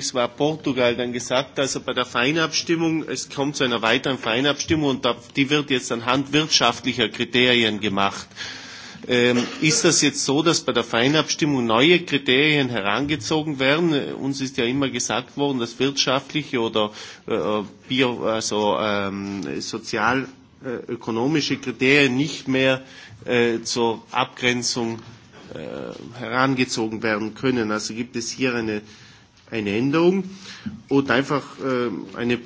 Es war Portugal dann gesagt, also bei der Feinabstimmung, es kommt zu einer weiteren Feinabstimmung und die wird jetzt anhand wirtschaftlicher Kriterien gemacht. Ähm, ist das jetzt so, dass bei der Feinabstimmung neue Kriterien herangezogen werden? Uns ist ja immer gesagt worden, dass wirtschaftliche oder äh, bio, also, ähm, sozialökonomische äh, Kriterien nicht mehr äh, zur Abgrenzung äh, herangezogen werden können. Also gibt es hier eine eine Änderung. Und einfach äh, eine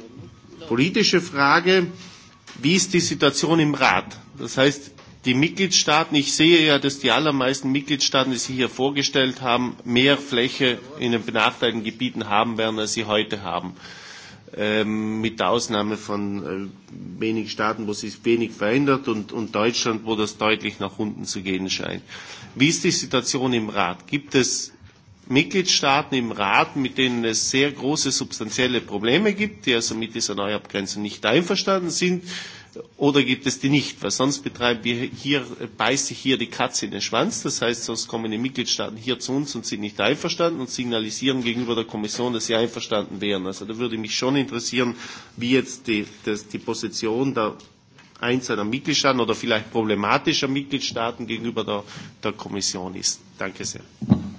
politische Frage, wie ist die Situation im Rat? Das heißt, die Mitgliedstaaten, ich sehe ja, dass die allermeisten Mitgliedstaaten, die Sie hier vorgestellt haben, mehr Fläche in den benachteiligten Gebieten haben werden, als sie heute haben. Ähm, mit der Ausnahme von äh, wenigen Staaten, wo sich wenig verändert und, und Deutschland, wo das deutlich nach unten zu gehen scheint. Wie ist die Situation im Rat? Gibt es Mitgliedstaaten im Rat, mit denen es sehr große substanzielle Probleme gibt, die also mit dieser Neuabgrenzung nicht einverstanden sind, oder gibt es die nicht? Weil sonst betreiben wir hier, beißt sich hier die Katze in den Schwanz. Das heißt, sonst kommen die Mitgliedstaaten hier zu uns und sind nicht einverstanden und signalisieren gegenüber der Kommission, dass sie einverstanden wären. Also da würde mich schon interessieren, wie jetzt die, das, die Position der einzelner Mitgliedstaaten oder vielleicht problematischer Mitgliedstaaten gegenüber der, der Kommission ist. Danke sehr. Mhm.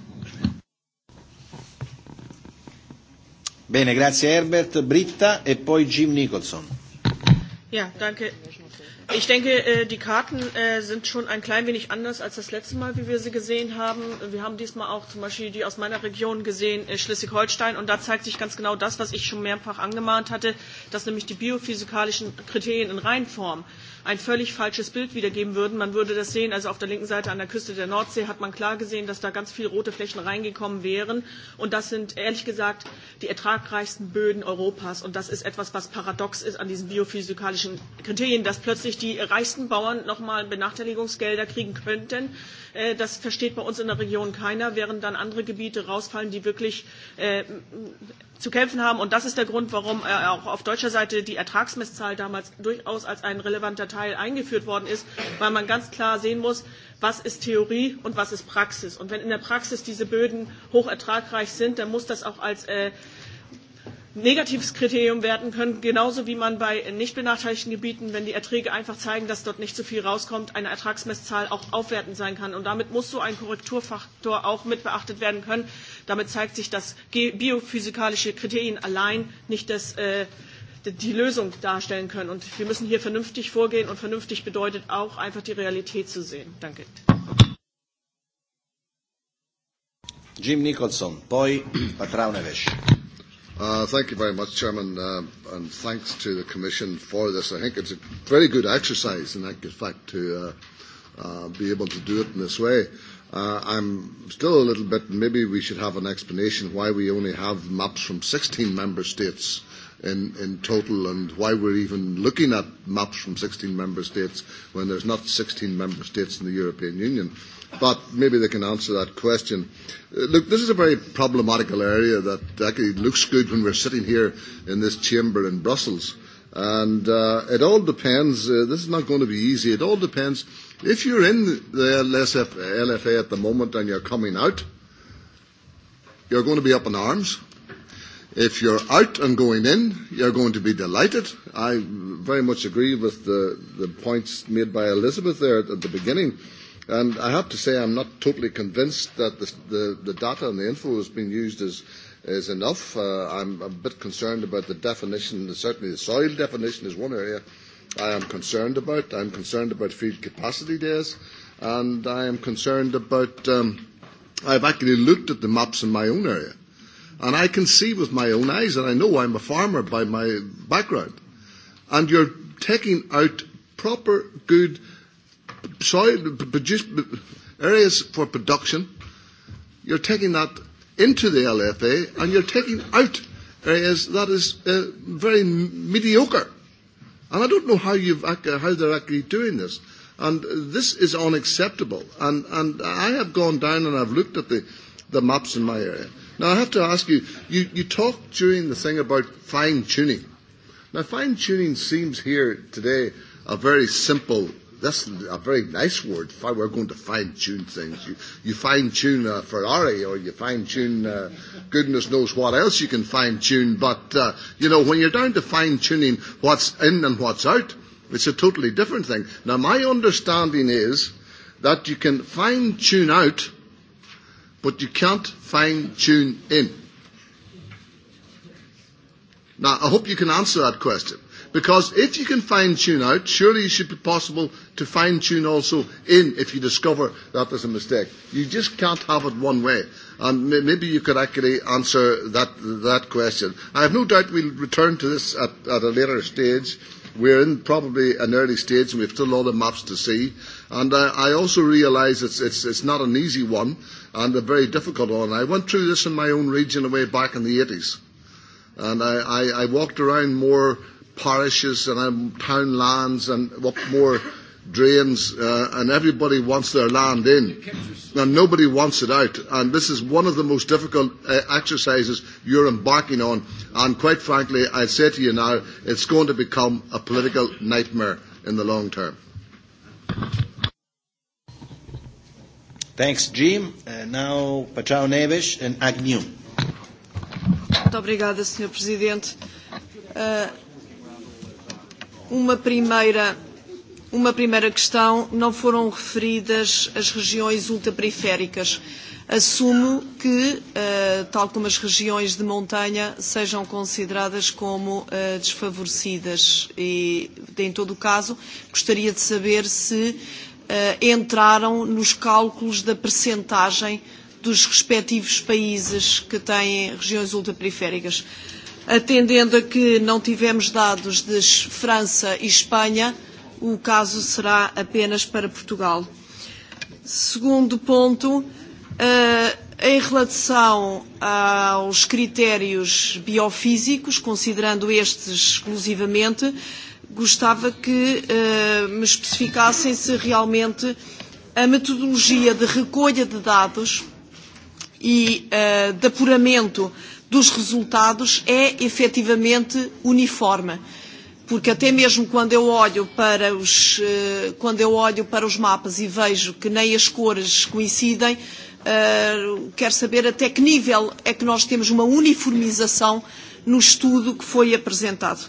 Bene, grazie Herbert, Britta e poi Jim Nicholson. Ja, danke. Ich denke, äh, die Karten äh, sind schon ein klein wenig anders als das letzte Mal, wie wir sie gesehen haben. Wir haben diesmal auch zum Beispiel die aus meiner Region gesehen, äh, Schleswig-Holstein. Und da zeigt sich ganz genau das, was ich schon mehrfach angemahnt hatte, dass nämlich die biophysikalischen Kriterien in Reinform ein völlig falsches Bild wiedergeben würden. Man würde das sehen, also auf der linken Seite an der Küste der Nordsee hat man klar gesehen, dass da ganz viele rote Flächen reingekommen wären. Und das sind ehrlich gesagt die ertragreichsten Böden Europas. Und das ist etwas, was paradox ist an diesen biophysikalischen Kriterien, dass plötzlich natürlich die reichsten Bauern nochmal Benachteiligungsgelder kriegen könnten. Äh, das versteht bei uns in der Region keiner, während dann andere Gebiete rausfallen, die wirklich äh, zu kämpfen haben. Und das ist der Grund, warum äh, auch auf deutscher Seite die Ertragsmesszahl damals durchaus als ein relevanter Teil eingeführt worden ist, weil man ganz klar sehen muss, was ist Theorie und was ist Praxis. Und wenn in der Praxis diese Böden hochertragreich sind, dann muss das auch als äh, negatives Kriterium werten können, genauso wie man bei nicht benachteiligten Gebieten, wenn die Erträge einfach zeigen, dass dort nicht so viel rauskommt, eine Ertragsmesszahl auch aufwertend sein kann. Und damit muss so ein Korrekturfaktor auch mit beachtet werden können. Damit zeigt sich, dass biophysikalische Kriterien allein nicht das, äh, die Lösung darstellen können. Und wir müssen hier vernünftig vorgehen und vernünftig bedeutet auch einfach die Realität zu sehen. Danke. Jim Nicholson, poi Patraunevich. Uh, thank you very much, Chairman, uh, and thanks to the Commission for this. I think it's a very good exercise, in fact, to uh, uh, be able to do it in this way. Uh, I'm still a little bit, maybe we should have an explanation why we only have maps from 16 member states in, in total and why we're even looking at maps from 16 member states when there's not 16 member states in the European Union. Uh, But maybe they can answer that question. Uh, look, this is a very problematical area that actually looks good when we're sitting here in this chamber in Brussels. And uh, it all depends. Uh, this is not going to be easy. It all depends. If you're in the LSF, LFA at the moment and you're coming out, you're going to be up in arms. If you're out and going in, you're going to be delighted. I very much agree with the, the points made by Elizabeth there at, at the beginning. Uh, And I have to say I'm not totally convinced that the, the, the data and the info that's being used is, is enough. Uh, I'm a bit concerned about the definition. Certainly the soil definition is one area I am concerned about. I'm concerned about field capacity days. And I am concerned about, um, I've actually looked at the maps in my own area. And I can see with my own eyes, and I know I'm a farmer by my background. And you're taking out proper, good soil, produce, areas for production, you're taking that into the LFA and you're taking out areas that is uh, very mediocre. And I don't know how, you've, how they're actually doing this. And this is unacceptable. And, and I have gone down and I've looked at the, the maps in my area. Now, I have to ask you, you, you talked during the thing about fine tuning. Now, fine tuning seems here today a very simple that's a very nice word. We're going to fine tune things. You, you fine tune a uh, Ferrari or you fine tune uh, goodness knows what else you can fine tune. But, uh, you know, when you're down to fine tuning what's in and what's out, it's a totally different thing. Now, my understanding is that you can fine tune out, but you can't fine tune in. Now, I hope you can answer that question. Because if you can fine tune out, surely it should be possible to fine tune also in if you discover that there's a mistake. You just can't have it one way. And maybe you could actually answer that, that question. I have no doubt we'll return to this at, at a later stage. We're in probably an early stage and we have still a lot of maps to see. And I, I also realise it's, it's, it's not an easy one and a very difficult one. I went through this in my own region away back in the 80s. And I, I, I walked around more parishes and um, townlands and up more drains, uh, and everybody wants their land in, and nobody wants it out. And this is one of the most difficult uh, exercises you're embarking on. And quite frankly, I say to you now, it's going to become a political nightmare in the long term. Thanks, Jim. Uh, now, Patrão Neves and Agnew. Muito obrigada, Sr. Presidente. Uh, Uma primeira, uma primeira questão, não foram referidas as regiões ultraperiféricas. Assumo que, uh, tal como as regiões de montanha, sejam consideradas como uh, desfavorecidas e, em todo o caso, gostaria de saber se uh, entraram nos cálculos da percentagem dos respectivos países que têm regiões ultraperiféricas. Uh, Atendendo a que não tivemos dados de França e Espanha, o caso será apenas para Portugal. Segundo ponto, eh, em relação aos critérios biofísicos, considerando estes exclusivamente, gostava que eh, me especificassem se realmente a metodologia de recolha de dados e eh, de apuramento uh, dos resultados é efetivamente uniforme. Porque até mesmo quando eu olho para os, eh, quando eu olho para os mapas e vejo que nem as cores coincidem, Uh, quero saber até que nível é que nós temos uma uniformização no estudo que foi apresentado.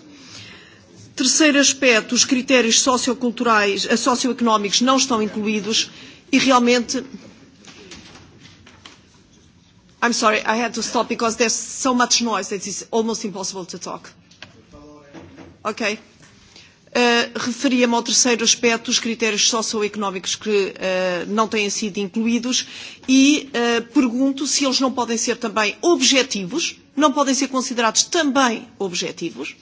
Terceiro aspecto, os critérios socioculturais, eh, socioeconómicos não estão incluídos e realmente I'm sorry, I had to stop because there's so much noise that it's almost impossible to talk. Ok. Uh, Referia-me ao terceiro aspecto, os critérios socioeconómicos que uh, não têm sido incluídos e uh, pergunto se eles não podem ser também objetivos, não podem ser considerados também objetivos.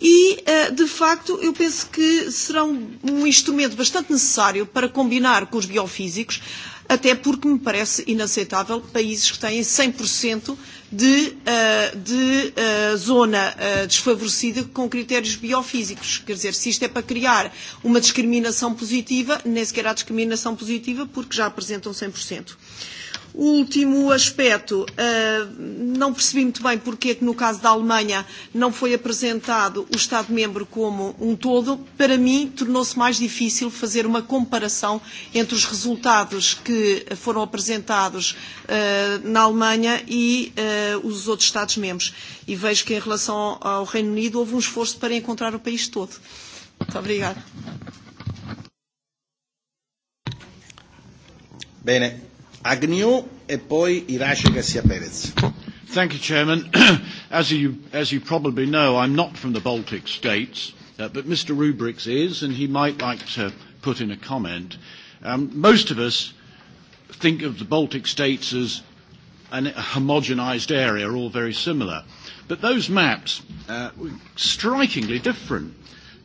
E, de facto, eu penso que serão um instrumento bastante necessário para combinar com os biofísicos até porque me parece inaceitável países que têm 100% de, uh, de uh, zona uh, desfavorecida com critérios biofísicos. Quer dizer, se isto é para criar uma discriminação positiva, nem sequer há discriminação positiva porque já apresentam 100%. O último aspecto, eh, não percebi muito bem porque é que no caso da Alemanha não foi apresentado o Estado-membro como um todo. Para mim, tornou-se mais difícil fazer uma comparação entre os resultados que foram apresentados eh, na Alemanha e eh, os outros Estados-membros. E vejo que em relação ao Reino Unido houve um esforço para encontrar o país todo. Muito obrigada. Bene, Agnew e poi Irace e Garcia Perez. Thank you, Chairman. as, you, as you probably know, I'm not from the Baltic states, uh, but Mr. Rubrics is, and he might like to put in a comment. Um, most of us think of the Baltic states as an, a homogenized area, all very similar. But those maps uh, were strikingly different.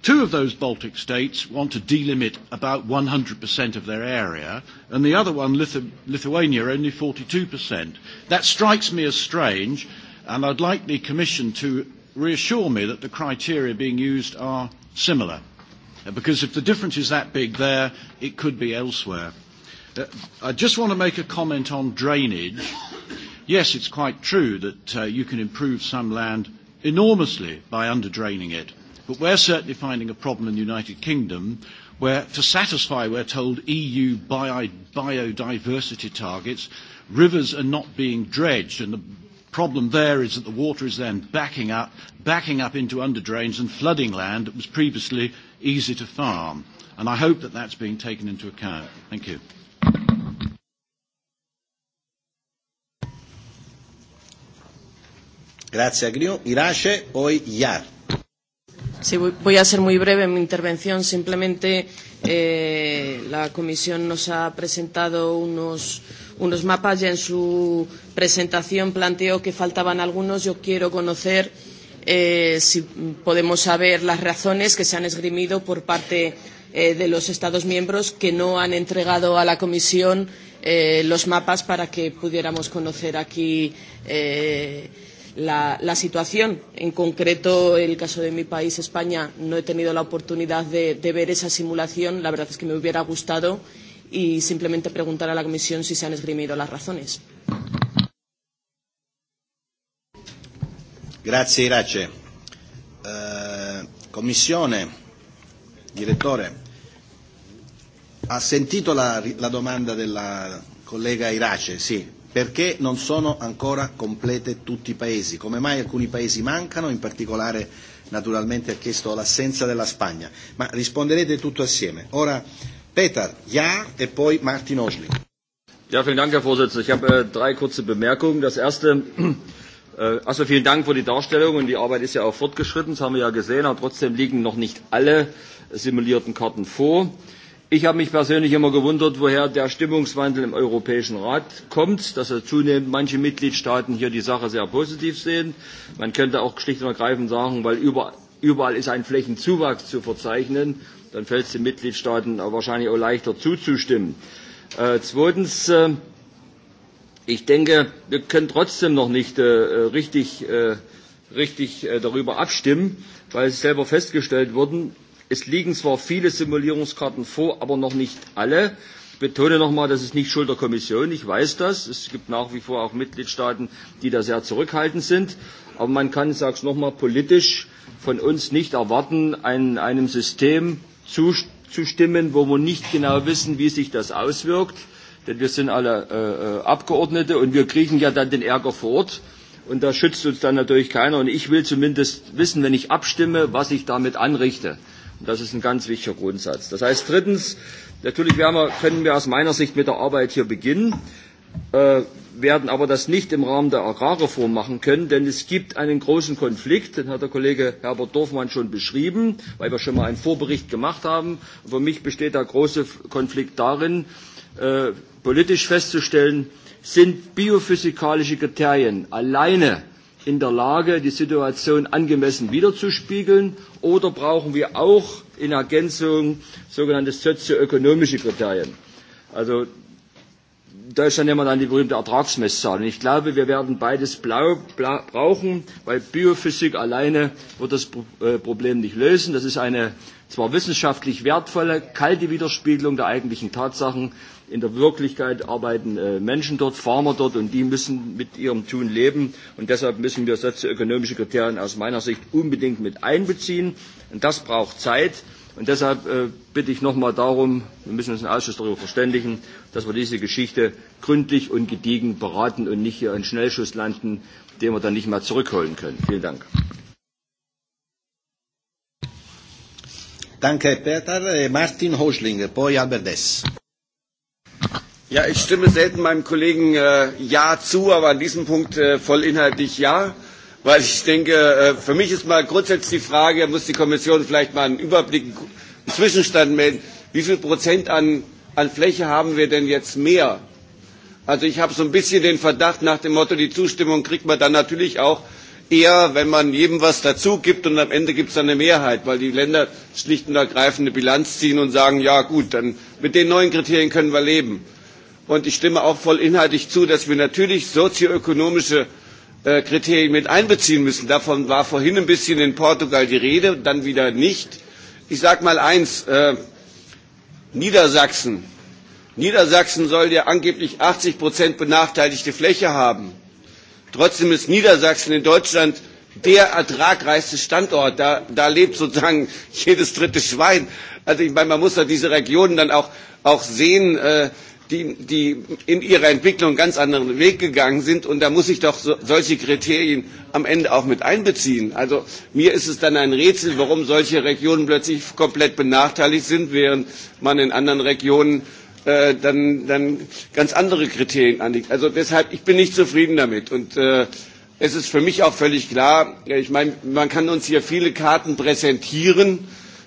Two of those Baltic states want to delimit about 100% of their area, and the other one, Lithu- Lithuania, only 42%. That strikes me as strange, and I'd like the Commission to reassure me that the criteria being used are similar. Uh, because if the difference is that big there, it could be elsewhere. Uh, I just want to make a comment on drainage. Yes, it's quite true that uh, you can improve some land enormously by underdraining it. But we're certainly finding a problem in the United Kingdom where, to satisfy, we're told, EU bio- biodiversity targets, rivers are not being dredged, and the problem there is that the water is then backing up, backing up into underdrains and flooding land that was previously easy to farm. And I hope that that's being taken into account. Thank you. Grazie Agnio. Irace, poi Iar. Sí, voy a ser muy breve en mi intervención. Simplemente eh, la Comisión nos ha presentado unos, unos mapas. Ya en su presentación planteó que faltaban algunos. Yo quiero conocer eh, si podemos saber las razones que se han esgrimido por parte eh, de los Estados miembros que no han entregado a la Comisión eh, los mapas para que pudiéramos conocer aquí. Eh, la, la situación. En concreto, el caso de mi país, España, no he tenido la oportunidad de, de ver esa simulación. La verdad es que me hubiera gustado y simplemente preguntar a la Comisión si se han esgrimido las razones. Grazie Irace. Eh, commissione, direttore, ha sentito la, la domanda della collega Irace? Sì, perché non sono ancora complete tutti i paesi, come mai alcuni paesi mancano, in particolare naturalmente ha chiesto l'assenza della Spagna, ma risponderete tutto assieme. Ora Peter, ja e poi Martin Osling. Ja, vielen Dank, Herr Vorsitzender. Ich habe äh, drei kurze Bemerkungen. Das erste, äh, also vielen Dank für die Darstellung und die Arbeit ist ja auch fortgeschritten, das haben wir ja gesehen, aber trotzdem liegen noch nicht alle simulierten Karten vor. Äh, Ich habe mich persönlich immer gewundert, woher der Stimmungswandel im Europäischen Rat kommt, dass er zunehmend manche Mitgliedstaaten hier die Sache sehr positiv sehen. Man könnte auch schlicht und ergreifend sagen, weil über, überall ist ein Flächenzuwachs zu verzeichnen, dann fällt es den Mitgliedstaaten wahrscheinlich auch leichter zuzustimmen. Äh, zweitens, äh, ich denke, wir können trotzdem noch nicht äh, richtig, äh, richtig äh, darüber abstimmen, weil es selber festgestellt wurden, Es liegen zwar viele Simulierungskarten vor, aber noch nicht alle. Ich betone nochmal, das ist nicht Schuld der Kommission. Ich weiß das. Es gibt nach wie vor auch Mitgliedstaaten, die da sehr zurückhaltend sind. Aber man kann, ich sage es nochmal, politisch von uns nicht erwarten, ein, einem System zuzustimmen, wo wir nicht genau wissen, wie sich das auswirkt. Denn wir sind alle äh, äh Abgeordnete und wir kriegen ja dann den Ärger vor Ort. Und da schützt uns dann natürlich keiner. Und ich will zumindest wissen, wenn ich abstimme, was ich damit anrichte. Das ist ein ganz wichtiger Grundsatz. Das heißt drittens, natürlich werden wir, können wir aus meiner Sicht mit der Arbeit hier beginnen, äh, werden aber das nicht im Rahmen der Agrarreform machen können, denn es gibt einen großen Konflikt, den hat der Kollege Herbert Dorfmann schon beschrieben, weil wir schon mal einen Vorbericht gemacht haben. Für mich besteht der große Konflikt darin, äh, politisch festzustellen, sind biophysikalische Kriterien alleine in der Lage, die Situation angemessen wiederzuspiegeln? Oder brauchen wir auch in Ergänzung sogenannte sozioökonomische Kriterien? Also in Deutschland nennen wir dann die berühmte Ertragsmesszahl. Und ich glaube, wir werden beides blau, blau, brauchen, weil Biophysik alleine wird das äh, Problem nicht lösen. Das ist eine zwar wissenschaftlich wertvolle, kalte Widerspiegelung der eigentlichen Tatsachen, in der Wirklichkeit arbeiten äh, Menschen dort, Farmer dort und die müssen mit ihrem Tun leben. Und deshalb müssen wir sozioökonomische Kriterien aus meiner Sicht unbedingt mit einbeziehen. Und das braucht Zeit. Und deshalb äh, bitte ich nochmal darum, wir müssen uns im Ausschuss darüber verständigen, dass wir diese Geschichte gründlich und gediegen beraten und nicht hier einen Schnellschuss landen, den wir dann nicht mehr zurückholen können. Vielen Dank. Danke, Peter. Äh, Martin Hoschling, poi Albert Dess. Ja, ich stimme selten meinem Kollegen äh, Ja zu, aber an diesem Punkt äh, voll inhaltlich Ja, weil ich denke, äh, für mich ist mal grundsätzlich die Frage, muss die Kommission vielleicht mal einen Überblick, einen Zwischenstand melden, wie viel Prozent an, an Fläche haben wir denn jetzt mehr? Also ich habe so ein bisschen den Verdacht nach dem Motto, die Zustimmung kriegt man dann natürlich auch eher, wenn man jedem was dazu gibt und am Ende gibt es dann eine Mehrheit, weil die Länder schlicht und ergreifend eine Bilanz ziehen und sagen, ja gut, dann mit den neuen Kriterien können wir leben. Und ich stimme auch voll inhaltlich zu, dass wir natürlich sozioökonomische äh, Kriterien mit einbeziehen müssen. Davon war vorhin ein bisschen in Portugal die Rede, dann wieder nicht. Ich sage mal eins, äh, Niedersachsen. Niedersachsen soll ja angeblich 80 Prozent benachteiligte Fläche haben. Trotzdem ist Niedersachsen in Deutschland der ertragreichste Standort. Da, da lebt sozusagen jedes dritte Schwein. Also ich meine, man muss ja diese Regionen dann auch, auch sehen. Äh, die, die in ihrer Entwicklung einen ganz anderen Weg gegangen sind. Und da muss ich doch so, solche Kriterien am Ende auch mit einbeziehen. Also mir ist es dann ein Rätsel, warum solche Regionen plötzlich komplett benachteiligt sind, während man in anderen Regionen äh, dann, dann ganz andere Kriterien anlegt. Also deshalb, ich bin nicht zufrieden damit. Und äh, es ist für mich auch völlig klar, ich meine, man kann uns hier viele Karten präsentieren.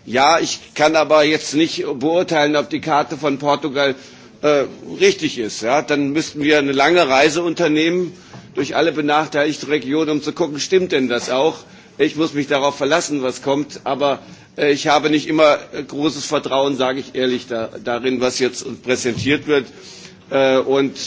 Ja, ich kann aber jetzt nicht beurteilen, ob die Karte von Portugal äh, äh, richtig ist, ja, dann müssten wir eine lange Reise unternehmen durch alle benachteiligten Regionen, um zu gucken, stimmt denn das auch? Ich muss mich darauf verlassen, was kommt, aber äh, ich habe nicht immer äh, großes Vertrauen, sage ich ehrlich, da, darin, was jetzt präsentiert wird. Äh, und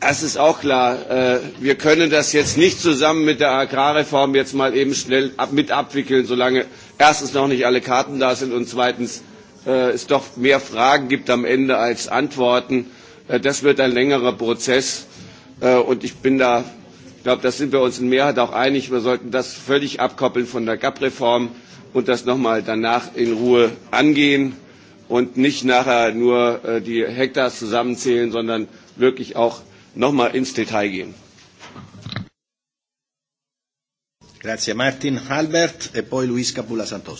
Das ist auch klar. Äh, wir können das jetzt nicht zusammen mit der Agrarreform jetzt mal eben schnell ab mit abwickeln, solange erstens noch nicht alle Karten da sind und zweitens äh, es doch mehr Fragen gibt am Ende als Antworten. Äh, das wird ein längerer Prozess. Äh, und ich bin da, ich glaube, da sind wir uns in Mehrheit auch einig. Wir sollten das völlig abkoppeln von der GAP-Reform und das nochmal danach in Ruhe angehen und nicht nachher nur äh, die Hektars zusammenzählen, sondern wirklich auch nochmal ins Detail gehen. Grazie Martin, Albert e poi Luis Capula Santos.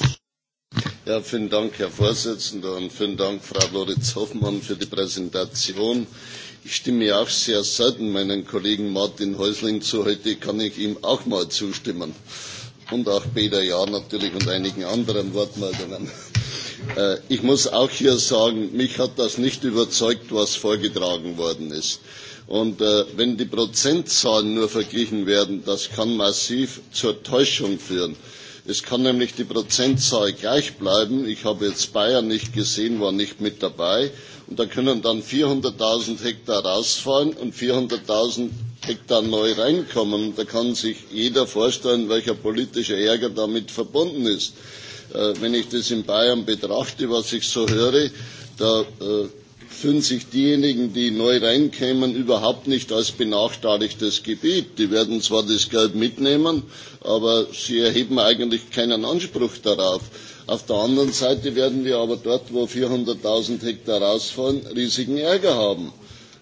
Ja, vielen Dank, Herr Vorsitzender, und vielen Dank, Frau Loritz-Hoffmann, für die Präsentation. Ich stimme auch sehr selten meinen Kollegen Martin Häusling zu. Heute kann ich ihm auch mal zustimmen. Und auch Peter Jahr natürlich und einigen anderen Wortmeldungen. Äh, ich muss auch hier sagen, mich hat das nicht überzeugt, was vorgetragen worden ist. Und äh, wenn die Prozentzahlen nur verglichen werden, das kann massiv zur Täuschung führen. Es kann nämlich die Prozentzahl gleich bleiben. Ich habe jetzt Bayern nicht gesehen, war nicht mit dabei. Und da können dann 400.000 Hektar rausfallen und 400.000 Hektar neu reinkommen. Und da kann sich jeder vorstellen, welcher politische Ärger damit verbunden ist. Äh, wenn ich das in Bayern betrachte, was ich so höre, da äh, fühlen sich diejenigen, die neu reinkämen, überhaupt nicht als benachteiligtes Gebiet. Die werden zwar das Geld mitnehmen, aber sie erheben eigentlich keinen Anspruch darauf. Auf der anderen Seite werden wir aber dort, wo 400.000 Hektar rausfallen, riesigen Ärger haben.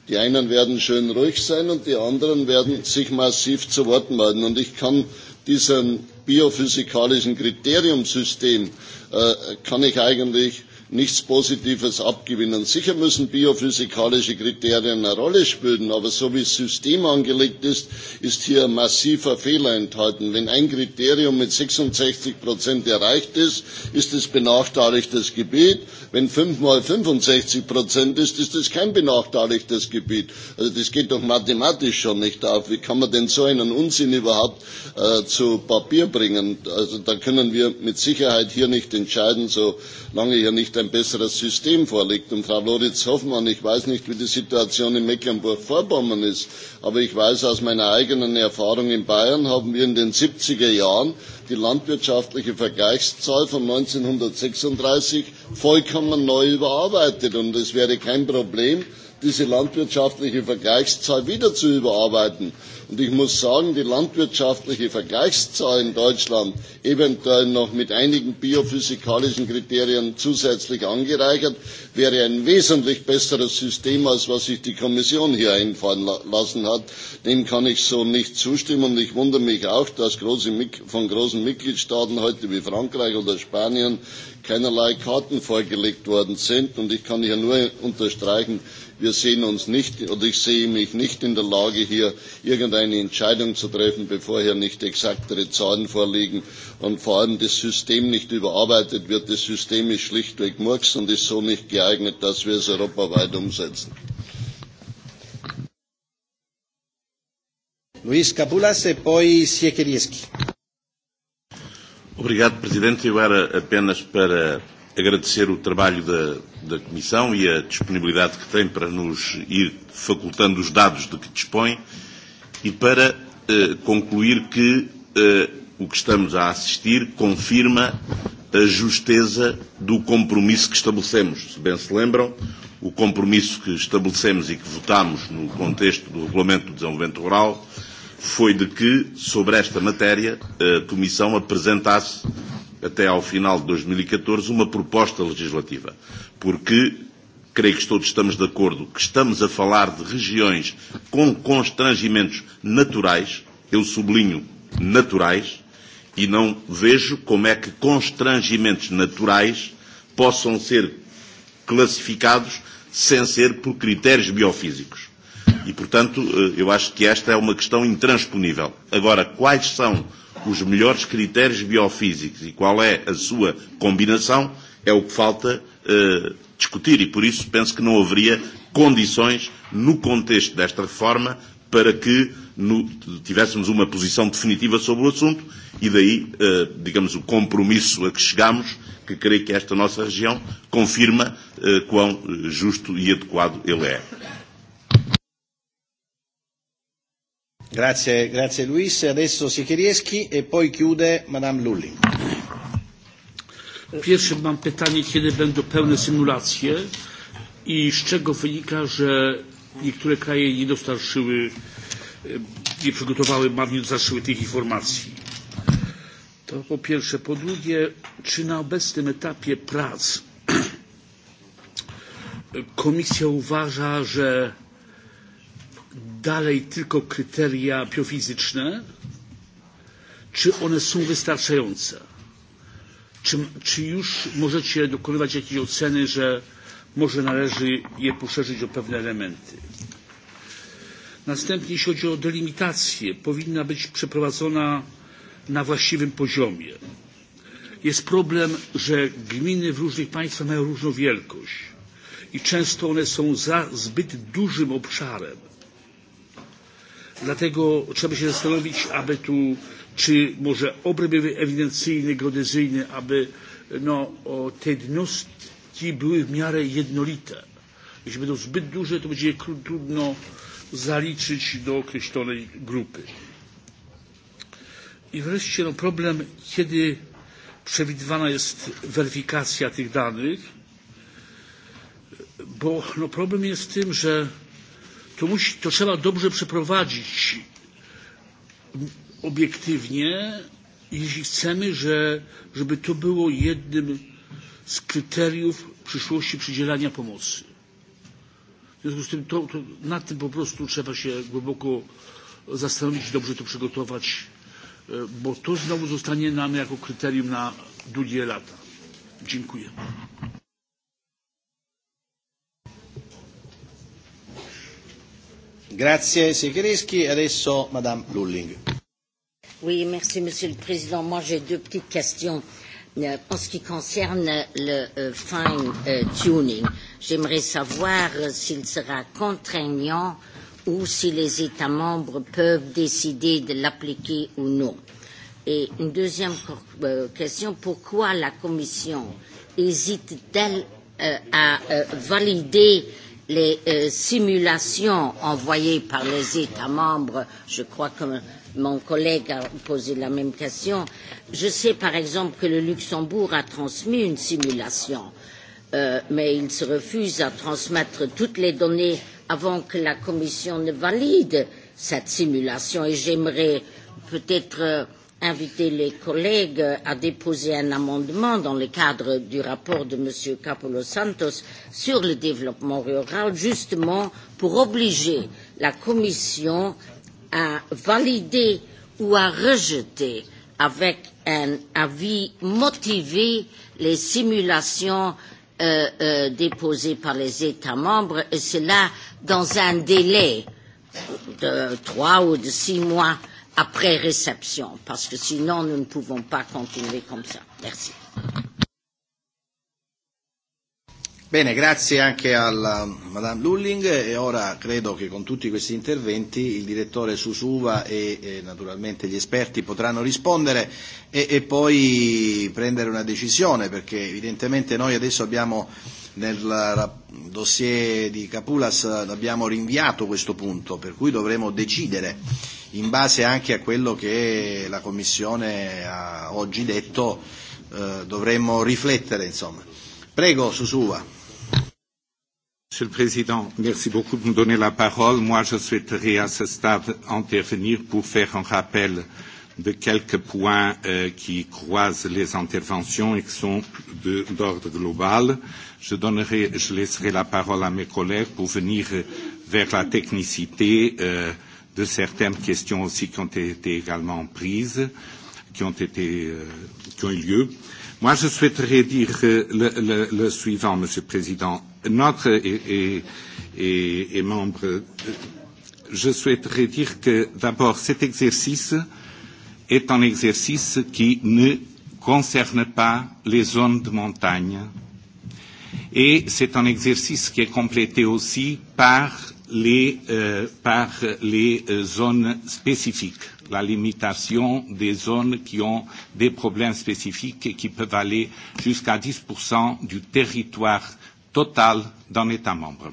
Die einen werden schön ruhig sein und die anderen werden sich massiv zu Wort melden. Und ich kann diesem biophysikalischen Kriteriumsystem äh, kann ich eigentlich nichts Positives abgewinnen. Sicher müssen biophysikalische Kriterien eine Rolle spielen, aber so wie das System angelegt ist, ist hier ein massiver Fehler enthalten. Wenn ein Kriterium mit 66 Prozent erreicht ist, ist es benachteiligtes Gebiet. Wenn 5 mal 65 Prozent ist, ist es kein benachteiligtes Gebiet. Also das geht doch mathematisch schon nicht auf. Wie kann man denn so einen Unsinn überhaupt äh, zu Papier bringen? Also da können wir mit Sicherheit hier nicht entscheiden, solange hier nicht ein besseres System vorliegt. Und Frau Loritz Hoffmann, ich weiß nicht, wie die Situation in Mecklenburg-Vorpommern ist, aber ich weiß aus meiner eigenen Erfahrung in Bayern haben wir in den 70er Jahren die landwirtschaftliche Vergleichszahl von 1936 vollkommen neu überarbeitet. Und es wäre kein Problem, diese landwirtschaftliche Vergleichszahl wieder zu überarbeiten. Und ich muss sagen, die landwirtschaftliche Vergleichszahl in Deutschland, eventuell noch mit einigen biophysikalischen Kriterien zusätzlich angereichert, wäre ein wesentlich besseres System, als was sich die Kommission hier einfallen lassen hat. Dem kann ich so nicht zustimmen. Und ich wundere mich auch, dass große, von großen Mitgliedstaaten heute wie Frankreich oder Spanien keinerlei Karten vorgelegt worden sind. Und ich kann hier nur unterstreichen, wir sehen uns nicht oder ich sehe mich nicht in der Lage, hier irgendein eine Entscheidung zu treffen, bevor hier nicht exaktere Zahlen vorliegen und vor allem das System nicht überarbeitet wird. Das System ist schlichtweg Murks und ist so nicht geeignet, dass wir es europaweit umsetzen. Luis Capulas e poi Siekierski. Obrigado, Presidente. Eu era apenas para agradecer o trabalho da, da Comissão e a disponibilidade que tem para nos ir facultando os dados de que dispõe E para eh, concluir que eh, o que estamos a assistir confirma a justeza do compromisso que estabelecemos. Se bem se lembram, o compromisso que estabelecemos e que votámos no contexto do Regulamento do Desenvolvimento Rural foi de que, sobre esta matéria, a Comissão apresentasse, até ao final de 2014, e uma proposta legislativa. Porque creio que todos estamos de acordo que estamos a falar de regiões com constrangimentos naturais, eu sublinho naturais, e não vejo como é que constrangimentos naturais possam ser classificados sem ser por critérios biofísicos. E, portanto, eh, eu acho que esta é uma questão intransponível. Agora, quais são os melhores critérios biofísicos e qual é a sua combinação é o que falta eh, discutir e por isso penso que não haveria condições no contexto desta reforma para que no, tivéssemos uma posição definitiva sobre o assunto e daí, eh, digamos, o compromisso a que chegamos, que creio que esta nossa região confirma eh, quão eh, justo e adequado ele é. Grazie, grazie Luis. Adesso Sicherieschi e poi chiude Madame Lulling. Pierwsze mam pytanie, kiedy będą pełne symulacje i z czego wynika, że niektóre kraje nie dostarczyły, e, nie przygotowały, nie dostarczyły tych informacji. To po pierwsze. Po drugie, czy na obecnym etapie prac komisja uważa, że dalej tylko kryteria biofizyczne, czy one są wystarczające? Czy, czy już możecie dokonywać jakiejś oceny, że może należy je poszerzyć o pewne elementy? Następnie, jeśli chodzi o delimitację, powinna być przeprowadzona na właściwym poziomie. Jest problem, że gminy w różnych państwach mają różną wielkość i często one są za zbyt dużym obszarem. Dlatego trzeba się zastanowić, aby tu czy może obręby ewidencyjne, geodezyjne, aby no, o, te jednostki były w miarę jednolite. Jeśli będą zbyt duże, to będzie trudno zaliczyć do określonej grupy. I wreszcie no, problem, kiedy przewidywana jest weryfikacja tych danych, bo no, problem jest tym, że to, musi, to trzeba dobrze przeprowadzić obiektywnie, jeśli chcemy, że, żeby to było jednym z kryteriów przyszłości przydzielania pomocy. W związku z tym to, to, nad tym po prostu trzeba się głęboko zastanowić, dobrze to przygotować, e, bo to znowu zostanie nam jako kryterium na długie lata. Dziękuję. Grazie Segreschi. Adesso Madame Lulling. Oui, merci Monsieur le Président. Moi, j'ai deux petites questions. Euh, en ce qui concerne le euh, fine euh, tuning, j'aimerais savoir euh, s'il sera contraignant ou si les États membres peuvent décider de l'appliquer ou non. Et une deuxième euh, question, pourquoi la Commission hésite-t-elle euh, à euh, valider les euh, simulations envoyées par les États membres Je crois que mon collègue a posé la même question. Je sais par exemple que le Luxembourg a transmis une simulation, euh, mais il se refuse à transmettre toutes les données avant que la Commission ne valide cette simulation et j'aimerais peut-être euh, inviter les collègues à déposer un amendement dans le cadre du rapport de M. Capoulo Santos sur le développement rural, justement pour obliger la Commission à valider ou à rejeter avec un avis motivé les simulations euh, euh, déposées par les États membres, et cela dans un délai de trois ou de six mois après réception, parce que sinon nous ne pouvons pas continuer comme ça. Merci. Bene, grazie anche alla um, Madame Lulling e ora credo che con tutti questi interventi il direttore Susuva e, e naturalmente gli esperti potranno rispondere e, e poi prendere una decisione perché evidentemente noi adesso abbiamo nel dossier di Capulas abbiamo rinviato questo punto per cui dovremo decidere in base anche a quello che la Commissione ha oggi detto eh, dovremmo riflettere insomma. Prego Susuva. Monsieur le Président, merci beaucoup de me donner la parole. Moi, je souhaiterais à ce stade intervenir pour faire un rappel de quelques points euh, qui croisent les interventions et qui sont d'ordre global. Je, donnerai, je laisserai la parole à mes collègues pour venir vers la technicité euh, de certaines questions aussi qui ont été également prises, qui ont, été, euh, qui ont eu lieu. Euh, Moi, je souhaiterais dire le, le, le suivant, Monsieur le Président. Notre et, et, et, et membre, euh, je souhaiterais dire que d'abord cet exercice est un exercice qui ne concerne pas les zones de montagne et c'est un exercice qui est complété aussi par les, euh, par les euh, zones spécifiques la limitation des zones qui ont des problèmes spécifiques et qui peuvent aller jusqu'à 10% du territoire total d'un État membre.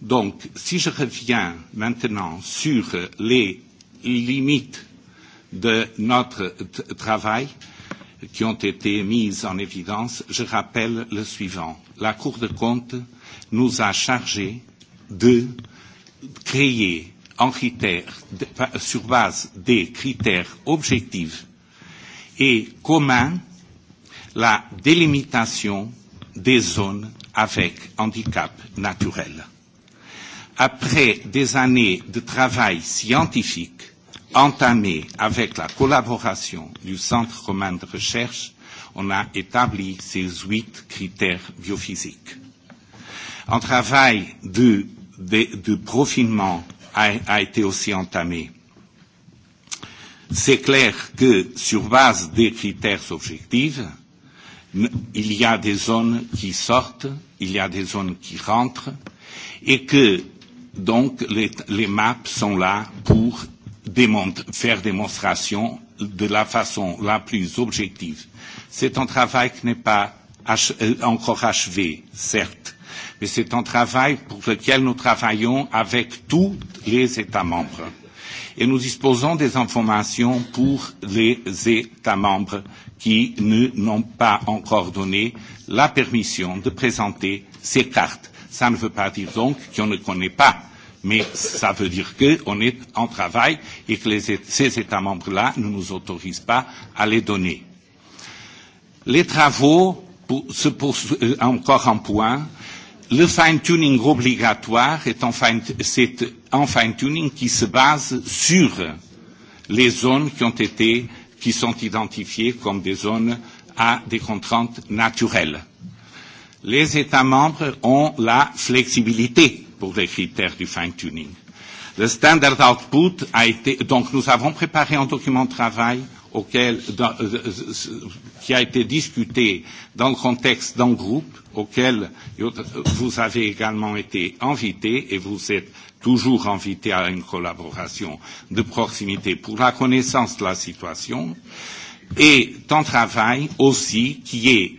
Donc, si je reviens maintenant sur les limites de notre travail qui ont été mises en évidence, je rappelle le suivant. La Cour de compte nous a chargé de créer en critères de, sur base des critères objectifs et communs la délimitation des zones avec handicap naturel. Après des années de travail scientifique entamé avec la collaboration du Centre romain de recherche, on a établi ces huit critères biophysiques. Un travail de, de, de profilement a, a été aussi entamée. C'est clair que, sur base des critères objectifs, il y a des zones qui sortent, il y a des zones qui rentrent, et que, donc, les, les maps sont là pour démontre, faire démonstration de la façon la plus objective. C'est un travail qui n'est pas ach, euh, encore achevé, certes, mais c'est un travail pour lequel nous travaillons avec tous les États membres. Et nous disposons des informations pour les États membres qui ne n'ont pas encore donné la permission de présenter ces cartes. Ça ne veut pas dire donc qu'on ne connaît pas mais ça veut dire qu'on est en travail et que les, ces États membres-là ne nous autorisent pas à les donner. Les travaux pour, se poursuivent euh, encore en point Le fine-tuning obligatoire est un fine-tuning fine qui se base sur les zones qui ont été, qui sont identifiées comme des zones à des contraintes naturelles. Les États membres ont la flexibilité pour les critères du fine-tuning. Le standard output a été, donc nous avons préparé un document de travail auquel, dans, euh, euh, euh, euh, qui a été discuté dans le contexte d'un groupe auquel vous avez également été invité et vous êtes toujours invité à une collaboration de proximité pour la connaissance de la situation et d'un travail aussi qui est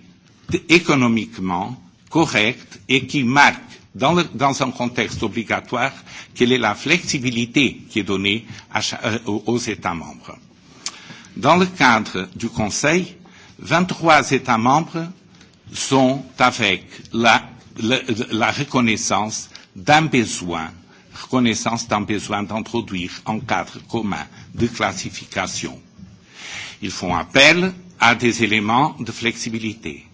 économiquement correct et qui marque dans, le, dans un contexte obligatoire quelle est la flexibilité qui est donnée à, aux États membres. Dans le cadre du Conseil, 23 États membres sont avec la, la, la reconnaissance d'un besoin, reconnaissance d'un besoin d'introduire un cadre commun de classification. Ils font appel à des éléments de flexibilité.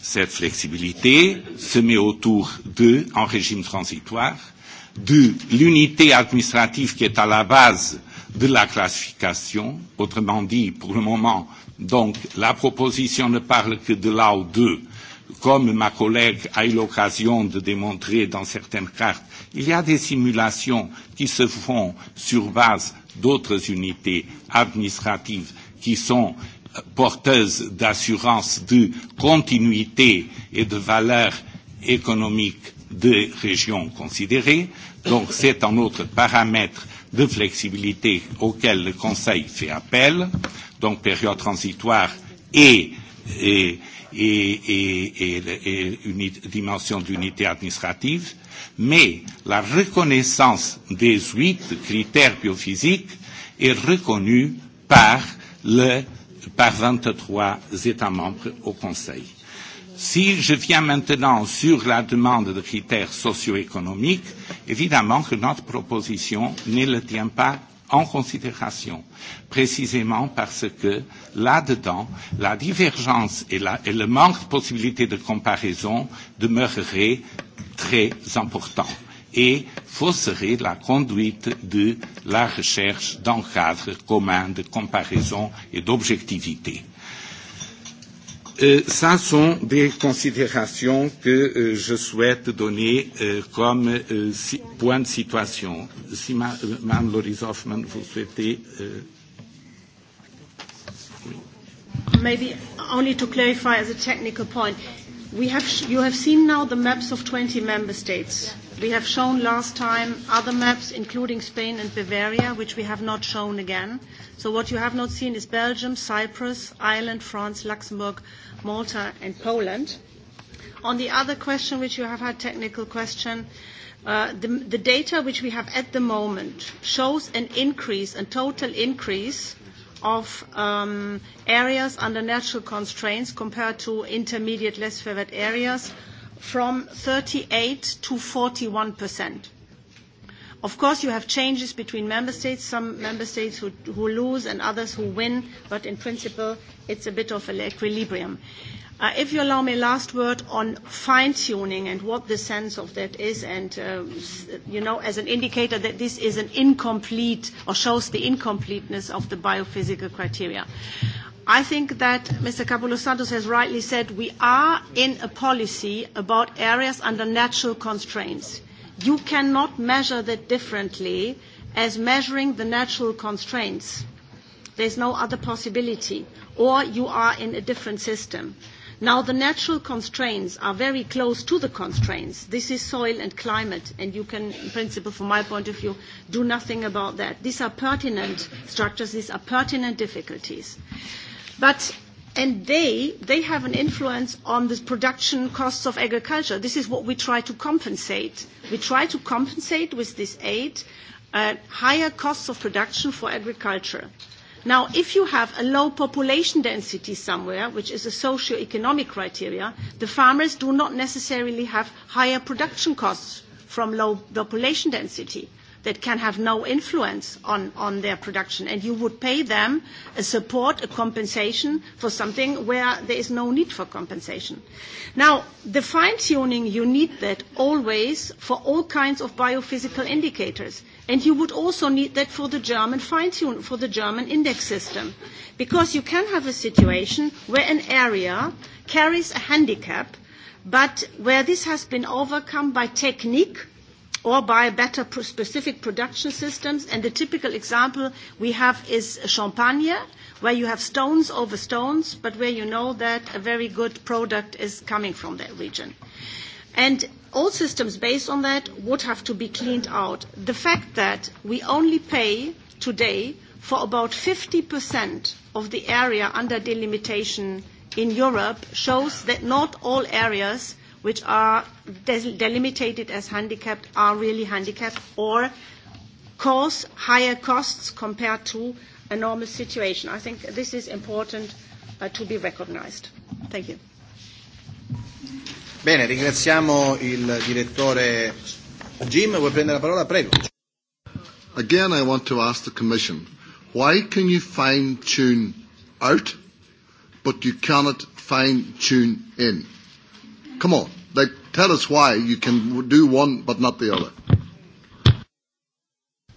Cette flexibilité se met autour de, en régime transitoire, de l'unité administrative qui est à la base euh, de la classification. Autrement dit, pour le moment, donc, la proposition ne parle que de l'AO2. Comme ma collègue a eu l'occasion de démontrer dans certaines cartes, il y a des simulations qui se font sur base d'autres unités administratives qui sont euh, porteuses d'assurance de continuité et de valeur économique des régions considérées. Donc c'est un autre paramètre de flexibilité auquel le Conseil fait appel, donc période transitoire et, et, et, et, et, et une dimension d'unité administrative, mais la reconnaissance des huit critères biophysiques est reconnue par, le, par 23 États membres au Conseil. Si je viens maintenant sur la demande de critères socio-économiques, évidemment que notre proposition ne le tient pas en considération, précisément parce que là-dedans, la divergence et, la, et le manque de possibilité de comparaison demeureraient très importants et fausserait la conduite de la recherche d'un cadre commun de comparaison et d'objectivité. Euh, ça sont des considérations que euh, je souhaite donner euh, comme euh, si, point de situation. Si Mme euh, Loris Hoffman, vous souhaitez. Euh... Oui. Maybe only to clarify as a technical point. Uh, We have sh- you have seen now the maps of 20 member states. We have shown last time other maps, including Spain and Bavaria, which we have not shown again. So what you have not seen is Belgium, Cyprus, Ireland, France, Luxembourg, Malta, and Poland. On the other question, which you have had technical question, uh, the, the data which we have at the moment shows an increase, a total increase of um, areas under natural constraints compared to intermediate less favored areas from 38 to 41%. Of course, you have changes between member states, some member states who, who lose and others who win, but in principle, it's a bit of an equilibrium. Uh, Uh, if you allow me a last word on fine-tuning and what the sense of that is, and, uh, you know, as an indicator that this is an incomplete or shows the incompleteness of the biophysical criteria. I think that Mr. Capoulas-Santos has rightly said we are in a policy about areas under natural constraints. You cannot measure that differently as measuring the natural constraints. There's no other possibility, or you are in a different system. Now, the natural constraints are very close to the constraints. This is soil and climate, and you can, in principle, from my point of view, do nothing about that. These are pertinent structures. These are pertinent difficulties. But and they they have an influence on the production costs of agriculture. This is what we try to compensate. We try to compensate with this aid uh, higher costs of production for agriculture. Uh, Now, if you have a low population density somewhere, which is a socio-economic criteria, the farmers do not necessarily have higher production costs from low population density that can have no influence on, on their production. And you would pay them a support, a compensation for something where there is no need for compensation. Now, the fine tuning, you need that always for all kinds of biophysical indicators. And you would also need that for the German fine tune, for the German index system. Because you can have a situation where an area carries a handicap, but where this has been overcome by technique or by better specific production systems. And the typical example we have is Champagne, where you have stones over stones, but where you know that a very good product is coming from that region. And all systems based on that would have to be cleaned out. The fact that we only pay today for about 50% of the area under delimitation in Europe shows that not all areas which are delimited as handicapped are really handicapped or cause higher costs compared to a normal situation. I think this is important uh, to be recognized. Thank you. Bene, ringraziamo il direttore Jim. Vuoi prendere la parola? Prego. Again, I want to ask the Commission, why can you fine tune out, but you cannot fine tune in? Come on, like, tell us why you can do one but not the other.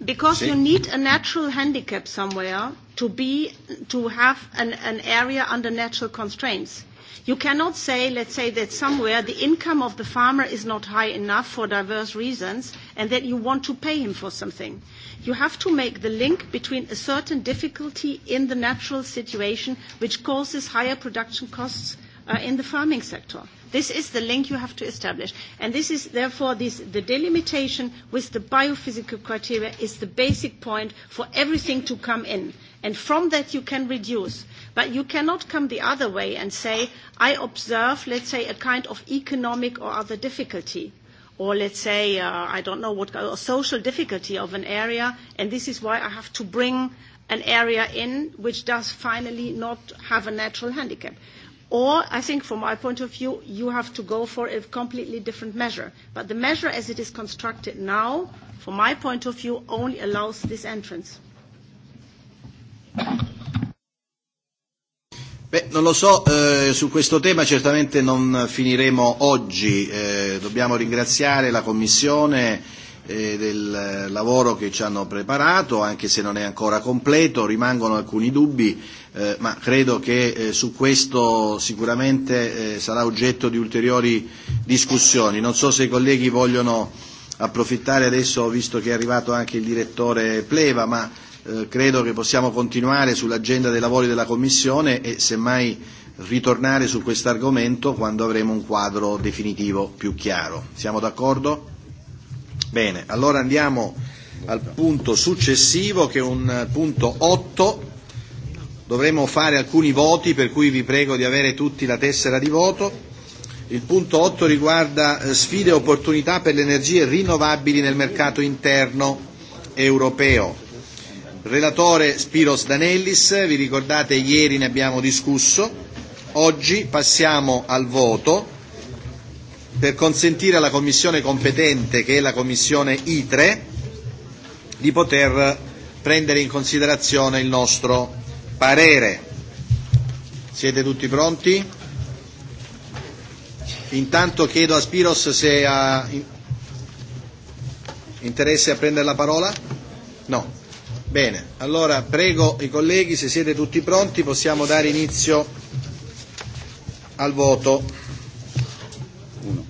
Because See? you need a natural handicap somewhere to be, to have an, an area under natural constraints You cannot say, let's say, that somewhere the income of the farmer is not high enough for diverse reasons and that you want to pay him for something. You have to make the link between a certain difficulty in the natural situation which causes higher production costs uh, in the farming sector. This is the link you have to establish. And this is therefore this, the delimitation with the biophysical criteria is the basic point for everything to come in. And from that you can reduce. But you cannot come the other way and say, I observe, let's say, a kind of economic or other difficulty or let's say, uh, I don't know what a social difficulty of an area, and this is why I have to bring an area in which does finally not have a natural handicap. Or, I think from my point of view, you have to go for a completely different measure. But the measure as it is constructed now, from my point of view, only allows this entrance. Beh, non lo so, eh, su questo tema certamente non finiremo oggi. Eh, dobbiamo ringraziare la Commissione eh, del lavoro che ci hanno preparato, anche se non è ancora completo, rimangono alcuni dubbi, eh, ma credo che eh, su questo sicuramente eh, sarà oggetto di ulteriori discussioni. Non so se i colleghi vogliono approfittare adesso, visto che è arrivato anche il direttore Pleva, ma eh, credo che possiamo continuare sull'agenda dei lavori della Commissione e semmai ritornare su questo argomento quando avremo un quadro definitivo più chiaro. Siamo d'accordo? Bene, allora andiamo al punto successivo che è un eh, punto 8. Dovremo fare alcuni voti per cui vi prego di avere tutti la tessera di voto. Il punto 8 riguarda eh, sfide e opportunità per le energie rinnovabili nel mercato interno europeo. Relatore Spiros Danellis, vi ricordate ieri ne abbiamo discusso. Oggi passiamo al voto per consentire alla Commissione competente, che è la Commissione ITRE, di poter prendere in considerazione il nostro parere. Siete tutti pronti? Intanto chiedo a Spiros se ha interesse a prendere la parola. No. Bene, allora prego i colleghi, se siete tutti pronti, possiamo dare inizio al voto. 1.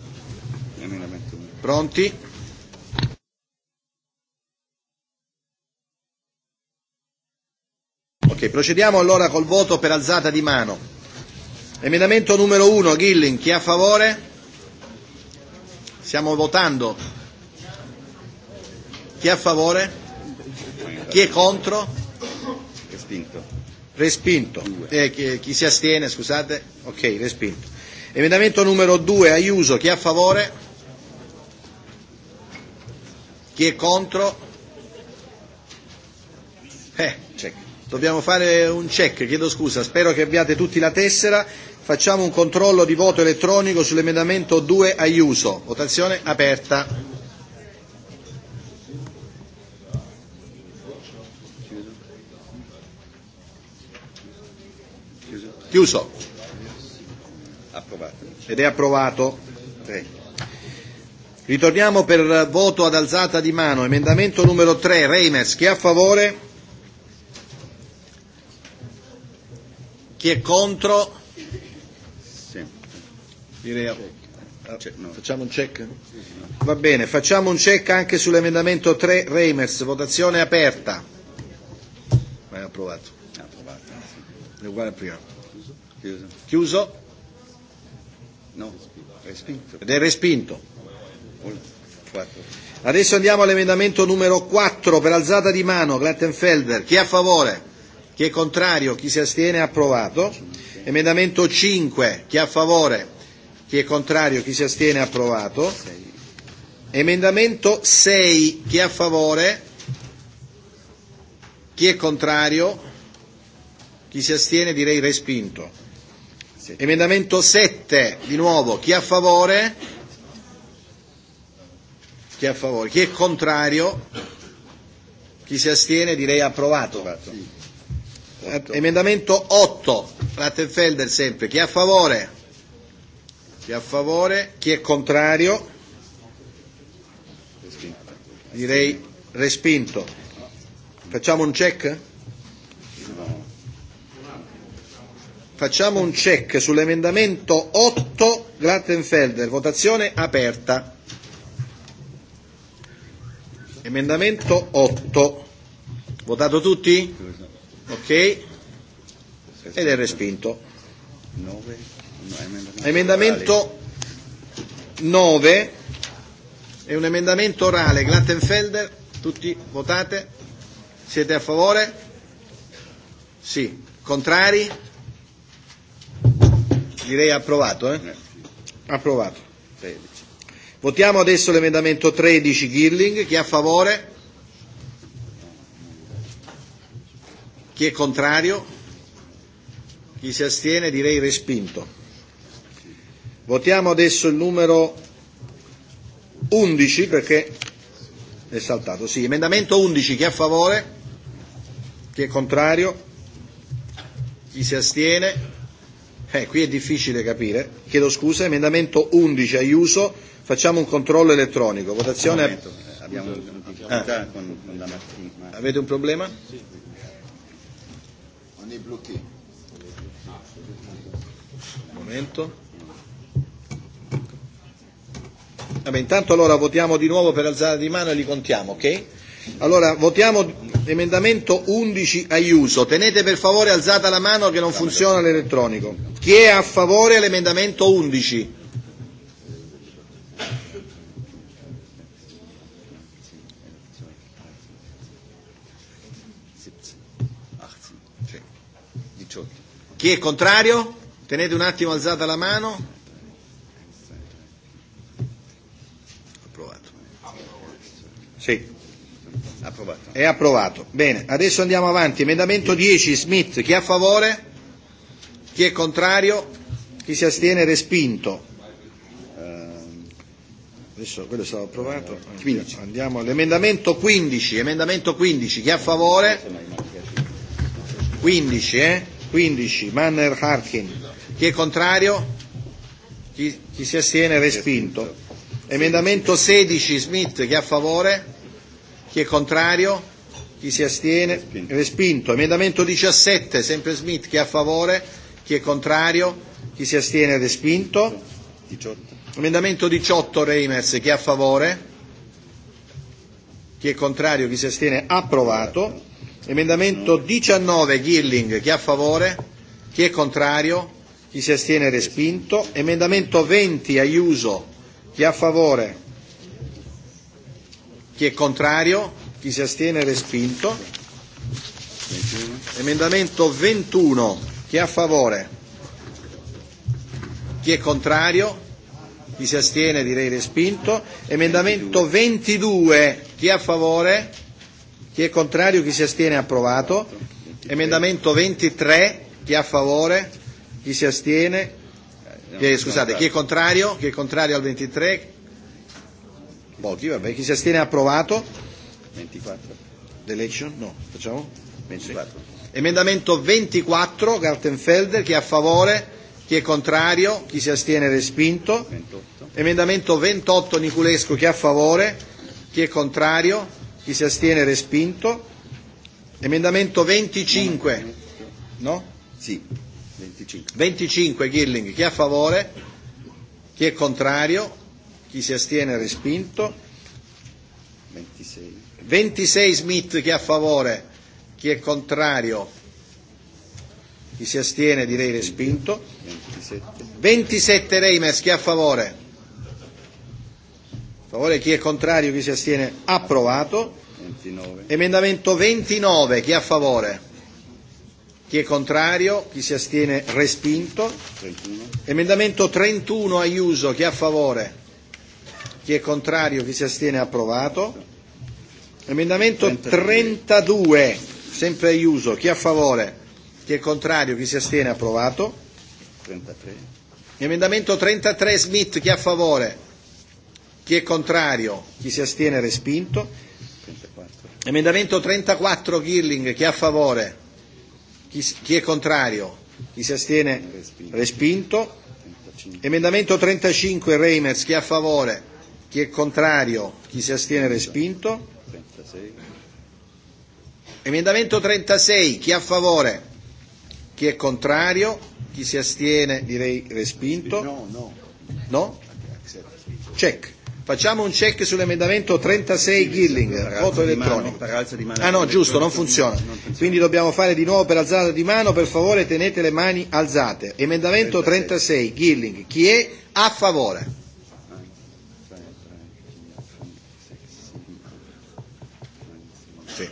Emendamento 1. Pronti? Ok, procediamo allora col voto per alzata di mano. Emendamento numero 1, Gilling, chi è a favore? Stiamo votando. Chi è a favore? Chi è contro? Respinto. Respinto. Eh, chi, chi si astiene, scusate? Ok, respinto. Emendamento numero 2, Aiuso, chi è a favore? Chi è contro? Eh, check. Dobbiamo fare un check, chiedo scusa, spero che abbiate tutti la tessera. Facciamo un controllo di voto elettronico sull'emendamento 2 Aiuso. Votazione aperta. Chiuso ed è approvato. Okay. Ritorniamo per voto ad alzata di mano. Emendamento numero 3, Reimers. Chi è a favore? Chi è contro? Sì. Direi cioè, no. Facciamo un check? Va bene, facciamo un check anche sull'emendamento 3 Reimers. Votazione aperta. Ma è approvato. È approvato. È uguale a prima. Chiuso. Chiuso. No, respinto. Ed è respinto. Adesso andiamo all'emendamento numero 4 per alzata di mano, Glattenfelder. Chi è a favore? Chi è contrario? Chi si astiene? Approvato. Emendamento 5. Chi è a favore? Chi è contrario? Chi si astiene? Approvato. Emendamento 6. Chi è a favore? Chi è contrario? Chi si astiene? Direi respinto. Sì. Emendamento 7, di nuovo, chi è a favore? Chi è a favore? Chi è contrario? Chi si astiene direi approvato. approvato. Sì. 8. Eh, emendamento 8, Rattenfelder sempre, chi è a favore? Chi è a favore? Chi è contrario? Direi respinto. Facciamo un check? Facciamo un check sull'emendamento 8 Glattenfelder, votazione aperta. Emendamento 8. Votato tutti? Ok. Ed è respinto. Emendamento 9. È un emendamento orale. Glattenfelder, tutti votate? Siete a favore? Sì. Contrari? Direi approvato, eh? Approvato. 13. Votiamo adesso l'emendamento 13 Girling. Chi è a favore? Chi è contrario? Chi si astiene? Direi respinto. Votiamo adesso il numero 11 perché è saltato. Sì, emendamento 11. Chi è a favore? Chi è contrario? Chi si astiene? Eh, qui è difficile capire. Chiedo scusa, emendamento 11 Aiuso, facciamo un controllo elettronico. Votazione. Un momento, eh, abbiamo eh. un difficoltà ah. con, con la mattina. Avete un problema? Sì. On est bloqué. Un momento. Vabbè, intanto allora votiamo di nuovo per alzata di mano e li contiamo, ok? Allora, votiamo emendamento 11 Aiuso. Tenete per favore alzata la mano che non funziona l'elettronico. Chi è a favore dell'emendamento 11? Chi è contrario? Tenete un attimo alzata la mano. Approvato. Sì. Approvato. È approvato. Bene, adesso andiamo avanti. Emendamento 10, Smith. Chi è a favore? Chi è contrario? Chi si astiene? Respinto. Eh, adesso quello è stato approvato. Eh, Quindi andiamo all'emendamento 15. Emendamento 15. Chi è a favore? 15, eh? 15. Manner Harkin. Chi è contrario? Chi, chi si astiene? Respinto. Emendamento 16. Smith. Chi è a favore? Chi è contrario? Chi si astiene? Respinto. Respinto. Emendamento 17, sempre Smith. Chi è a favore? Chi è contrario? Chi si astiene? Respinto. 18. Emendamento 18, Reimers. Chi è a favore? Chi è contrario? Chi si astiene? Approvato. Emendamento 19, Girling. Chi è a favore? Chi è contrario? Chi si astiene? Respinto. Emendamento 20, Aiuso. Chi è a favore? Chi è contrario? Chi si astiene? Respinto. Emendamento 21. Chi è a favore? Chi è contrario? Chi si astiene? Direi respinto. Emendamento 22. Chi è a favore? Chi è contrario? Chi si astiene? Approvato. Emendamento 23. Chi è a favore? Chi si astiene? Chi, eh, scusate, chi è contrario? Chi è contrario al 23? Pochi, vabbè. Chi si astiene approvato? 24. Deletion? No, facciamo? 24. Sì. Emendamento 24, Gartenfelder, chi è a favore? Chi è contrario? Chi si astiene respinto? 28. Emendamento 28, Niculescu, chi è a favore? Chi è contrario? Chi si astiene respinto? Emendamento 25, no? Sì, 25. 25, Gilling, chi è a favore? Chi è contrario? Chi si astiene respinto. 26. 26 Smith chi è a favore, chi è contrario, chi si astiene direi respinto. 27, 27 Reimers chi è a favore, a favore chi è contrario, chi si astiene approvato. 29. Emendamento 29 chi è a favore. Chi è contrario? Chi si astiene? Respinto. 31. Emendamento 31 Aiuso, chi è a favore? Chi è contrario? Chi si astiene? Approvato. Emendamento 32, sempre Iuso. Chi è a favore? Chi è contrario? Chi si astiene? Approvato. 33. Emendamento 33, Smith. Chi è a favore? Chi è contrario? Chi si astiene? Respinto. 34. Emendamento 34, Girling. Chi è a favore? Chi, chi è contrario? Chi si astiene? Respinto. respinto. 35. Emendamento 35, Reimers. Chi è a favore? Chi è contrario? Chi si astiene respinto? 36. Emendamento 36, chi è a favore? Chi è contrario? Chi si astiene direi respinto? No, no. No? Check. Facciamo un check sull'emendamento 36 Gilling, voto elettronico. Ah no, giusto, non funziona. Quindi dobbiamo fare di nuovo per alzata di mano, per favore tenete le mani alzate. Emendamento 36 Gilling, chi è a favore? Sì.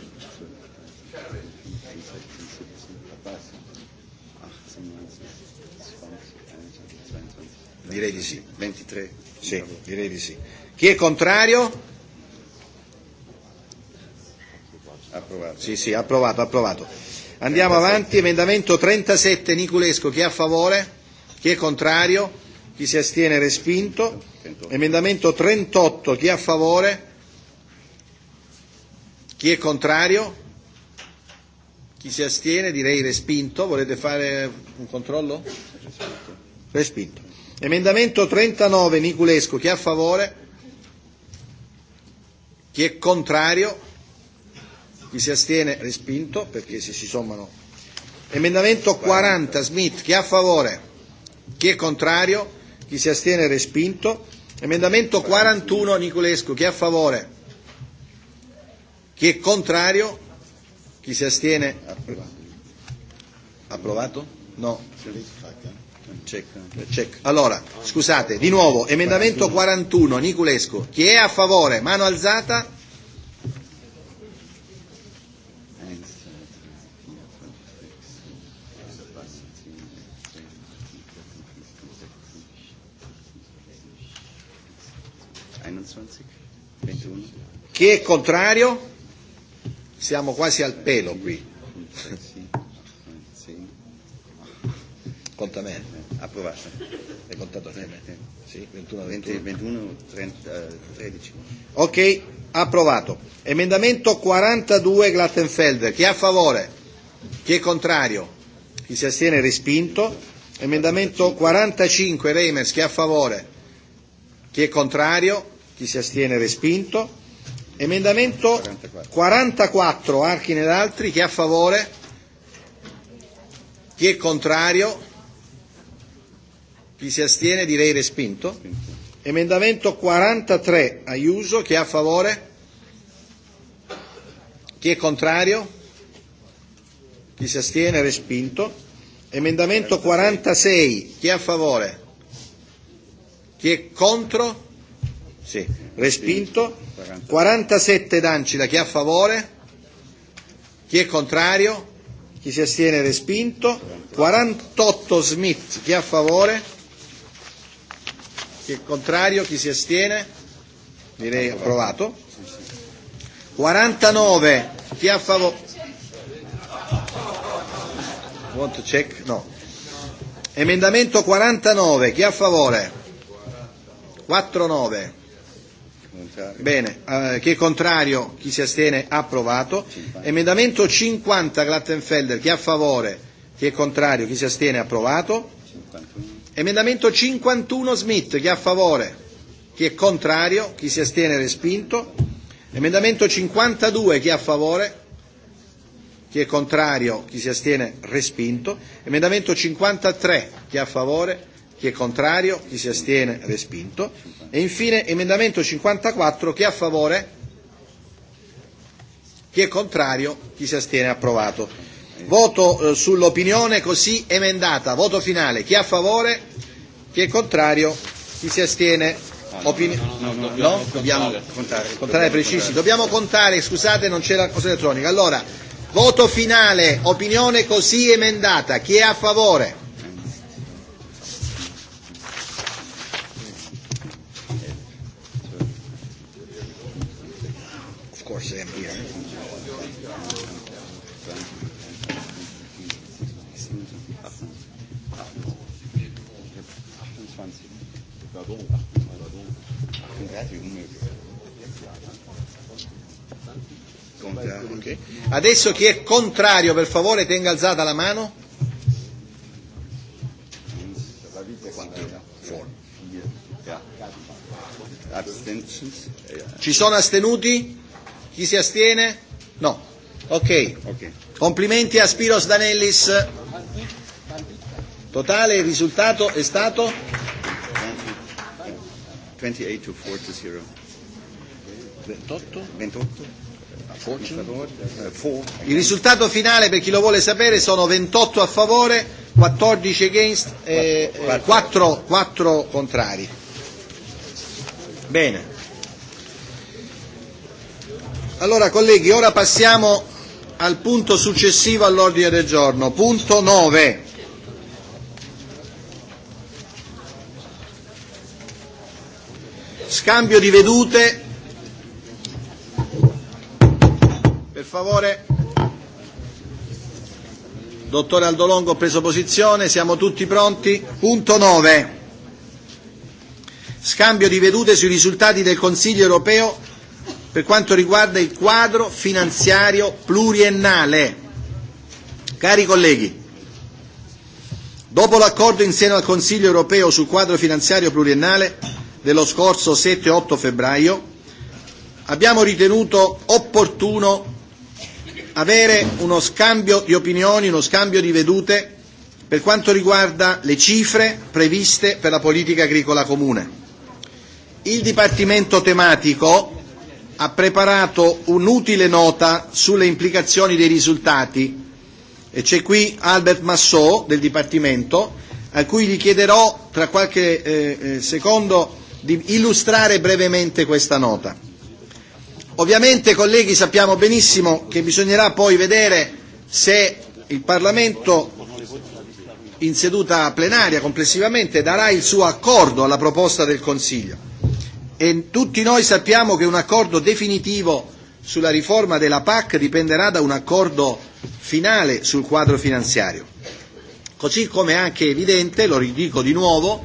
Direi di sì, 23. Sì, direi di sì. Chi è contrario? Approvato. Sì, sì, approvato, approvato. Andiamo 37. avanti, emendamento 37 Niculesco, chi è a favore? Chi è contrario? chi si astiene respinto, emendamento 38 chi è a favore, chi è contrario, chi si astiene direi respinto, volete fare un controllo? Respinto. Emendamento 39 Niculescu chi è a favore, chi è contrario, chi si astiene respinto perché se si sommano. Emendamento 40 Smith chi è a favore, chi è contrario, Chi si astiene è respinto. Emendamento 41 Niculescu, chi è a favore? Chi è contrario? Chi si astiene? Approvato? No. Check. Check. Allora, scusate, di nuovo, emendamento 41 Niculescu, chi è a favore? Mano alzata? Chi è contrario? Siamo quasi al pelo qui. Conta me, approvato. È contato a te. Sì, 21, 21, 21 30, 13. Ok, approvato. Emendamento 42 Glattenfelder. Chi è a favore? Chi è contrario? Chi si astiene respinto. Emendamento 45 Reimers. Chi è a favore? Chi è contrario? Chi si astiene respinto. Emendamento 44, 44 Archine ed altri, chi è a favore? Chi è contrario? Chi si astiene direi respinto. respinto. Emendamento 43 Aiuso, chi è a favore? Chi è contrario? Chi si astiene respinto. Emendamento 46, chi è a favore? Chi è contro? Sì. Respinto. 47 Dancila, chi è a favore? Chi è contrario? Chi si astiene respinto. 48 Smith, chi è a favore? Chi è contrario? Chi si astiene? Direi approvato. 49, chi è a favore? Want to check? No. Emendamento 49, chi è a favore? 49. Contrario. Bene, eh, chi è contrario, chi si astiene, approvato. 50. Emendamento 50 Glattenfelder, chi è a favore, chi è contrario, chi si astiene, approvato. 51. Emendamento 51 Smith, chi è a favore, chi è contrario, chi si astiene, respinto. Emendamento 52, chi è a favore, chi è contrario, chi si astiene, respinto. Emendamento 53, chi è a favore, Chi è contrario? Chi si astiene? Respinto. E infine emendamento 54. Chi è a favore? Chi è contrario? Chi si astiene? Approvato. Voto eh, sull'opinione così emendata. Voto finale. Chi è a favore? Chi è contrario? Chi si astiene? Opini- no, no, no, no, no, dobbiamo contare, contare precisi. Dobbiamo contare, scusate, non c'è la cosa elettronica. Allora, voto finale, opinione così emendata. Chi è a favore? course I am here. Pardon, pardon. 38 unmöglich. Contrario, okay. Adesso chi è contrario per favore tenga alzata la mano. Ci sono astenuti? Chi si astiene? No. Ok. okay. Complimenti a Spiros Danellis. Totale il risultato è stato 28 to 4 to 0. 28? 28? Il risultato finale, per chi lo vuole sapere, sono 28 a favore, 14 against, e, eh, 4, 4 contrari. Bene. Allora colleghi, ora passiamo al punto successivo all'ordine del giorno, punto 9. Scambio di vedute. Per favore. Dottore Aldolongo ha preso posizione, siamo tutti pronti. Punto 9. Scambio di vedute sui risultati del Consiglio europeo per quanto riguarda il quadro finanziario pluriennale. Cari colleghi, dopo l'accordo in seno al Consiglio europeo sul quadro finanziario pluriennale dello scorso 7-8 febbraio, abbiamo ritenuto opportuno avere uno scambio di opinioni, uno scambio di vedute per quanto riguarda le cifre previste per la politica agricola comune. Il Dipartimento tematico ha preparato un'utile nota sulle implicazioni dei risultati e c'è qui Albert Massot del Dipartimento a cui gli chiederò tra qualche eh, eh, secondo di illustrare brevemente questa nota. Ovviamente, colleghi, sappiamo benissimo che bisognerà poi vedere se il Parlamento in seduta plenaria complessivamente darà il suo accordo alla proposta del Consiglio e tutti noi sappiamo che un accordo definitivo sulla riforma della PAC dipenderà da un accordo finale sul quadro finanziario. Così come è anche evidente, lo ridico di nuovo,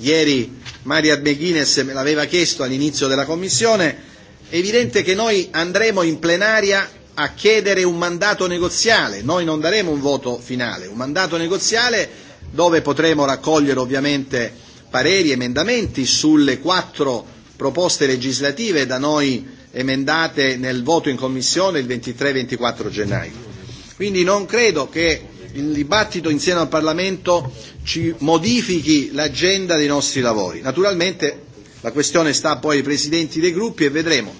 ieri Maria Beghines me l'aveva chiesto all'inizio della Commissione, è evidente che noi andremo in plenaria a chiedere un mandato negoziale, noi non daremo un voto finale, un mandato negoziale dove potremo raccogliere ovviamente pareri, e emendamenti sulle quattro proposte legislative da noi emendate nel voto in Commissione il 23-24 e gennaio. Quindi non credo che il dibattito in seno al Parlamento ci modifichi l'agenda dei nostri lavori. Naturalmente la questione sta poi ai presidenti dei gruppi e vedremo.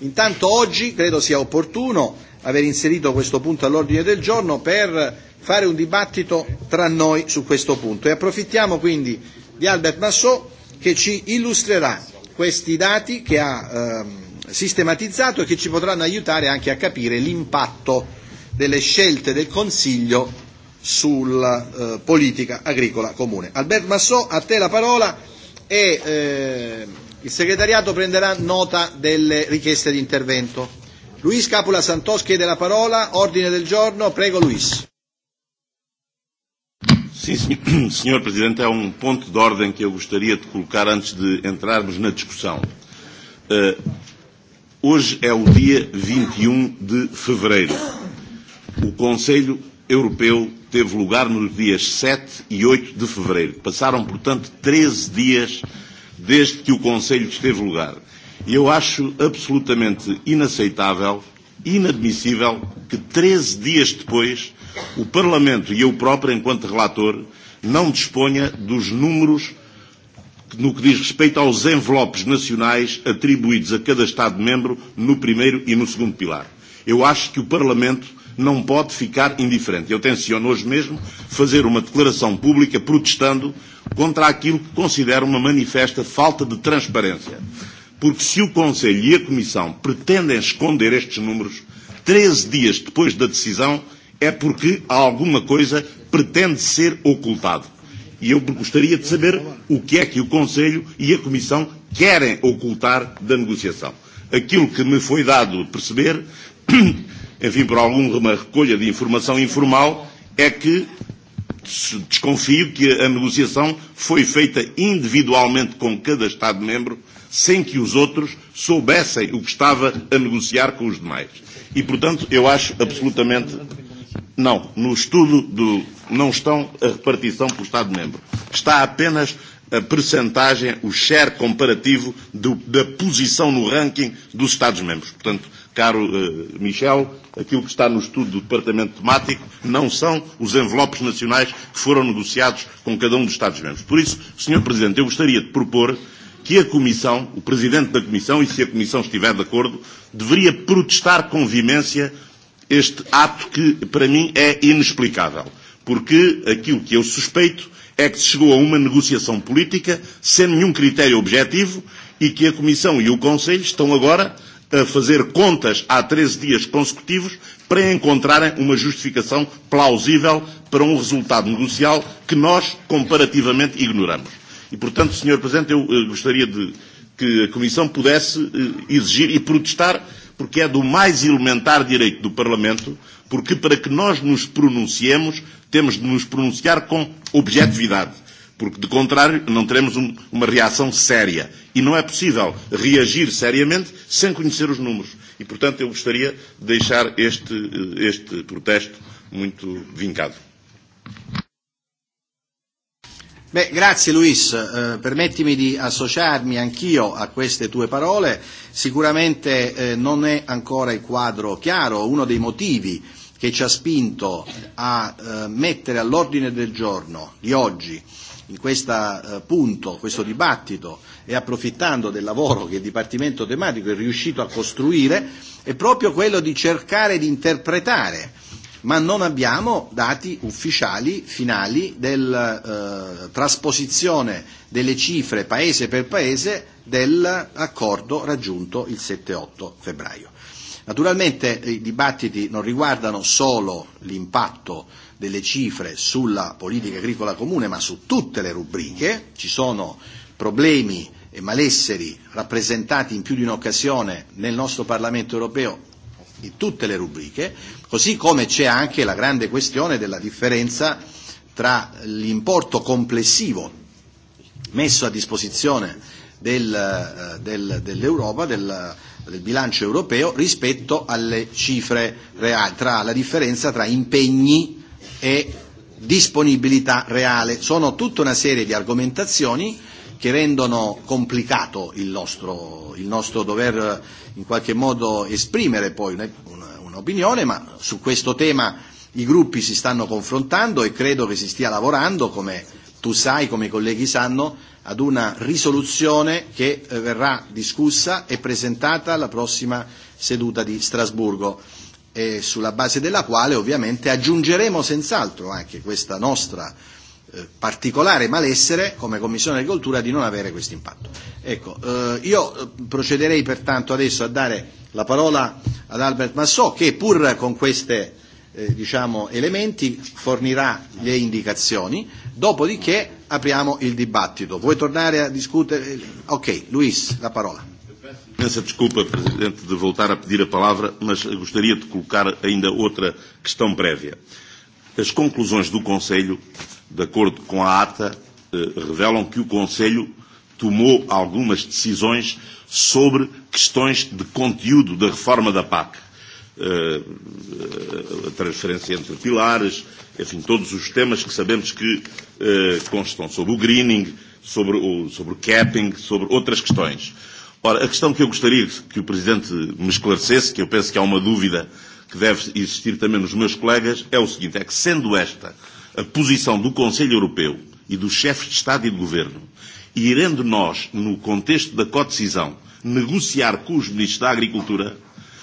Intanto oggi credo sia opportuno aver inserito questo punto all'ordine del giorno per fare un dibattito tra noi su questo punto e approfittiamo quindi di Albert Massot che ci illustrerà questi dati che ha eh, sistematizzato e che ci potranno aiutare anche a capire l'impatto delle scelte del Consiglio sulla eh, politica agricola comune. Albert Massot, a te la parola e eh, il segretariato prenderà nota delle richieste di intervento. Luis Capula Santos chiede la parola, ordine del giorno, prego Luis. Sim, Sr. Presidente, há um ponto de ordem que eu gostaria de colocar antes de entrarmos na discussão. Uh, hoje é o dia 21 e um de fevereiro. O Conselho Europeu teve lugar nos dias 7 e 8 de fevereiro. Passaram, portanto, 13 dias desde que o Conselho esteve lugar. E eu acho absolutamente inaceitável inadmissível que 13 dias depois o Parlamento e eu próprio, enquanto relator, não disponha dos números no que diz respeito aos envelopes nacionais atribuídos a cada Estado-membro no primeiro e no segundo pilar. Eu acho que o Parlamento não pode ficar indiferente. Eu tenciono hoje mesmo fazer uma declaração pública protestando contra aquilo que considero uma manifesta falta de transparência. Porque se o Conselho e a Comissão pretendem esconder estes números 13 dias depois da decisão, é porque alguma coisa pretende ser ocultado. E eu gostaria de saber o que é que o Conselho e a Comissão querem ocultar da negociação. Aquilo que me foi dado perceber, enfim, por alguma recolha de informação informal, é que desconfio que a negociação foi feita individualmente com cada Estado-membro sem que os outros soubessem o que estava a negociar com os demais. E, portanto, eu acho absolutamente. Não, no estudo do. Não estão a repartição por Estado-membro. Está apenas a percentagem, o share comparativo do, da posição no ranking dos Estados-membros. Portanto, caro uh, Michel, aquilo que está no estudo do Departamento Temático não são os envelopes nacionais que foram negociados com cada um dos Estados-membros. Por isso, Sr. Presidente, eu gostaria de propor que a Comissão, o Presidente da Comissão, e se a Comissão estiver de acordo, deveria protestar com vimência este ato que, para mim, é inexplicável. Porque aquilo que eu suspeito é que se chegou a uma negociação política sem nenhum critério objetivo e que a Comissão e o Conselho estão agora a fazer contas há 13 dias consecutivos para encontrarem uma justificação plausível para um resultado negocial que nós comparativamente ignoramos. E, portanto, Sr. Presidente, eu eh, gostaria de que a Comissão pudesse eh, exigir e protestar, porque é do mais elementar direito do Parlamento, porque para que nós nos pronunciemos, temos de nos pronunciar com objetividade porque, de contrário, não teremos um, uma reação séria. E não é possível reagir seriamente sem conhecer os números. E, portanto, eu gostaria de deixar este, eh, este protesto muito vincado. Beh, grazie Luis, eh, permettimi di associarmi anch'io a queste tue parole. Sicuramente eh, non è ancora il quadro chiaro, uno dei motivi che ci ha spinto a eh, mettere all'ordine del giorno di oggi in questo eh, punto, questo dibattito e approfittando del lavoro che il Dipartimento tematico è riuscito a costruire, è proprio quello di cercare di interpretare ma non abbiamo dati ufficiali finali della eh, trasposizione delle cifre paese per paese dell'accordo raggiunto il 7-8 febbraio. Naturalmente eh, i dibattiti non riguardano solo l'impatto delle cifre sulla politica agricola comune, ma su tutte le rubriche. Ci sono problemi e malesseri rappresentati in più di un'occasione nel nostro Parlamento europeo in tutte le rubriche, così come c'è anche la grande questione della differenza tra l'importo complessivo messo a disposizione del, eh, del, dell'Europa, del, del bilancio europeo, rispetto alle cifre reali, tra la differenza tra impegni e disponibilità reale. Sono tutta una serie di argomentazioni che rendono complicato il nostro, il nostro dover eh, in qualche modo esprimere poi un'opinione, ma su questo tema i gruppi si stanno confrontando e credo che si stia lavorando, come tu sai, come i colleghi sanno, ad una risoluzione che eh, verrà discussa e presentata alla prossima seduta di Strasburgo e sulla base della quale ovviamente aggiungeremo senz'altro anche questa nostra eh, particolare malessere come Commissione Agricoltura di non avere questo impatto. Ecco, eh, io eh, procederei pertanto adesso a dare la parola ad Albert Massot che pur con queste eh, diciamo, elementi fornirà le indicazioni, dopodiché apriamo il dibattito. Vuoi tornare a discutere? Eh, ok, Luis, la parola. Imensa desculpa, Presidente, de voltar a pedir a palavra, mas gostaria de colocar ainda outra questão prévia. Uh, As conclusões do Conselho, de acordo com a ata, eh, revelam que o Conselho tomou algumas decisões sobre questões de conteúdo da reforma da PAC. Eh, a transferência entre pilares, enfim, todos os temas que sabemos que eh, constam sobre o greening, sobre o, sobre o capping, sobre outras questões. Ora, a questão que eu gostaria que o Presidente me esclarecesse, que eu penso que há uma dúvida que deve existir também nos meus colegas é o seguinte, é que sendo esta a posição do Conselho Europeu e dos chefes de Estado e de Governo, e irendo nós, no contexto da codecisão, negociar com os ministros da Agricultura,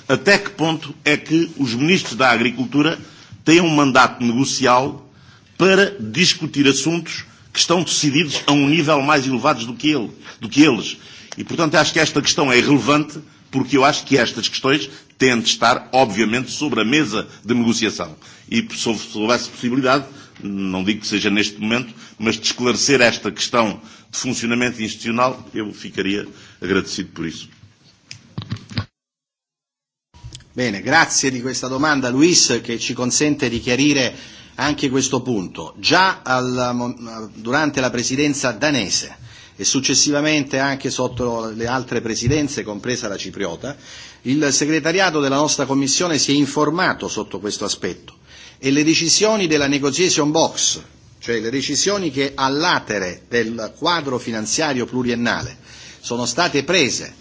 até que ponto é que os ministros da Agricultura têm um mandato negocial para discutir assuntos que estão decididos a um nível mais elevado do que, ele, do que eles. E, portanto, acho que esta questão é irrelevante, porque eu acho que estas questões tende estar, obviamente, sobre a mesa de negociação. E sob, sob essa possibilidade, não digo que seja neste momento, mas de esclarecer esta questão de funcionamento institucional, eu ficaria agradecido por isso. Bene, grazie di questa domanda Luis che ci consente di chiarire anche questo punto. Già al, durante la presidenza danese e successivamente anche sotto le altre presidenze, compresa la cipriota, Il segretariato della nostra Commissione si è informato sotto questo aspetto e le decisioni della negotiation box, cioè le decisioni che all'atere del quadro finanziario pluriennale sono state prese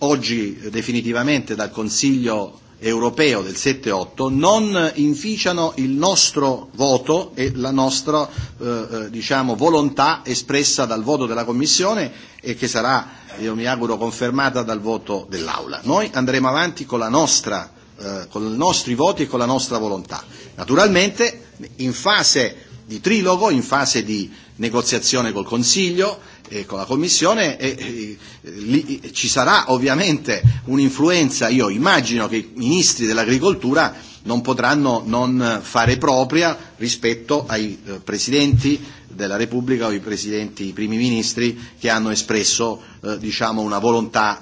oggi eh, definitivamente dal Consiglio europeo del 7-8 non inficiano il nostro voto e la nostra eh, eh, diciamo, volontà espressa dal voto della Commissione e che sarà E io mi auguro confermata dal voto dell'Aula. Noi andremo avanti con la nostra eh, con i nostri voti e con la nostra volontà. Naturalmente in fase di trilogo, in fase di negoziazione col Consiglio e con la Commissione e, e, lì, ci sarà ovviamente un'influenza, io immagino che i ministri dell'agricoltura non potranno non fare propria rispetto ai eh, presidenti della Repubblica o i presidenti, i primi ministri che hanno espresso eh, diciamo una volontà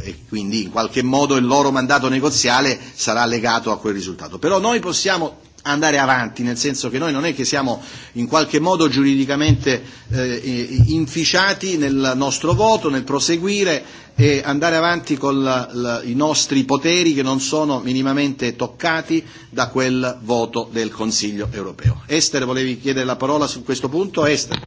eh, eh, e quindi in qualche modo il loro mandato negoziale sarà legato a quel risultato. Però noi possiamo andare avanti, nel senso che noi non è che siamo in qualche modo giuridicamente eh, inficiati nel nostro voto, nel proseguire e andare avanti con la, la, i nostri poteri che non sono minimamente toccati da quel voto del Consiglio europeo. Ester, volevi chiedere la parola su questo punto? Ester.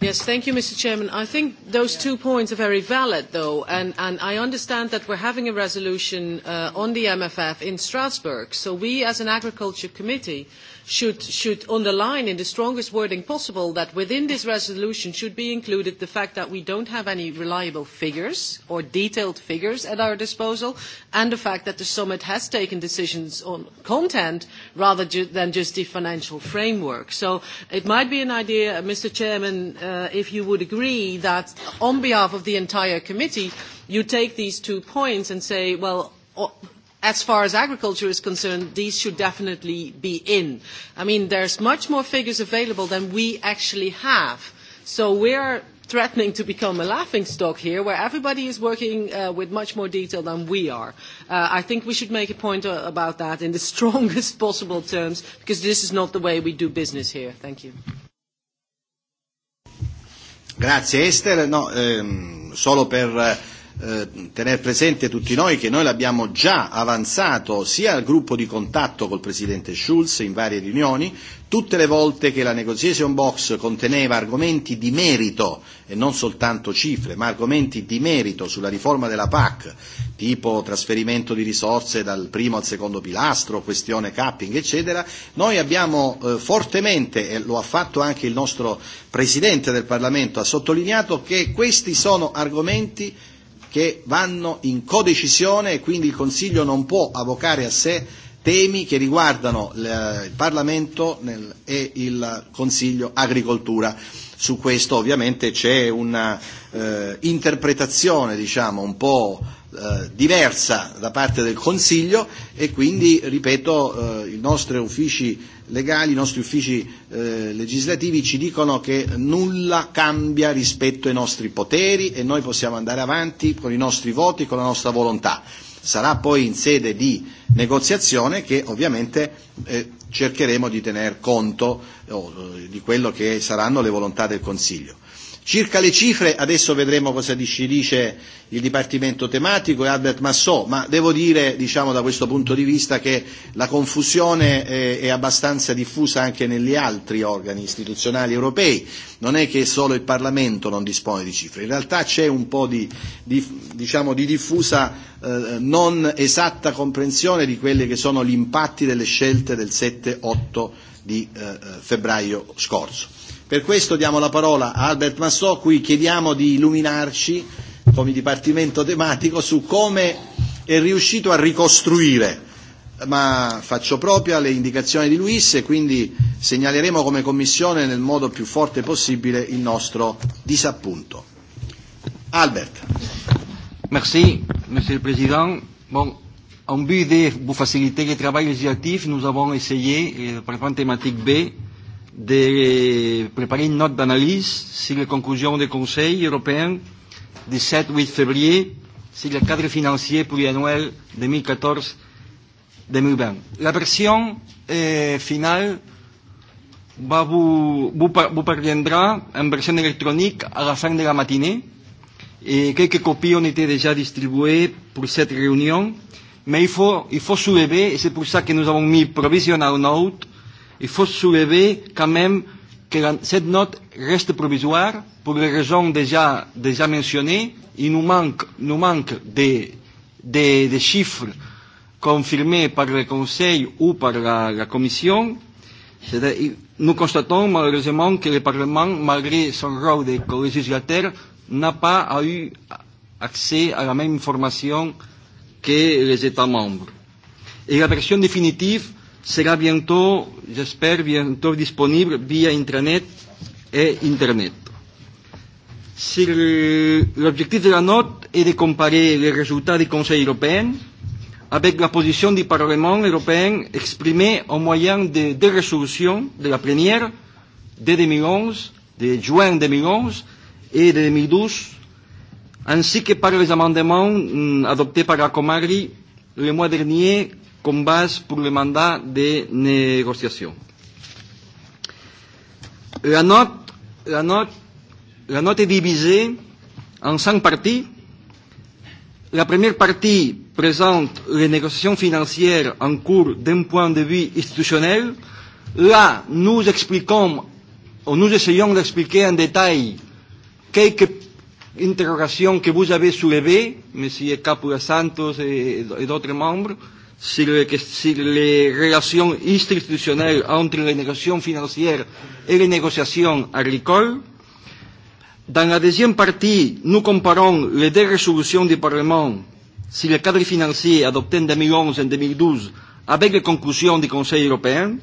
Yes, thank you, Mr. Chairman. I think those two points are very valid, though, and, and I understand that we're having a resolution uh, on the MFF in Strasbourg. So we, as an agriculture committee, uh, should, should underline in the strongest wording possible that within this resolution should be included the fact that we don't have any reliable figures or detailed figures at our disposal and the fact that the summit has taken decisions on content rather ju than just the financial framework. So it might be an idea, uh, Mr. Chairman, uh, if you would agree that on behalf of the entire committee, you take these two points and say, well, as far as agriculture is concerned, these should definitely be in. I mean, there's much more figures available than we actually have. So we're threatening to become a laughing stock here, where everybody is working uh, with much more detail than we are. Uh, I think we should make a point uh, about that in the strongest possible terms, because this is not the way we do business here. Thank you. Grazie Esther, no, ehm, solo per eh, eh, tenere presente tutti noi che noi l'abbiamo già avanzato sia al gruppo di contatto col Presidente Schulz in varie riunioni, tutte le volte che la negotiation box conteneva argomenti di merito e non soltanto cifre, ma argomenti di merito sulla riforma della PAC, tipo trasferimento di risorse dal primo al secondo pilastro, questione capping, eccetera, noi abbiamo eh, fortemente, e lo ha fatto anche il nostro Presidente del Parlamento, ha sottolineato che questi sono argomenti che vanno in codecisione e quindi il Consiglio non può avocare a sé temi che riguardano eh, il Parlamento nel, e il Consiglio agricoltura. Su questo ovviamente c'è una eh, interpretazione diciamo, un po' eh, diversa da parte del Consiglio e quindi, ripeto, eh, i nostri uffici legali, i nostri uffici eh, legislativi ci dicono che nulla cambia rispetto ai nostri poteri e noi possiamo andare avanti con i nostri voti, con la nostra volontà. Sarà poi in sede di negoziazione che ovviamente eh, cercheremo di tener conto eh, di quello che saranno le volontà del Consiglio. Circa le cifre, adesso vedremo cosa ci dice il Dipartimento tematico e Albert Massot, ma devo dire diciamo, da questo punto di vista che la confusione eh, è abbastanza diffusa anche negli altri organi istituzionali europei, non è che solo il Parlamento non dispone di cifre, in realtà c'è un po' di, di, diciamo, di diffusa eh, non esatta comprensione di quelli che sono gli impatti delle scelte del 7-8 di eh, eh, febbraio scorso. Per questo diamo la parola a Albert Massò, cui chiediamo di illuminarci come dipartimento tematico su come è riuscito a ricostruire ma faccio propria le indicazioni di Luis e quindi segnaleremo come Commissione nel modo più forte possibile il nostro disappunto. Albert. Merci, Monsieur le Président. Bon, en but de vous faciliter le travail législatif, nous avons essayé, euh, par exemple, thématique B, de eh, préparer une note d'analyse sur les conclusions du Conseil européen du 7-8 février sur le cadre financier pluriannuel 2014-2020. La version euh, finale va vous, vous, par, vous parviendra en version électronique à la fin de la matinée. Et quelques copies ont été déjà distribuées pour cette réunion. Mais il faut, il faut soulever, et c'est pour ça que nous avons mis provisional note, il faut soulever quand même que la, cette note reste provisoire pour les raisons déjà, déjà mentionnées. Il nous manque, nous manque des, des, des chiffres confirmés par le Conseil ou par la, la Commission. Nous constatons malheureusement que le Parlement, malgré son rôle de co-législateur, n'a pas eu accès à la même information que les États membres. Et la version définitive sera bientôt, j'espère, bientôt disponible via intranet et internet. Si l'objectif de la note est de comparer les résultats du Conseil européen avec la position du Parlement européen exprimée au moyen de deux résolutions de la plénière de 2011, de juin 2011 et de 2012, ainsi que par les amendements mm, adoptés par la Comari le mois dernier com base pour le mandat de négociation. La note, la note, la note est divisée en cinq parties. La première partie présente les négociations financières en cours d'un point de vue institutionnel. Là, nous expliquons, ou nous essayons d'expliquer en détail quelques interrogations que vous avez soulevées, M. Capula Santos et, et d'autres membres, euh, si, le, si les relations institutionnelles entre les négociations financières et les négociations agricoles. Dans la deuxième partie, nous comparons les deux résolutions du Parlement sur le cadre financier adopté en 2011 et en 2012 avec les conclusions du Conseil européen.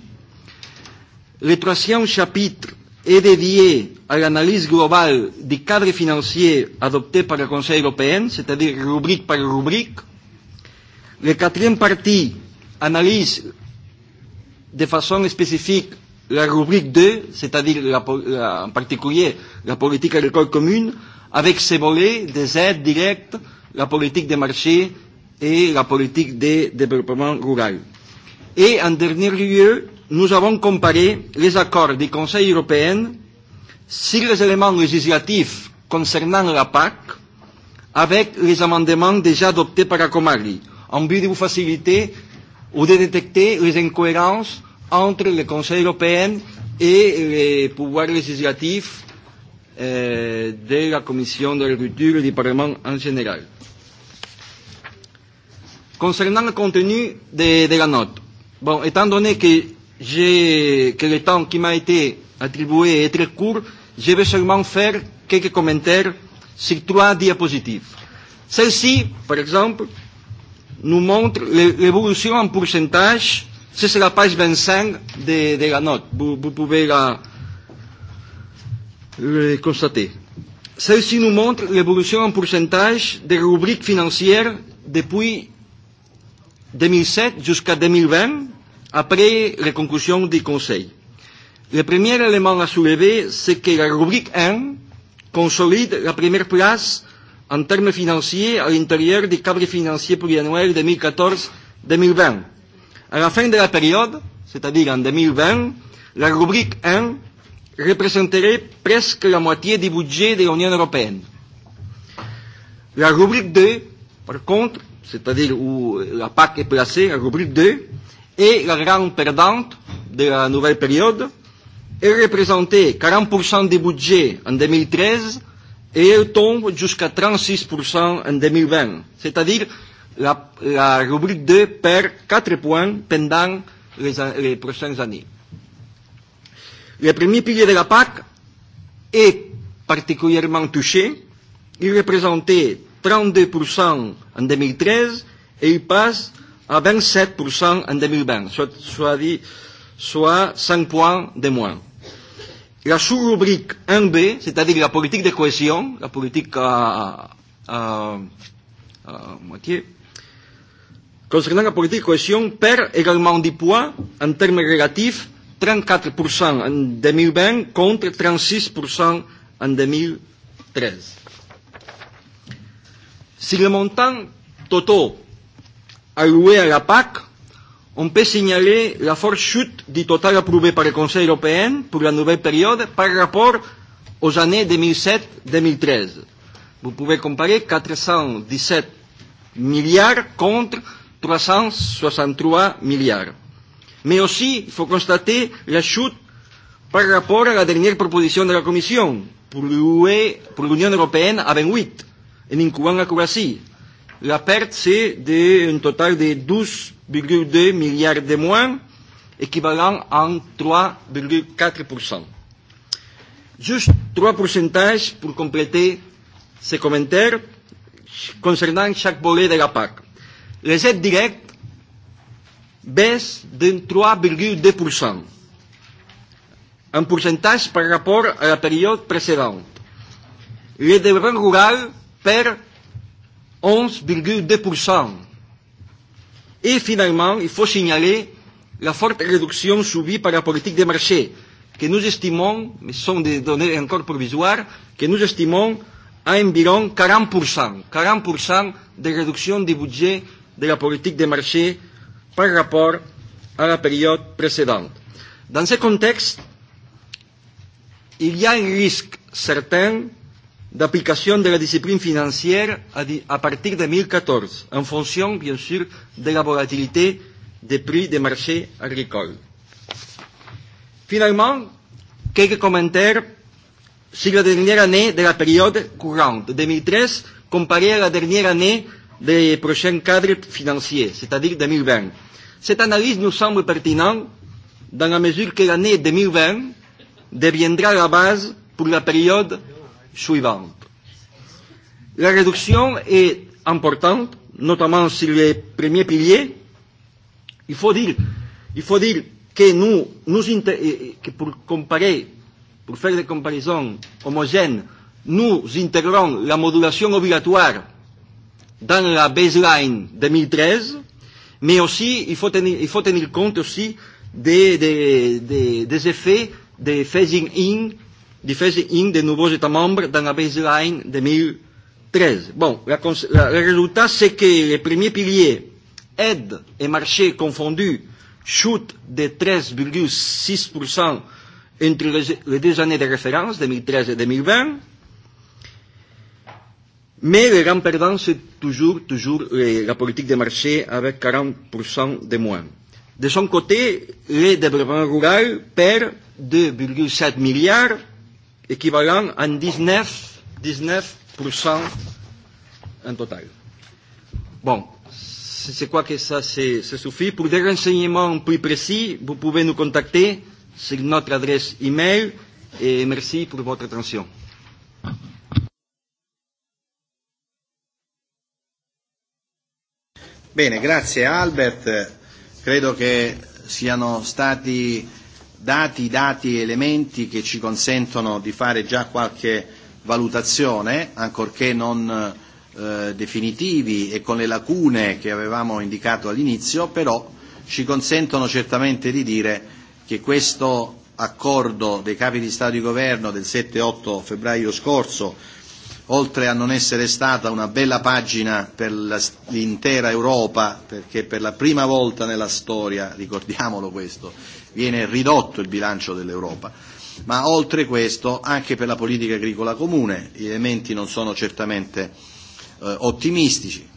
Le troisième chapitre est dédié à l'analyse globale du cadre financier adopté par le Conseil européen, c'est-à-dire rubrique par rubrique. Le quatrième partie analyse de façon spécifique la rubrique 2, c'est-à-dire la, la, en particulier la politique agricole commune, avec ses volets des aides directes, la politique des marchés et la politique de développement rural. Et en dernier lieu, nous avons comparé les accords du Conseil européen sur les éléments législatifs concernant la PAC avec les amendements déjà adoptés par la Comarie en vue de vous faciliter ou de détecter les incohérences entre le Conseil européen et les pouvoirs législatifs euh, de la Commission de l'agriculture et du Parlement en général. Concernant le contenu de, de la note, bon, étant donné que, que le temps qui m'a été attribué est très court, je vais seulement faire quelques commentaires sur trois diapositives. Celle-ci, par exemple, nous montre l'évolution en pourcentage. Ce c'est la page 25 de, de la note. Vous, vous pouvez la le constater. Celle-ci nous montre l'évolution en pourcentage des rubriques financières depuis 2007 jusqu'à 2020, après les conclusions du Conseil. Le premier élément à soulever, c'est que la rubrique 1 consolide la première place en termes financiers à l'intérieur du cadre financier pluriannuel 2014-2020. À la fin de la période, c'est-à-dire en 2020, la rubrique 1 représenterait presque la moitié du budget de l'Union européenne. La rubrique 2, par contre, c'est-à-dire où euh, la PAC est placée, la rubrique 2, est la grande perdante de la nouvelle période. Elle représentait 40% du budget en 2013 et elle tombe jusqu'à 36% en 2020. C'est-à-dire la, la rubrique 2 perd 4 points pendant les, les prochaines années. Le premier pilier de la PAC est particulièrement touché. Il représentait 32% en 2013 et il passe à 27% en 2020, soit, soit, dit, soit 5 points de moins la sous-rubrique 1B, c'est-à-dire la politique de cohésion, la politique à, à, à moitié, concernant la politique de cohésion, perd également du poids en termes relatifs, 34% en 2020 contre 36% en 2013. Si le montant total alloué à la PAC on peut signaler la forte chute du total approuvé par le Conseil européen pour la nouvelle période par rapport aux années 2007-2013. Vous pouvez comparer 417 milliards contre 363 milliards. Mais aussi, il faut constater la chute par rapport à la dernière proposition de la Commission pour l'Union européenne à 28, en incluant la Croatie. La perte, c'est un total de 12 1,2 milliards de moins, équivalent à 3,4%. Juste trois pourcentages pour compléter ces commentaires concernant chaque volet de la PAC. Les aides directes baissent de 3,2%, un pourcentage par rapport à la période précédente. Le développement rural perd 11,2%, Et finalement, il faut signaler la forte réduction subie par la politique des marchés, que nous estimons, mais ce sont des données encore provisoires, que nous estimons à environ 40%, 40% de réduction du budget de la politique des marchés par rapport à la période précédente. Dans ce contexte, il y a un risque certain d'aplicación de la disciplina financière à, à partir de 2014, en fonction, bien sûr, de la volatilité des prix des marchés agricoles. Finalement, quelques commentaires sur la dernière année de la période courante, 2013, comparée à la dernière année des prochains cadres financiers, c'est-à-dire 2020. Cette analyse nous semble pertinente dans la mesure que l'année 2020 deviendra la base pour la période suivante. La réduction est importante, notamment sur les premiers piliers. Il faut dire, il faut dire que nous, nous que pour comparer, pour faire des comparaisons homogènes, nous intégrons la modulation obligatoire dans la baseline 2013, mais aussi il faut tenir, il faut tenir compte aussi des, des, des, des effets des phasing in difese in de nouveaux États membres dans la baseline 2013. Bon, la, la, le résultat, c'est que les premiers piliers, aide et marché confondus, chute de 13,6% entre les, les deux années de référence, 2013 et 2020. Mais les grands perdants, c'est toujours, toujours les, la politique des marchés avec 40% de moins. De son côté, le développement rural perd 2,7 milliards équivalent à 19, 19% en total. Bon, je crois que ça, ça suffit. Pour des renseignements plus précis, vous pouvez nous contacter sur notre adresse e-mail et merci pour votre attention. Bene, grazie Albert. Credo che siano stati dati dati e elementi che ci consentono di fare già qualche valutazione, ancorché non eh, definitivi e con le lacune che avevamo indicato all'inizio, però ci consentono certamente di dire che questo accordo dei capi di Stato e di Governo del 7-8 febbraio scorso, oltre a non essere stata una bella pagina per l'intera Europa, perché per la prima volta nella storia, ricordiamolo questo, viene ridotto il bilancio dell'Europa. Ma oltre questo, anche per la politica agricola comune, gli elementi non sono certamente eh, ottimistici,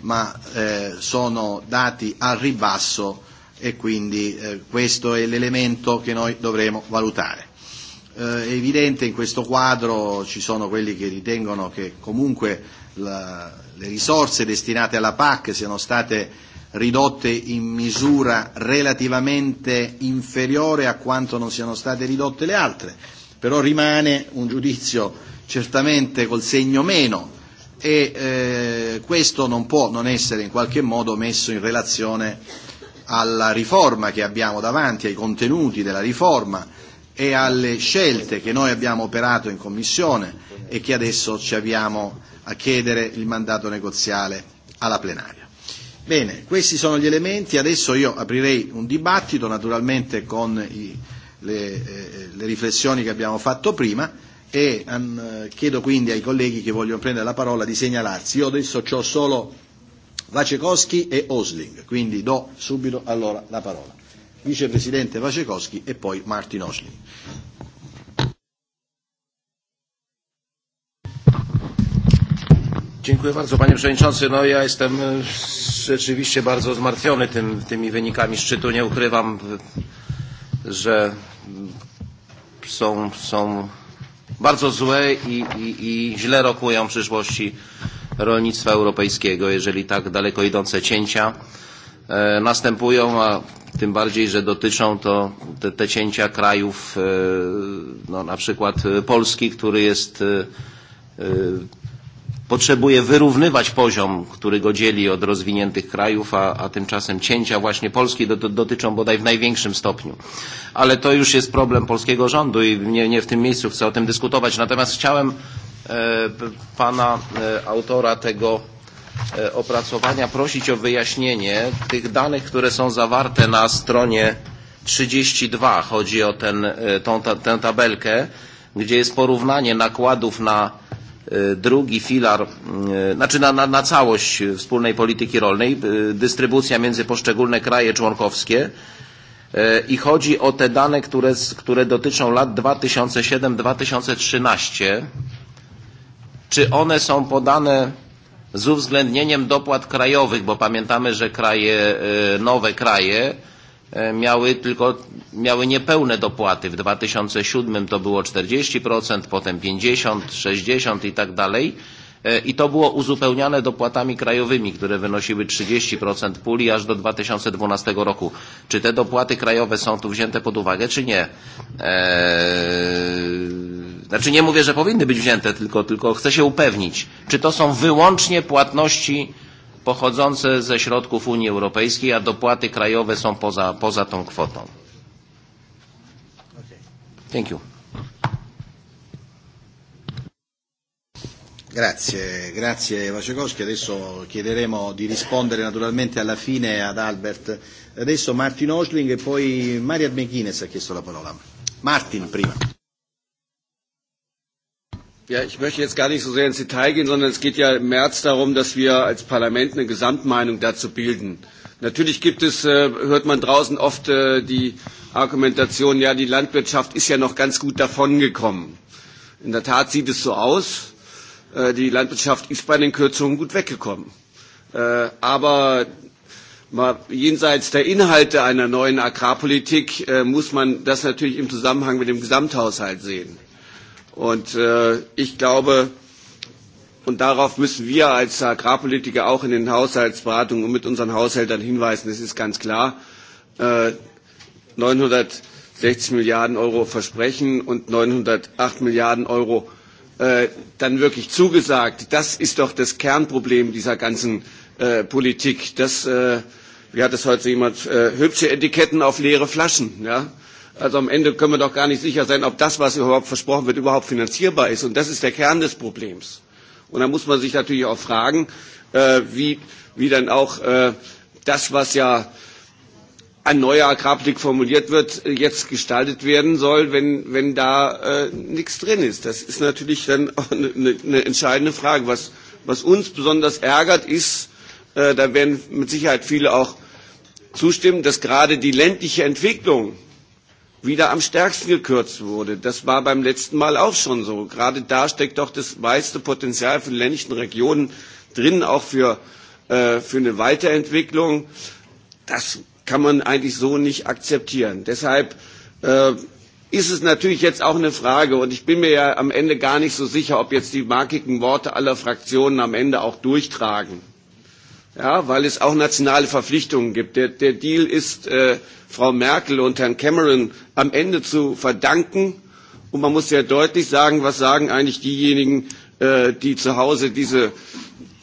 ma eh, sono dati al ribasso e quindi eh, questo è l'elemento che noi dovremo valutare. Eh, è evidente in questo quadro ci sono quelli che ritengono che comunque la, le risorse destinate alla PAC siano state ridotte in misura relativamente inferiore a quanto non siano state ridotte le altre, però rimane un giudizio certamente col segno meno e eh, questo non può non essere in qualche modo messo in relazione alla riforma che abbiamo davanti, ai contenuti della riforma e alle scelte che noi abbiamo operato in Commissione e che adesso ci avviamo a chiedere il mandato negoziale alla plenaria. Bene, questi sono gli elementi, adesso io aprirei un dibattito naturalmente con i, le, eh, le riflessioni che abbiamo fatto prima e an, ehm, chiedo quindi ai colleghi che vogliono prendere la parola di segnalarsi. Io adesso ho solo Vacekowski e Osling, quindi do subito allora la parola. Vicepresidente Vacekowski e poi Martin Osling. Dziękuję bardzo panie przewodniczący. No ja jestem e, rzeczywiście bardzo zmartwiony tym, tymi wynikami szczytu. Nie ukrywam, że są, są bardzo złe i, i, i źle rokują przyszłości rolnictwa europejskiego, jeżeli tak daleko idące cięcia e, następują, a tym bardziej, że dotyczą to te, te cięcia krajów, e, no, na przykład Polski, który jest e, e potrzebuje wyrównywać poziom, który go dzieli od rozwiniętych krajów, a, a tymczasem cięcia właśnie Polski do, do, dotyczą bodaj w największym stopniu. Ale to już jest problem polskiego rządu i nie, nie w tym miejscu chcę o tym dyskutować. Natomiast chciałem e, pana e, autora tego e, opracowania prosić o wyjaśnienie tych danych, które są zawarte na stronie 32. Chodzi o ten, e, tą, ta, tę tabelkę, gdzie jest porównanie nakładów na E, drugi filar, e, znaczy na, na, na całość wspólnej polityki rolnej, e, dystrybucja między poszczególne kraje członkowskie i chodzi o te dane, które, które dotyczą lat 2007-2013. Czy one są podane z uwzględnieniem dopłat krajowych, bo pamiętamy, że kraje, nowe kraje E, miały tylko miały niepełne dopłaty. W 2007 to było 40%, potem 50, 60 i tak dalej. E, I to było uzupełniane dopłatami krajowymi, które wynosiły 30% puli aż do 2012 roku. Czy te dopłaty krajowe są tu wzięte pod uwagę, czy nie? Eee... Znaczy nie mówię, że powinny być wzięte, tylko, tylko chcę się upewnić, czy to są wyłącznie płatności pochodzące ze środków Unii Europejskiej, a dopłaty krajowe są poza, poza tą kwotą. Thank you. Grazie, grazie Vacekoschi. Adesso chiederemo di rispondere naturalmente alla fine ad Albert. Adesso Martin Osling e poi Marian McGuinness ha chiesto la parola. Martin prima. Ja, ich möchte jetzt gar nicht so sehr ins Detail gehen, sondern es geht ja im März darum, dass wir als Parlament eine Gesamtmeinung dazu bilden. Natürlich gibt es, äh, hört man draußen oft äh, die Argumentation, ja, die Landwirtschaft ist ja noch ganz gut davongekommen. In der Tat sieht es so aus. Äh, die Landwirtschaft ist bei den Kürzungen gut weggekommen. Äh, aber mal jenseits der Inhalte einer neuen Agrarpolitik äh, muss man das natürlich im Zusammenhang mit dem Gesamthaushalt sehen. Und äh, ich glaube, und darauf müssen wir als Agrarpolitiker auch in den Haushaltsberatungen und mit unseren Haushältern hinweisen, das ist ganz klar. Äh, 960 Milliarden Euro versprechen und 908 Milliarden Euro äh, dann wirklich zugesagt. Das ist doch das Kernproblem dieser ganzen äh, Politik. Das, äh, wie hat es heute jemand, äh, hübsche Etiketten auf leere Flaschen. Ja? Äh, Also am Ende können wir doch gar nicht sicher sein, ob das, was überhaupt versprochen wird, überhaupt finanzierbar ist. Und das ist der Kern des Problems. Und da muss man sich natürlich auch fragen, äh, wie, wie dann auch äh, das, was ja an neuer Agrarpolitik formuliert wird, jetzt gestaltet werden soll, wenn, wenn da äh, nichts drin ist. Das ist natürlich dann auch eine, eine entscheidende Frage. Was, was uns besonders ärgert, ist, äh, da werden mit Sicherheit viele auch zustimmen, dass gerade die ländliche Entwicklung wieder am stärksten gekürzt wurde. Das war beim letzten Mal auch schon so. Gerade da steckt doch das meiste Potenzial für die ländlichen Regionen drin, auch für, äh, für eine Weiterentwicklung. Das kann man eigentlich so nicht akzeptieren. Deshalb äh, ist es natürlich jetzt auch eine Frage, und ich bin mir ja am Ende gar nicht so sicher, ob jetzt die markigen Worte aller Fraktionen am Ende auch durchtragen ja, weil es auch nationale Verpflichtungen gibt. Der, der Deal ist äh, Frau Merkel und Herrn Cameron am Ende zu verdanken. Und man muss sehr deutlich sagen, was sagen eigentlich diejenigen, äh, die zu Hause diese,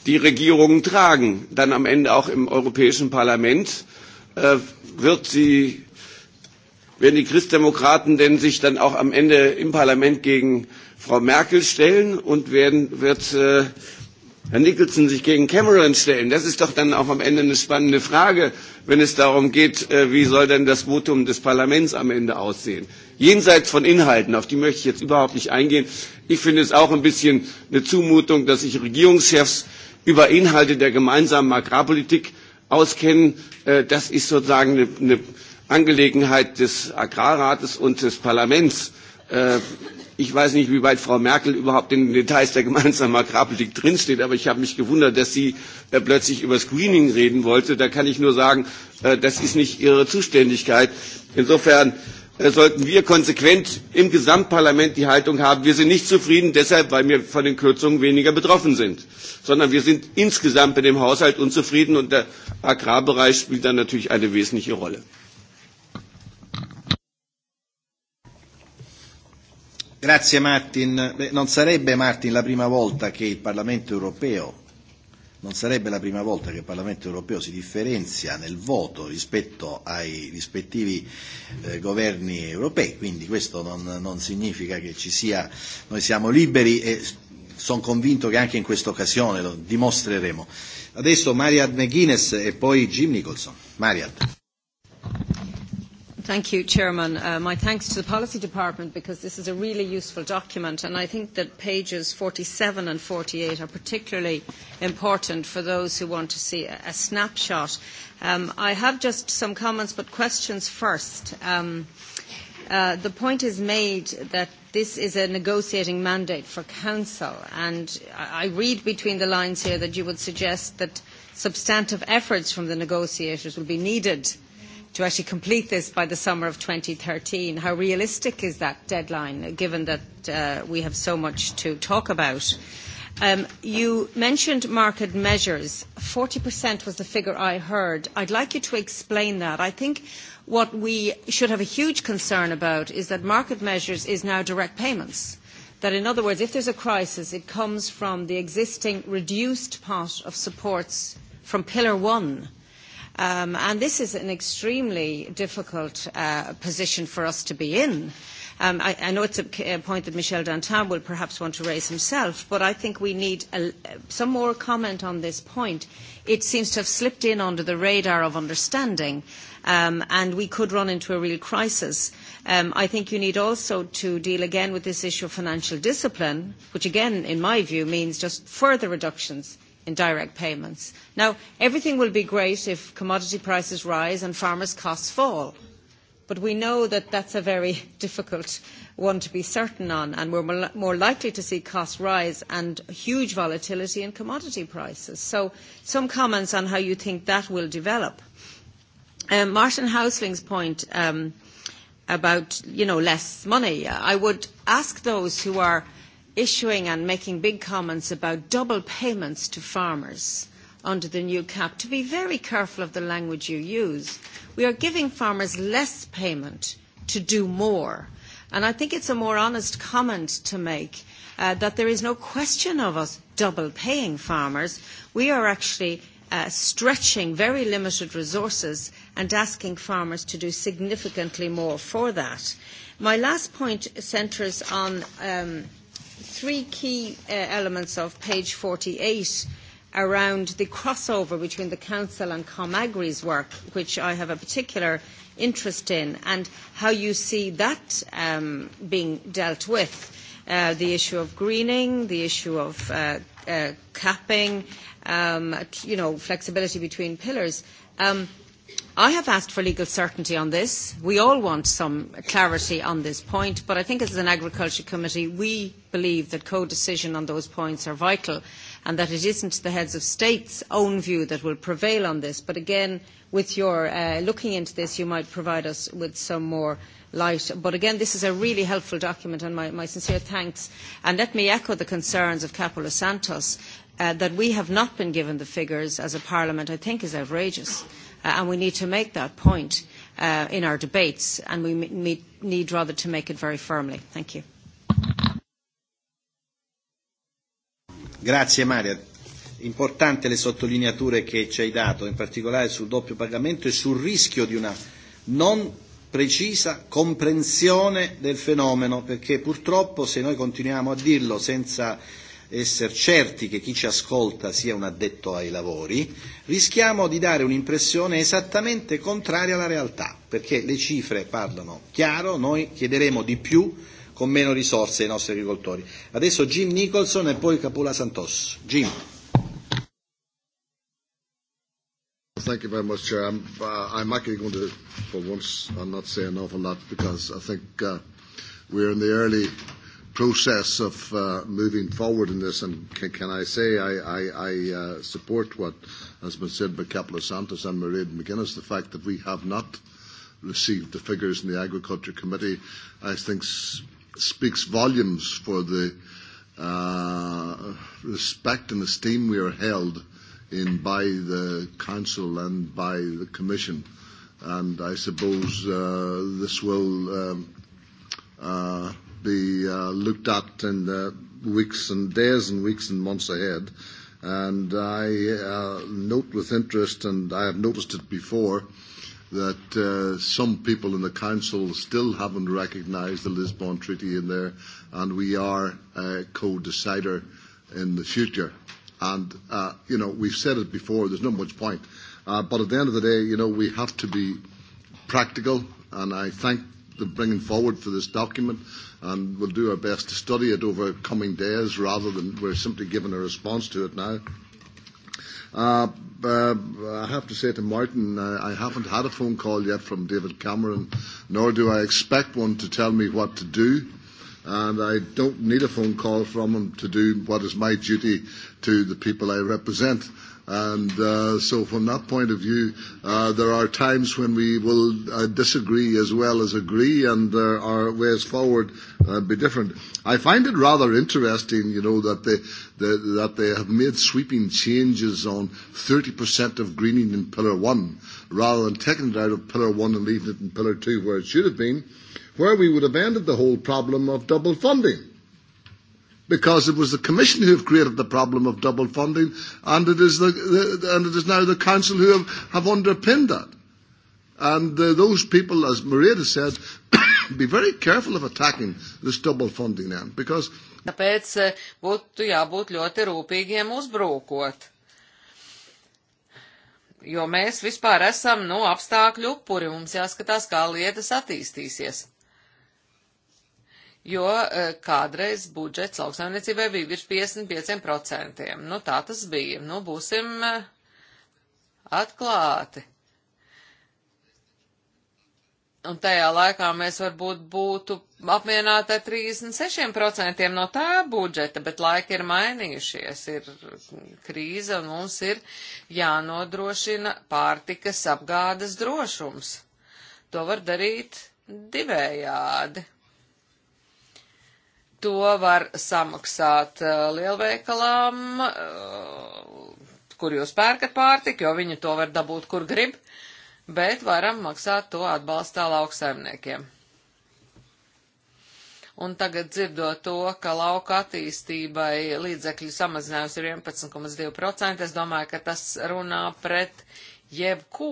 die Regierungen tragen. Dann am Ende auch im Europäischen Parlament äh, wird sie, werden die Christdemokraten denn sich dann auch am Ende im Parlament gegen Frau Merkel stellen und werden, wird äh, Herr Nicholson sich gegen Cameron stellen. Das ist doch dann auch am Ende eine spannende Frage, wenn es darum geht, äh, wie soll denn das Votum des Parlaments am Ende aussehen. Jenseits von Inhalten, auf die möchte ich jetzt überhaupt nicht eingehen. Ich finde es auch ein bisschen eine Zumutung, dass sich Regierungschefs über Inhalte der gemeinsamen Agrarpolitik auskennen. Äh, das ist sozusagen eine, eine Angelegenheit des Agrarrates und des Parlaments. Äh, Ich weiß nicht, wie weit Frau Merkel überhaupt in den Details der gemeinsamen Agrarpolitik drinsteht, aber ich habe mich gewundert, dass sie äh, plötzlich über Screening reden wollte. Da kann ich nur sagen, äh, das ist nicht ihre Zuständigkeit. Insofern äh, sollten wir konsequent im Gesamtparlament die Haltung haben, wir sind nicht zufrieden deshalb, weil wir von den Kürzungen weniger betroffen sind, sondern wir sind insgesamt mit dem Haushalt unzufrieden und der Agrarbereich spielt dann natürlich eine wesentliche Rolle. Grazie Martin. Beh, non sarebbe Martin la prima volta che il Parlamento europeo non sarebbe la prima volta che il Parlamento europeo si differenzia nel voto rispetto ai rispettivi eh, governi europei, quindi questo non, non significa che ci sia, noi siamo liberi e sono convinto che anche in questa occasione lo dimostreremo. Adesso Mariad McGuinness e poi Jim Nicholson. Mariad. Thank you, Chairman. Uh, my thanks to the Policy Department because this is a really useful document and I think that pages 47 and 48 are particularly important for those who want to see a, a snapshot. Um, I have just some comments but questions first. Um, uh, the point is made that this is a negotiating mandate for Council and I, I read between the lines here that you would suggest that substantive efforts from the negotiators will be needed to actually complete this by the summer of 2013. How realistic is that deadline, given that uh, we have so much to talk about? Um, you mentioned market measures. 40% was the figure I heard. I'd like you to explain that. I think what we should have a huge concern about is that market measures is now direct payments. That in other words, if there's a crisis, it comes from the existing reduced pot of supports from Pillar 1 Um, and this is an extremely difficult uh, position for us to be in. Um, I, I know it's a, a point that Michel Dantin will perhaps want to raise himself, but I think we need a, some more comment on this point. It seems to have slipped in under the radar of understanding, um, and we could run into a real crisis. Um, I think you need also to deal again with this issue of financial discipline, which again, in my view, means just further reductions in direct payments. Now, everything will be great if commodity prices rise and farmers' costs fall, but we know that that's a very difficult one to be certain on, and we're more likely to see costs rise and huge volatility in commodity prices. So some comments on how you think that will develop. Um, Martin Housling's point um, about, you know, less money. I would ask those who are – issuing and making big comments about double payments to farmers under the new cap to be very careful of the language you use. We are giving farmers less payment to do more. And I think it's a more honest comment to make uh, that there is no question of us double paying farmers. We are actually uh, stretching very limited resources and asking farmers to do significantly more for that. My last point centres on. Um, three key uh, elements of page 48 around the crossover between the Council and ComAgri's work, which I have a particular interest in, and how you see that um, being dealt with. Uh, the issue of greening, the issue of uh, uh, capping, um, you know, flexibility between pillars. Um, I have asked for legal certainty on this. We all want some clarity on this point, but I think as an Agriculture Committee, we believe that co-decision on those points are vital and that it isn't the heads of state's own view that will prevail on this. But again, with your uh, looking into this, you might provide us with some more light. But again, this is a really helpful document, and my, my sincere thanks. And let me echo the concerns of Capola Santos. Uh, that we have not been given the figures as a parliament, I think, is outrageous uh, and we need to make that point uh, in our debates, and we meet, need rather to make it very firmly. Thank you. Grazie Maria. Importante le sottolineature che ci hai dato, in particolare sul doppio pagamento e sul rischio di una non precisa comprensione del fenomeno, perché purtroppo se noi continuiamo a dirlo senza eh, essere certi che chi ci ascolta sia un addetto ai lavori, rischiamo di dare un'impressione esattamente contraria alla realtà, perché le cifre parlano chiaro, noi chiederemo di più con meno risorse ai nostri agricoltori. Adesso Jim Nicholson e poi Capula Santos. Jim. Thank you very much, Chair. I'm, uh, I'm actually going to, for once, I'm not saying an awful lot because I think uh, we're in the early process of uh, moving forward in this, and can, can I say I, I, I uh, support what has been said by Capilla Santos and Mairead McGuinness, the fact that we have not received the figures in the Agriculture Committee, I think s- speaks volumes for the uh, respect and esteem we are held in by the Council and by the Commission. And I suppose uh, this will um, uh, be uh, looked at in the weeks and days and weeks and months ahead. And I uh, note with interest, and I have noticed it before, that uh, some people in the council still haven't recognised the Lisbon Treaty in there, and we are a co-decider in the future. And, uh, you know, we've said it before, there's not much point. Uh, but at the end of the day, you know, we have to be practical, and I thank the bringing forward for this document and we'll do our best to study it over coming days rather than we're simply giving a response to it now. Uh, uh, I have to say to Martin, uh, I haven't had a phone call yet from David Cameron, nor do I expect one to tell me what to do. And I don't need a phone call from him to do what is my duty to the people I represent. Uh, And uh, so, from that point of view, uh, there are times when we will uh, disagree as well as agree, and there are ways forward uh, be different. I find it rather interesting, you know, that they, the, that they have made sweeping changes on 30% of greening in Pillar 1, rather than taking it out of Pillar 1 and leaving it in Pillar 2 where it should have been, where we would have ended the whole problem of double funding because it was the Commission who have created the problem of double funding, and it is, the, the, and it is now the Council who have, have underpinned that. And uh, those people, as Maria has said, be very careful of attacking this double funding end, because Tāpēc uh, būtu jābūt ļoti rūpīgiem uzbrūkot. Jo mēs vispār esam, nu, apstākļu upuri, mums jāskatās, kā lietas attīstīsies jo eh, kādreiz budžets lauksaimniecībai bija virs 55%. Nu, tā tas bija. Nu, būsim eh, atklāti. Un tajā laikā mēs varbūt būtu apmierināti ar 36% no tā budžeta, bet laiki ir mainījušies, ir krīze un mums ir jānodrošina pārtikas apgādes drošums. To var darīt divējādi to var samaksāt eh, lielveikalām, eh, kur jūs pērkat pārtiku, jo viņi to var dabūt, kur grib, bet varam maksāt to atbalstā lauksaimniekiem. Un tagad dzirdot to, ka lauka attīstībai līdzekļu samazinājums ir 11,2%, es domāju, ka tas runā pret jebko,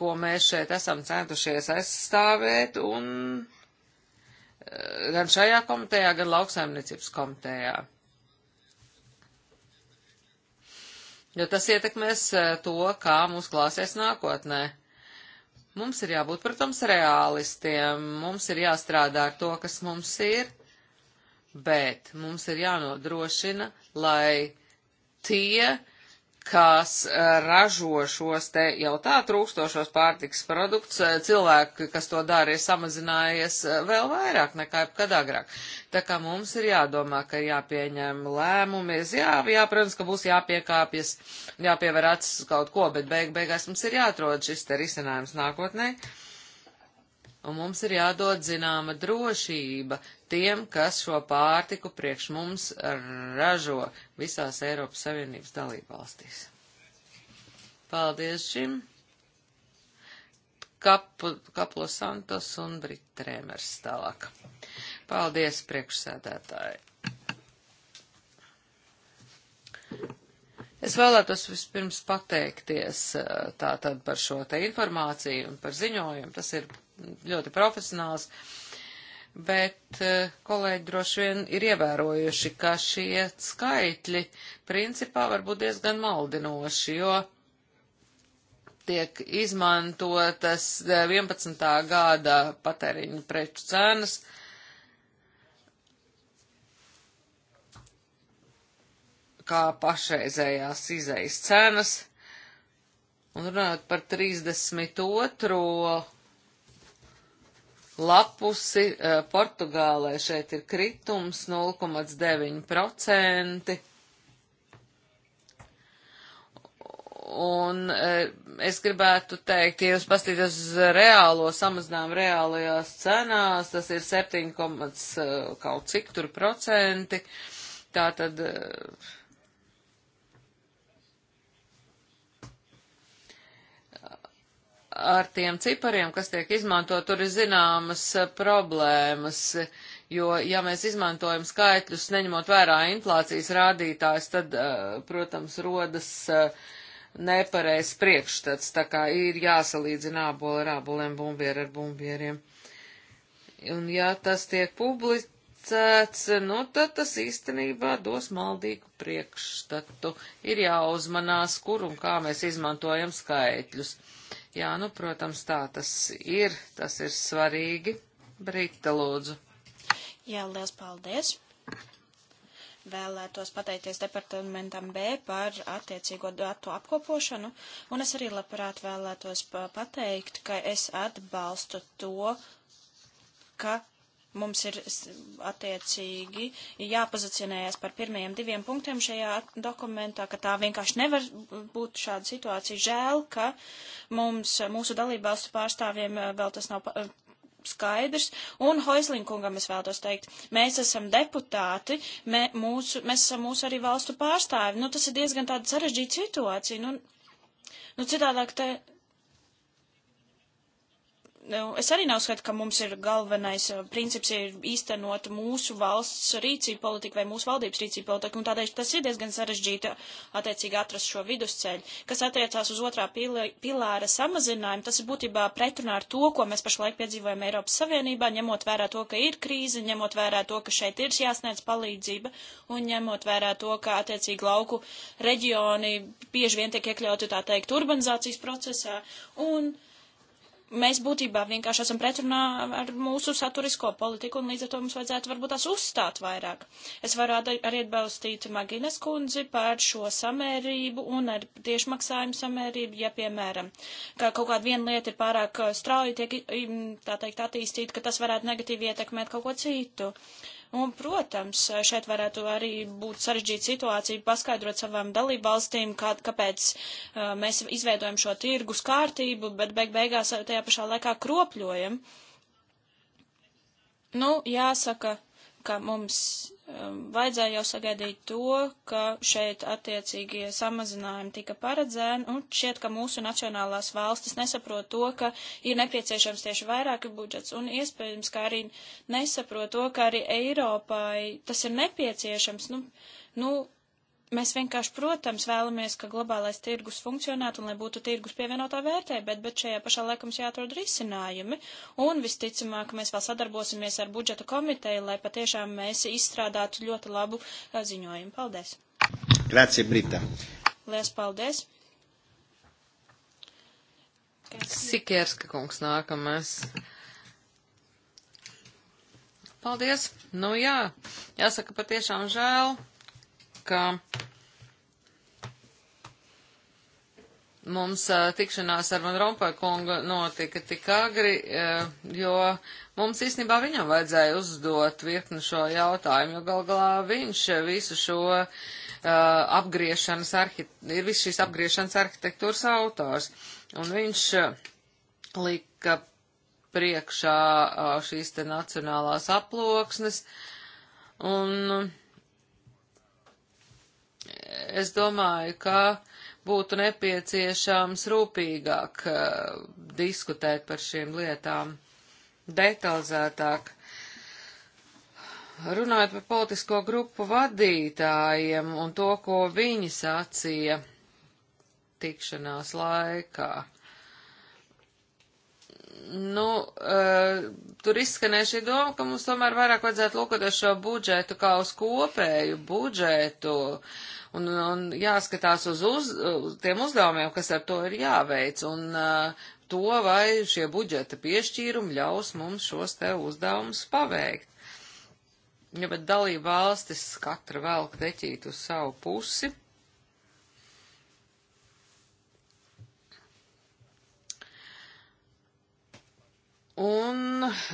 ko mēs šeit esam centušies aizstāvēt un gan šajā komitejā, gan lauksaimniecības komitejā. Jo tas ietekmēs e, to, kā mūs klāsies nākotnē. Mums ir jābūt, protams, realistiem, mums ir jāstrādā ar to, kas mums ir, bet mums ir jānodrošina, lai tie, kas eh, ražo šos te jau tā trūkstošos pārtiks produktus, eh, cilvēki, kas to dara, ir samazinājies eh, vēl vairāk nekā jebkad agrāk. Tā kā mums ir jādomā, ka jāpieņem lēmumies, jā, jā, protams, ka būs jāpiekāpjas, jāpiever acis kaut ko, bet beig beigās mums ir jāatrod šis te risinājums nākotnē. Uh, un mums ir jādod zināma drošība tiem, kas šo pārtiku priekš mums ražo visās Eiropas Savienības dalībvalstīs. Paldies šim! Kapu, Kaplo Santos un Brita Rēmers tālāk. Paldies, priekšsēdētāji! Es vēlētos vispirms pateikties eh, tātad par šo te informāciju un par ziņojumu. Tas ir ļoti profesionāls, bet eh, kolēģi droši vien ir ievērojuši, ka šie skaitļi principā var būt diezgan maldinoši, jo tiek izmantotas 11. Eh, gada patēriņu preču cenas, kā pašreizējās izejas cenas. Un runājot par 32 lapusi. Eh, Portugālē šeit ir kritums 0,9%. Un eh, es gribētu teikt, ja jūs paskatīties uz reālo samazinājumu reālajās cenās, tas ir 7, eh, kaut cik tur procenti. Tātad. Uh, ar tiem cipariem, kas tiek izmanto, tur ir zināmas eh, problēmas, jo, ja mēs izmantojam skaitļus, neņemot vērā inflācijas rādītājs, tad, eh, protams, rodas eh, nepareizs priekšstats, tā kā ir jāsalīdzina āboli ar āboliem, bumbieri ar bumbieriem. Un, ja tas tiek publiski, publicēts, nu tad tas īstenībā dos maldīgu priekšstatu. Ir jāuzmanās, kur un kā mēs izmantojam skaitļus. Jā, nu, protams, tā tas ir, tas ir svarīgi. Brīta, lūdzu. Jā, liels paldies. Vēlētos pateikties departamentam B par attiecīgo datu apkopošanu, un es arī labprāt vēlētos pateikt, ka es atbalstu to, ka mums ir attiecīgi jāpozicionējas par pirmajiem diviem punktiem šajā dokumentā, ka tā vienkārši nevar būt šāda situācija. Žēl, ka mums, mūsu dalībvalstu pārstāvjiem eh, vēl tas nav eh, skaidrs, un Hoizlinkungam es vēlos teikt, mēs esam deputāti, mē, mūsu, mēs esam mūsu arī valstu pārstāvi. Nu, tas ir diezgan tāda sarežģīta situācija. Nu, nu citādāk te Nu, es arī nav skatu, ka mums ir galvenais eh, princips ir īstenot mūsu valsts rīcību politiku vai mūsu valdības rīcību politiku, un tādēļ tas ir diezgan sarežģīti eh, attiecīgi atrast šo vidusceļu. Kas attiecās uz otrā pilāra samazinājumu, tas ir būtībā pretrunā ar to, ko mēs pašlaik piedzīvojam Eiropas Savienībā, ņemot vērā to, ka ir krīze, ņemot vērā to, ka šeit ir jāsniedz palīdzība, un ņemot vērā to, ka attiecīgi lauku reģioni bieži vien tiek iekļauti, tā teikt, urbanizācijas procesā. Un, uh, mēs būtībā vienkārši esam pretrunā ar mūsu saturisko politiku, un līdz ar to mums vajadzētu varbūt tās uzstāt vairāk. Es varētu arī atbalstīt Magines kundzi par šo samērību un ar tiešmaksājumu samērību, ja, piemēram, ka kaut kāda viena lieta ir pārāk uh, strauji tiek, tā teikt, attīstīta, ka tas varētu negatīvi ietekmēt kaut ko citu. Un, protams, šeit varētu arī būt sarežģīta situācija paskaidrot savām dalībvalstīm, kā, kāpēc uh, mēs izveidojam šo tirgus kārtību, bet beig beigās tajā pašā laikā kropļojam. Nu, jāsaka, ka mums um, vajadzēja jau sagaidīt to, ka šeit attiecīgie samazinājumi tika paredzēni, un šķiet, ka mūsu nacionālās valstis nesaprot to, ka ir nepieciešams tieši vairāk budžets, un iespējams, ka arī nesaprot to, ka arī Eiropai tas ir nepieciešams. Nu, nu, Mēs vienkārši, protams, vēlamies, ka globālais tirgus funkcionētu un lai būtu tirgus pievienotā vērtē, bet, bet šajā pašā laikā mums jāatrod risinājumi. Un visticamāk, mēs vēl sadarbosimies ar budžeta komiteju, lai patiešām mēs izstrādātu ļoti labu uh, ziņojumu. Paldies! Grazie, Brita! Lielas paldies! Sikierska kungs nākamais. Paldies! Nu jā, jāsaka patiešām žēl ka mums uh, tikšanās ar Van Rompuy kungu notika tik agri, uh, jo mums īstenībā viņam vajadzēja uzdot virkni šo jautājumu, jo gal galā viņš visu šo uh, apgriešanas arhitektūru, ir viss šīs apgriešanas arhitektūras autors, un viņš lika priekšā šīs te nacionālās aploksnes, un es domāju, ka būtu nepieciešams rūpīgāk uh, diskutēt par šīm lietām, detalizētāk. Runājot par politisko grupu vadītājiem un to, ko viņi sacīja tikšanās laikā nu, uh, tur izskanēja šī doma, ka mums tomēr vairāk vajadzētu lūkot ar šo budžetu kā uz kopēju budžetu un, un jāskatās uz, uz, uz tiem uzdevumiem, kas ar to ir jāveic un uh, to, vai šie budžeta piešķīrumi ļaus mums šos te uzdevumus paveikt. Ja, bet dalība valstis katra velk teķīt uz savu pusi. Un ES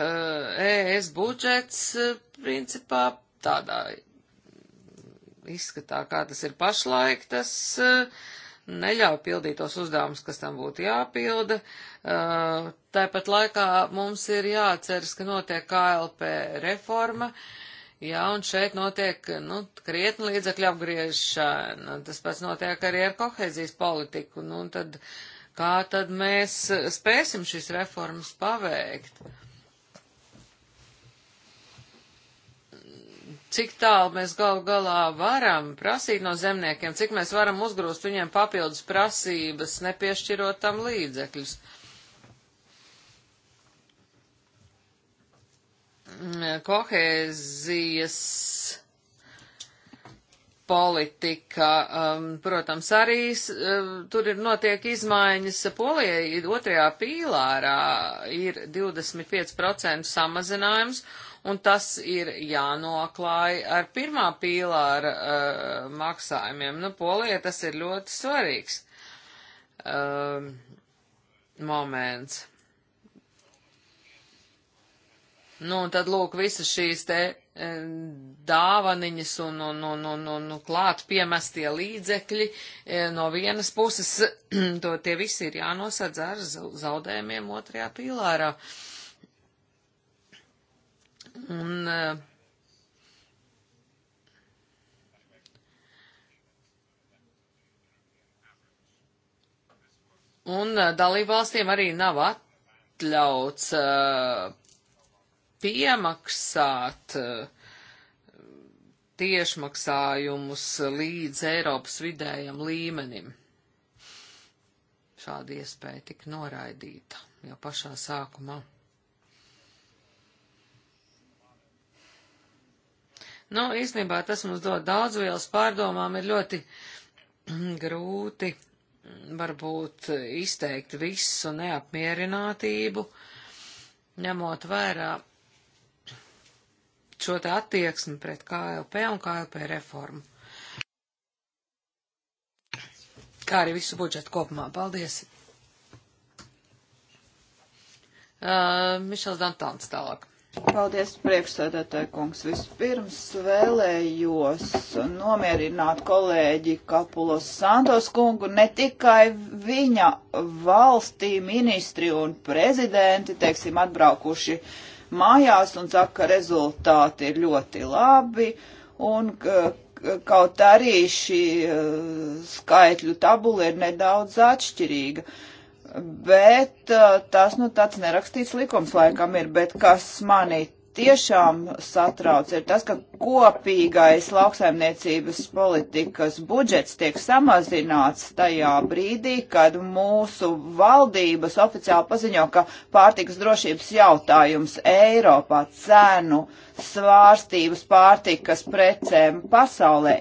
eh, e budžets, eh, principā, tādā izskatā, kā tas ir pašlaik, tas eh, neļauj pildīt tos uzdevumus, kas tam būtu jāpilda. Tāpat laikā mums ir jāatceras, ka notiek KLP reforma. Jā, un šeit notiek, nu, krietni līdzekļu apgriešana. Tas pats notiek arī ar kohēzijas politiku. Nu, un tad uh, Kā tad mēs spēsim šīs reformas paveikt? Cik tālu mēs galu galā varam prasīt no zemniekiem, cik mēs varam uzgrūst viņiem papildus prasības, nepiešķirot tam līdzekļus? Kohēzijas politika, um, protams, arī um, tur ir notiek izmaiņas. Polijai otrajā pīlārā ir 25% samazinājums, un tas ir jānoklāj ar pirmā pīlāra uh, maksājumiem. Nu, Polijai tas ir ļoti svarīgs um, moments. Nu, un tad lūk, visas šīs te dāvaniņas un, un, un, un, un, un klāt piemestie līdzekļi e, no vienas puses, to tie visi ir jānosadz ar zaudējumiem otrajā pīlārā. Un, e, un e, dalībvalstīm arī nav atļauts piemaksāt eh, tiešmaksājumus līdz Eiropas vidējam līmenim. Šāda iespēja tika noraidīta jau pašā sākumā. Nu, īstenībā tas mums dod daudz vielas pārdomām, ir ļoti grūti varbūt izteikt visu neapmierinātību, ņemot vērā šo te attieksmi pret KLP un KLP reformu. Kā arī visu budžetu kopumā. Paldies! Uh, Mišels Dantāns tālāk. Paldies, priekšsēdētāji kungs. Vispirms vēlējos nomierināt kolēģi Kapulos Santos kungu. Ne tikai viņa valstī ministri un prezidenti, teiksim, atbraukuši uh, mājās un saka, ka rezultāti ir ļoti labi un ka kaut arī šī eh, skaitļu tabula ir nedaudz atšķirīga. Bet eh, tas, nu, tāds nerakstīts likums laikam ir, bet kas mani tiešām satrauc, ir tas, ka kopīgais lauksaimniecības politikas budžets tiek samazināts tajā brīdī, kad mūsu valdības oficiāli paziņo, ka pārtikas drošības jautājums Eiropā cenu svārstības pārtikas precēm pasaulē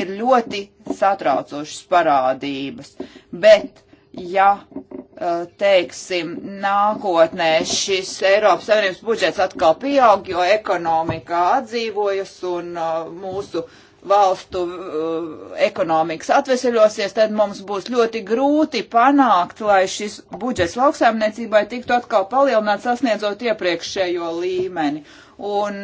ir ļoti satraucošas parādības. Bet, ja Eh, teiksim, nākotnē šis Eiropas Savienības budžets atkal pieaug, jo ekonomika atdzīvojas un eh, mūsu valstu eh, ekonomikas atveseļosies, tad mums būs ļoti grūti panākt, lai šis budžets lauksaimniecībai tiktu atkal palielināts, sasniedzot iepriekšējo līmeni. Un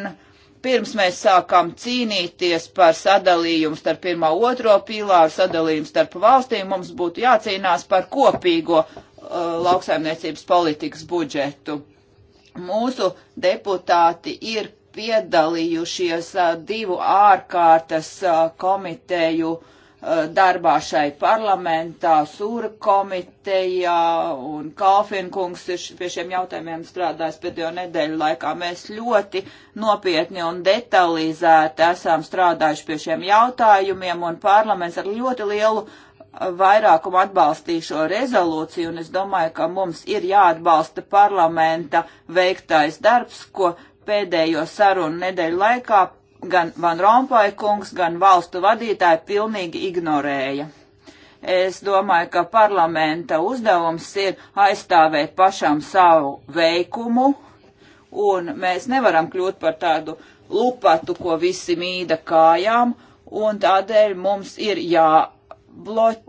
pirms mēs sākām cīnīties par sadalījumu starp pirmā otro pīlāru, sadalījumu starp valstīm, mums būtu jācīnās par kopīgo Uh, lauksaimniecības politikas budžetu. Mūsu deputāti ir piedalījušies uh, divu ārkārtas uh, komiteju darbā šai parlamentā, Sūra komitejā un Kalfinkungs ir pie šiem jautājumiem strādājis pēdējo nedēļu laikā. Mēs ļoti nopietni un detalizēti esam strādājuši pie šiem jautājumiem un parlaments ar ļoti lielu vairākumu atbalstīšo rezolūciju, un es domāju, ka mums ir jāatbalsta parlamenta veiktais darbs, ko pēdējo sarunu nedēļu laikā gan Van Rompuy kungs, gan valstu vadītāji pilnīgi ignorēja. Es domāju, ka parlamenta uzdevums ir aizstāvēt pašam savu veikumu, un mēs nevaram kļūt par tādu lupatu, ko visi mīda kājām, un tādēļ mums ir jā bloķ,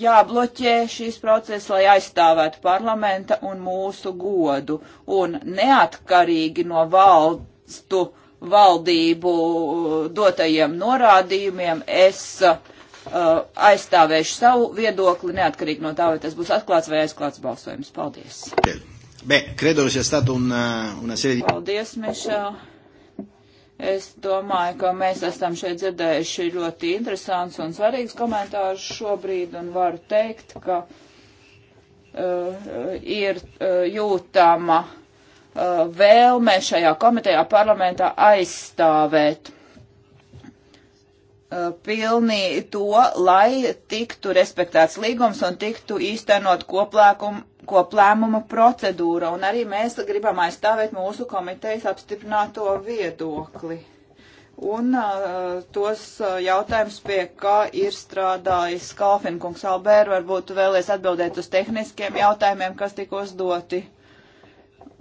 jābloķē šīs procesas, lai aizstāvētu parlamenta un mūsu godu. Un neatkarīgi no valstu valdību uh, dotajiem norādījumiem es uh, aizstāvēšu savu viedokli, neatkarīgi no tā, vai tas būs atklāts vai aizklāts balsojums. Paldies! Beh, credo sia stata una, uh, una serie di... Paldies, Mišel! Es domāju, ka mēs esam šeit dzirdējuši ļoti interesants un svarīgs komentārs šobrīd un varu teikt, ka uh, ir uh, jūtama uh, vēlme šajā komitejā parlamentā aizstāvēt uh, pilnī to, lai tiktu respektēts līgums un tiktu īstenot koplēkumu koplēmuma procedūra, un arī mēs gribam aizstāvēt mūsu komitejas apstiprināto viedokli. Un uh, tos uh, jautājums, pie kā ir strādājis Kalfinkungs Albēr, varbūt vēlies atbildēt uz tehniskiem jautājumiem, kas tika uzdoti.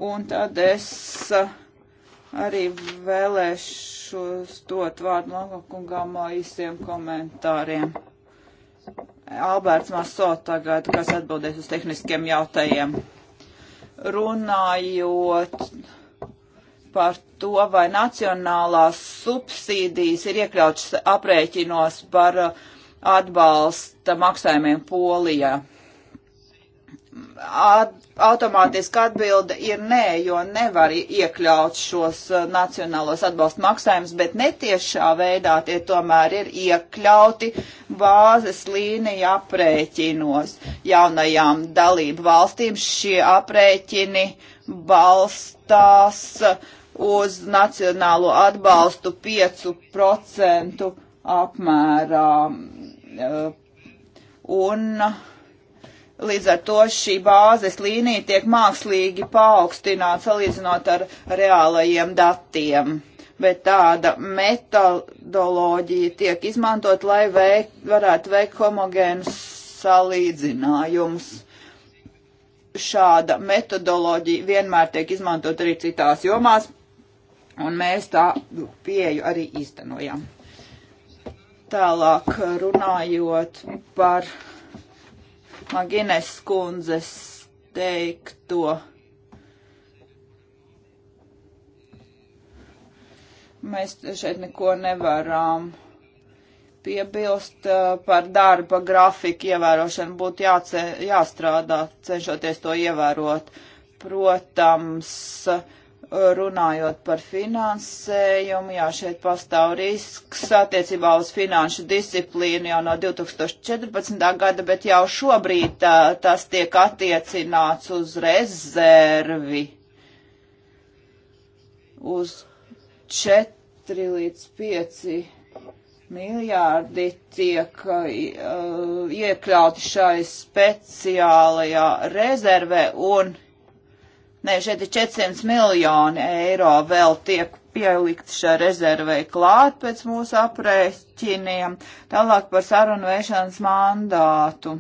Un tad es uh, arī vēlēšos dot vārdu Lankokungam uh, īsiem komentāriem. Alberts Maso tagad, kas atbildēs uz tehniskiem jautājiem. Runājot par to, vai nacionālās subsīdijas ir iekļautas aprēķinos par uh, atbalsta maksājumiem Polijā at, automātiski atbilde ir nē, jo nevar iekļaut šos uh, nacionālos atbalstu maksājumus, bet netiešā veidā tie tomēr ir iekļauti bāzes līnija aprēķinos. Jaunajām dalību valstīm šie aprēķini balstās uz nacionālo atbalstu 5% apmērā. Uh, un uh, Līdz ar to šī bāzes līnija tiek mākslīgi paaugstināta salīdzinot ar reālajiem datiem. Bet tāda metodoloģija tiek izmantot, lai veik, varētu veikt homogēnus salīdzinājumus. Šāda metodoloģija vienmēr tiek izmantot arī citās jomās, un mēs tā pieju arī īstenojam. Tālāk runājot par Magines kundzes teikto. Mēs šeit neko nevaram piebilst uh, par darba grafiku ievērošanu. Būtu jāce, jāstrādā, cenšoties to ievērot. Protams, uh, runājot par finansējumu, jā, šeit pastāv risks attiecībā uz finanšu disciplīnu jau no 2014. gada, bet jau šobrīd tā, tas tiek attiecināts uz rezervi. Uz 4 līdz 5 miljārdi tiek uh, iekļauti šai speciālajā rezervē un Nē, šeit ir 400 miljoni eiro vēl tiek pielikt šā rezervei klāt pēc mūsu aprēķiniem. Tālāk par sarunu vēršanas mandātu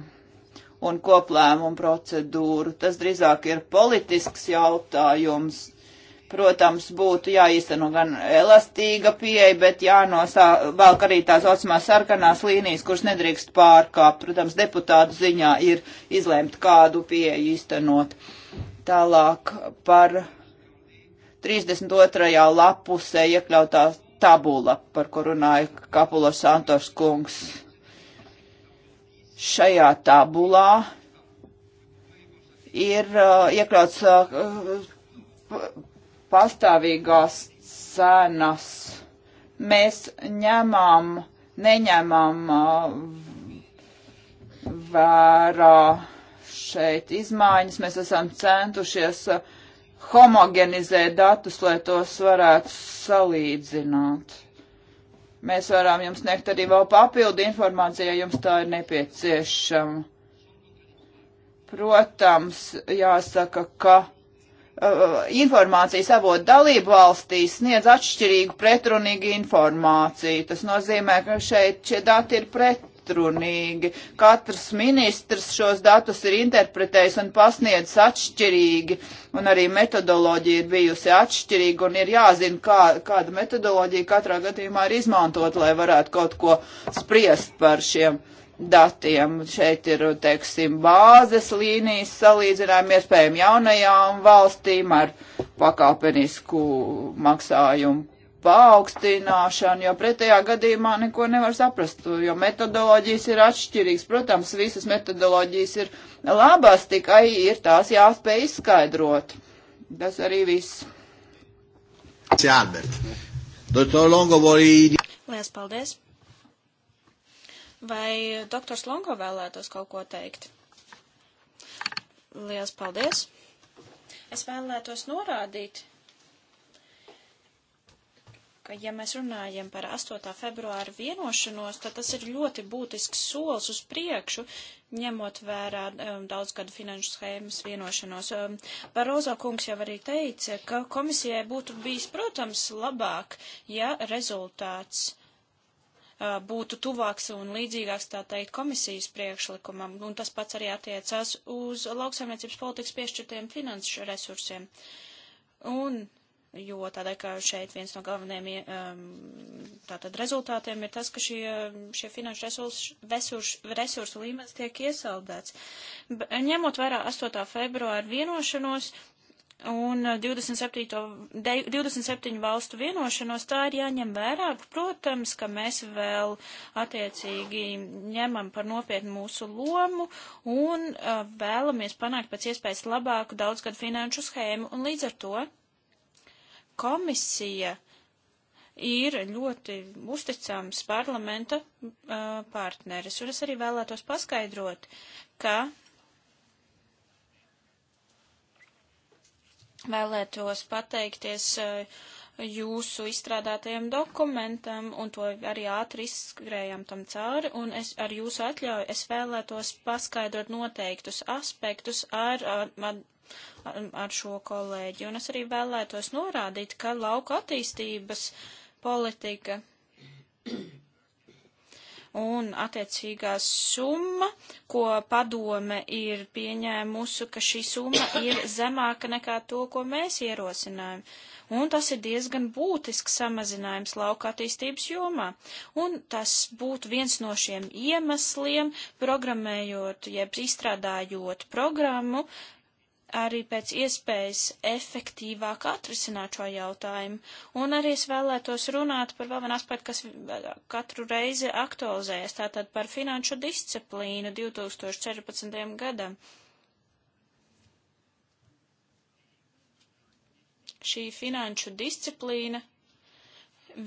un koplēmumu procedūru. Tas drīzāk ir politisks jautājums. Protams, būtu jāīsteno gan elastīga pieeja, bet jānosāk arī tās osmās sarkanās līnijas, kuras nedrīkst pārkāpt. Protams, deputātu ziņā ir izlēmt, kādu pieeju īstenot. Uh, Tālāk par 32. lapusē iekļautā tabula, par ko runāja Kapula Santos kungs. Šajā tabulā ir uh, iekļauts uh, pastāvīgās cenas. Mēs ņemam, neņemam uh, vērā. Uh, šeit izmaiņas. Mēs esam centušies uh, homogenizēt datus, lai tos varētu salīdzināt. Mēs varam jums sniegt arī vēl papildu informāciju, ja jums tā ir nepieciešama. Protams, jāsaka, ka uh, informācijas avot dalību valstīs sniedz atšķirīgu pretrunīgu informāciju. Tas nozīmē, ka šeit šie dati ir pret pretrunīgi. Katrs ministrs šos datus ir interpretējis un pasniedzis atšķirīgi, un arī metodoloģija ir bijusi atšķirīga, un ir jāzina, kā, kāda metodoloģija katrā gadījumā ir izmantot, lai varētu kaut ko spriest par šiem datiem. Šeit ir, teiksim, bāzes līnijas salīdzinājumi iespējami jaunajām valstīm ar pakāpenisku maksājumu paaugstināšanu, jo pretējā gadījumā neko nevar saprast, jo metodoloģijas ir atšķirīgas. Protams, visas metodoloģijas ir labās, tikai ir tās jāspēj izskaidrot. Tas arī viss. Lielas paldies! Vai doktors Longo vēlētos kaut ko teikt? Lielas paldies! Es vēlētos norādīt, ka, ja mēs runājam par 8. februāra vienošanos, tad tas ir ļoti būtisks solis uz priekšu, ņemot vērā um, daudzgadu finanšu schēmas vienošanos. Um, Barozo kungs jau arī teica, ka komisijai būtu bijis, protams, labāk, ja rezultāts uh, būtu tuvāks un līdzīgāks, tā teikt, komisijas priekšlikumam, un tas pats arī attiecās uz lauksaimniecības politikas piešķirtiem finanšu resursiem. Un jo tādēļ, ka šeit viens no galvenajiem um, tātad rezultātiem ir tas, ka šie, šie finanšu resursu, resursu, resursu līmenis tiek iesaldēts. B ņemot vērā 8. februāra vienošanos un 27, 27 valstu vienošanos, tā ir jāņem vērā. Protams, ka mēs vēl attiecīgi ņemam par nopietnu mūsu lomu un uh, vēlamies panākt pēc iespējas labāku daudzgadu finanšu schēmu un līdz ar to komisija ir ļoti uzticams parlamenta uh, partneris. Un es arī vēlētos paskaidrot, ka vēlētos pateikties uh, jūsu izstrādātajam dokumentam, un to arī ātri izskrējām tam cauri, un es ar jūsu atļauju es vēlētos paskaidrot noteiktus aspektus ar, ar, ar ar šo kolēģi. Un es arī vēlētos norādīt, ka lauka attīstības politika un attiecīgā summa, ko padome ir pieņēmusi, ka šī summa ir zemāka nekā to, ko mēs ierosinājam. Un tas ir diezgan būtisks samazinājums lauka attīstības jomā. Un tas būtu viens no šiem iemesliem, programmējot, jeb izstrādājot programmu, arī pēc iespējas efektīvāk atrisināt šo jautājumu. Un arī es vēlētos runāt par vēl vienu aspektu, kas eh, katru reizi aktualizējas, tātad par finanšu disciplīnu 2014. gadam. Šī finanšu disciplīna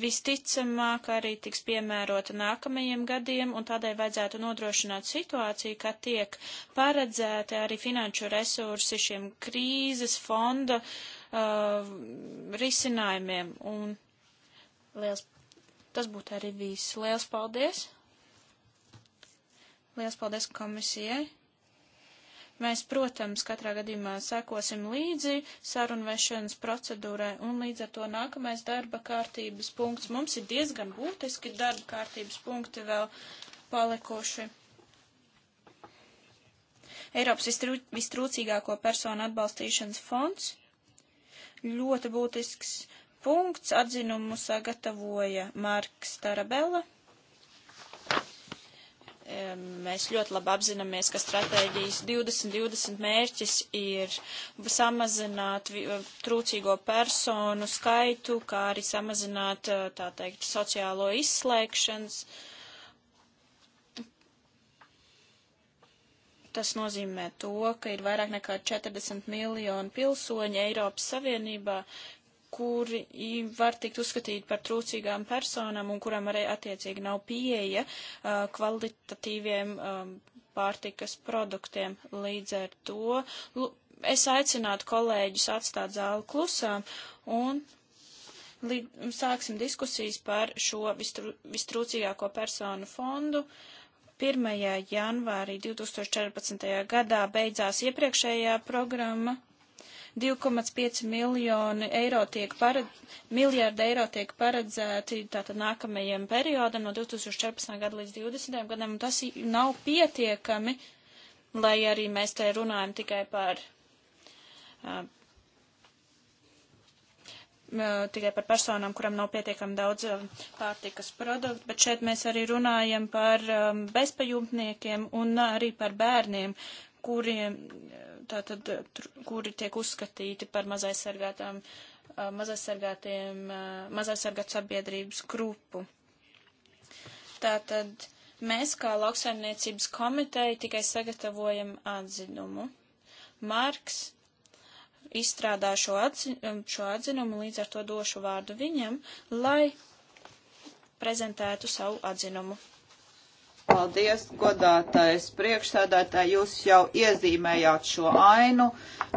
visticamāk arī tiks piemērota nākamajiem gadiem, un tādēļ vajadzētu nodrošināt situāciju, ka tiek paredzēti arī finanšu resursi šiem krīzes fonda uh, risinājumiem. Un liels, tas būtu arī viss. Liels paldies! Liels paldies komisijai! Mēs, protams, katrā gadījumā sekosim līdzi sarunvešanas procedūrai, un līdz ar to nākamais darba kārtības punkts. Mums ir diezgan būtiski darba kārtības punkti vēl palikuši. Eiropas vistrūcīgāko personu atbalstīšanas fonds. Ļoti būtisks punkts atzinumu sagatavoja Marks Tarabella mēs ļoti labi apzināmies, ka stratēģijas 2020 mērķis ir samazināt trūcīgo personu skaitu, kā arī samazināt, eh, tā teikt, sociālo izslēgšanas. Tas nozīmē to, ka ir vairāk nekā 40 miljoni pilsoņi Eiropas Savienībā, kuri var tikt uzskatīti par trūcīgām personām un kuram arī attiecīgi nav pieeja uh, kvalitatīviem um, pārtikas produktiem. Līdz ar to L es aicinātu kolēģus atstāt zāli klusām un līd, sāksim diskusijas par šo vistru, vistrūcīgāko personu fondu. 1. janvārī 2014. gadā beidzās iepriekšējā programma 2,5 miljoni eiro tiek paredz, miljārdi eiro tiek paredzēti tātad nākamajiem periodam no 2014. gada līdz 2020. gadam, un tas nav pietiekami, lai arī mēs te runājam tikai par. Uh, tikai par personām, kuram nav pietiekami daudz pārtikas produktu, bet šeit mēs arī runājam par bezpajumtniekiem un arī par bērniem, kuriem, tātad, eh, kuri tiek uzskatīti par mazaisargātām, eh, mazaisargātiem, eh, mazaisargāt sabiedrības grupu. Tātad mēs kā lauksaimniecības komiteja tikai sagatavojam atzinumu. Marks izstrādā šo, atzi, šo atzinumu, līdz ar to došu vārdu viņam, lai prezentētu savu atzinumu. Paldies, godātais priekšsēdētāji, jūs jau iezīmējāt šo ainu.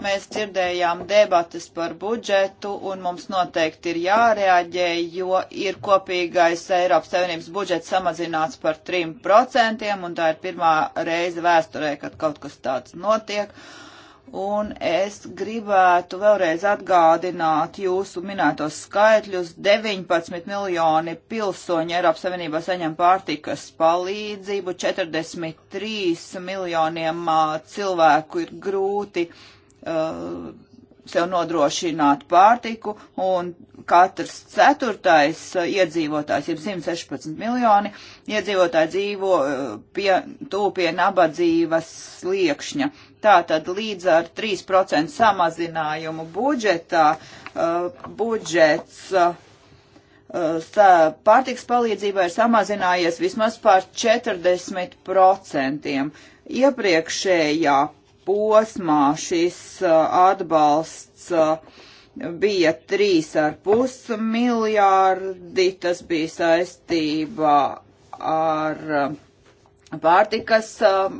Mēs dzirdējām debatas par budžetu, un mums noteikti ir jārēģē, jo ir kopīgais Eiropas Savienības budžets samazināts par 3%, un tā ir pirmā reize vēsturē, kad kaut kas tāds notiek. Uh, un es gribētu vēlreiz atgādināt jūsu minētos skaitļus. 19 miljoni pilsoņi Eiropas Savienībā saņem pārtikas palīdzību, 43 miljoniem cilvēku ir grūti uh, sev nodrošināt pārtiku, un katrs ceturtais iedzīvotājs, jeb 116 miljoni iedzīvotāji dzīvo pie, tūpie nabadzības sliekšņa. Uh, Tātad līdz ar 3% samazinājumu budžetā uh, budžets uh, uh pārtiks palīdzībai ir samazinājies vismaz par 40%. Iepriekšējā posmā šis uh, atbalsts uh, bija 3,5 miljārdi, tas bija saistībā ar pārtikas um,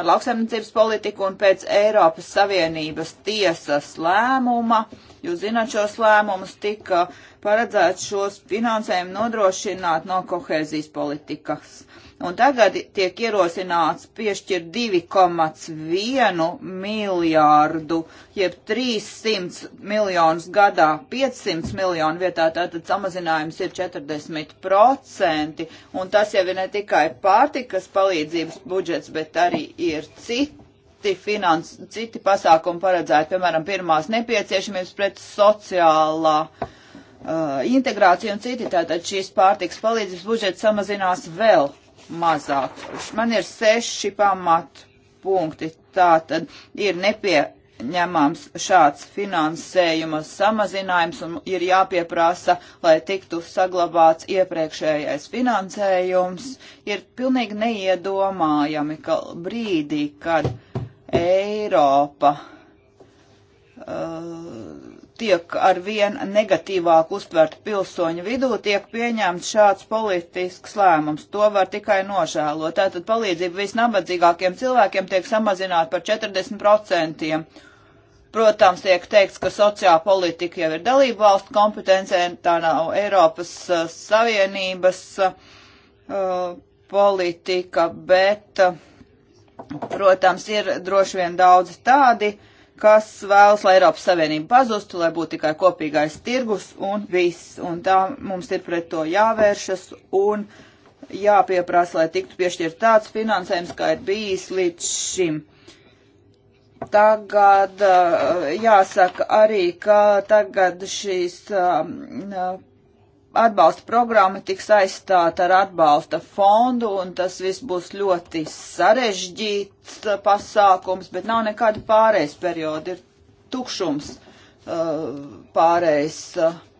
ar lauksaimniecības politiku un pēc Eiropas Savienības tiesas lēmuma, jūs zināt šos lēmumus, tika paredzēts šos finansējumu nodrošināt no kohēzijas politikas Un tagad tiek ierosināts piešķirt 2,1 miljārdu, jeb 300 miljonus gadā, 500 miljonu vietā, tātad samazinājums ir 40%. Un tas jau ir ne tikai pārtikas palīdzības budžets, bet arī ir citi citi, finans, citi pasākumi paredzēti, piemēram, pirmās nepieciešamības pret sociālā uh, integrāciju un citi. Tātad šīs pārtiks palīdzības budžets samazinās vēl mazāk. Man ir seši pamatpunkti. Tā tad ir nepieņemams šāds finansējuma samazinājums un ir jāpieprasa, lai tiktu saglabāts iepriekšējais finansējums. Ir pilnīgi neiedomājami, ka brīdī, kad Eiropa uh, tiek ar vien negatīvāk uztvert pilsoņu vidū, tiek pieņemts šāds politisks lēmums. To var tikai nožēlot. Tātad palīdzība visnabadzīgākiem cilvēkiem tiek samazināta par 40%. Protams, tiek teikts, ka sociāla politika jau ir dalību valstu kompetencē, tā nav Eiropas uh, Savienības uh, politika, bet, uh, protams, ir droši vien daudz tādi, uh, kas vēlas, lai Eiropas Savienība pazustu, lai būtu tikai kopīgais tirgus un viss. Un tā mums ir pret to jāvēršas un jāpieprasa, lai tiktu piešķirt tāds finansējums, kā ir bijis līdz šim. Tagad uh, jāsaka arī, ka tagad šīs um, atbalsta programma tiks aizstāta ar atbalsta fondu, un tas viss būs ļoti sarežģīts uh, pasākums, bet nav nekāda pārējais perioda, ir tukšums uh, pārējais periods uh,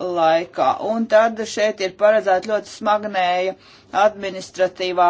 laikā. Un tad šeit ir paredzēta ļoti smagnēja administratīvā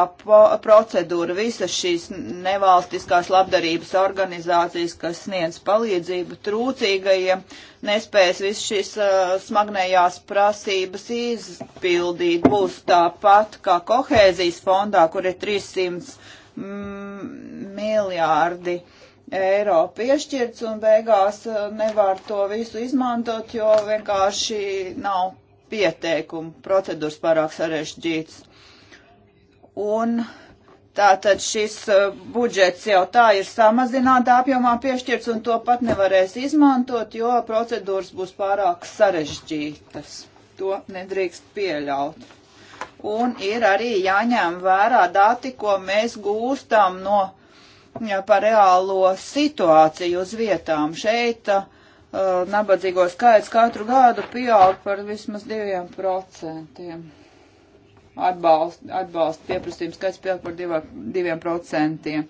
procedūra. Visas šīs nevalstiskās labdarības organizācijas, kas sniedz palīdzību trūcīgajiem, nespēs visu šīs uh, smagnējās prasības izpildīt. Būs tāpat kā kohēzijas fondā, kur ir 300 mm, miljārdi. Uh, eiro piešķirts un beigās eh, nevar to visu izmantot, jo vienkārši nav pieteikumu, procedūras pārāk sarežģīts. Un tātad šis eh, budžets jau tā ir samazināta apjomā piešķirts un to pat nevarēs izmantot, jo procedūras būs pārāk sarežģītas. To nedrīkst pieļaut. Un ir arī jāņem vērā dati, ko mēs gūstam no par reālo situāciju uz vietām. Šeit uh, nabadzīgo skaits katru gadu pieaug par vismaz diviem procentiem. Atbalsta atbalst pieprasījums skaits pieaug par divā, diviem procentiem.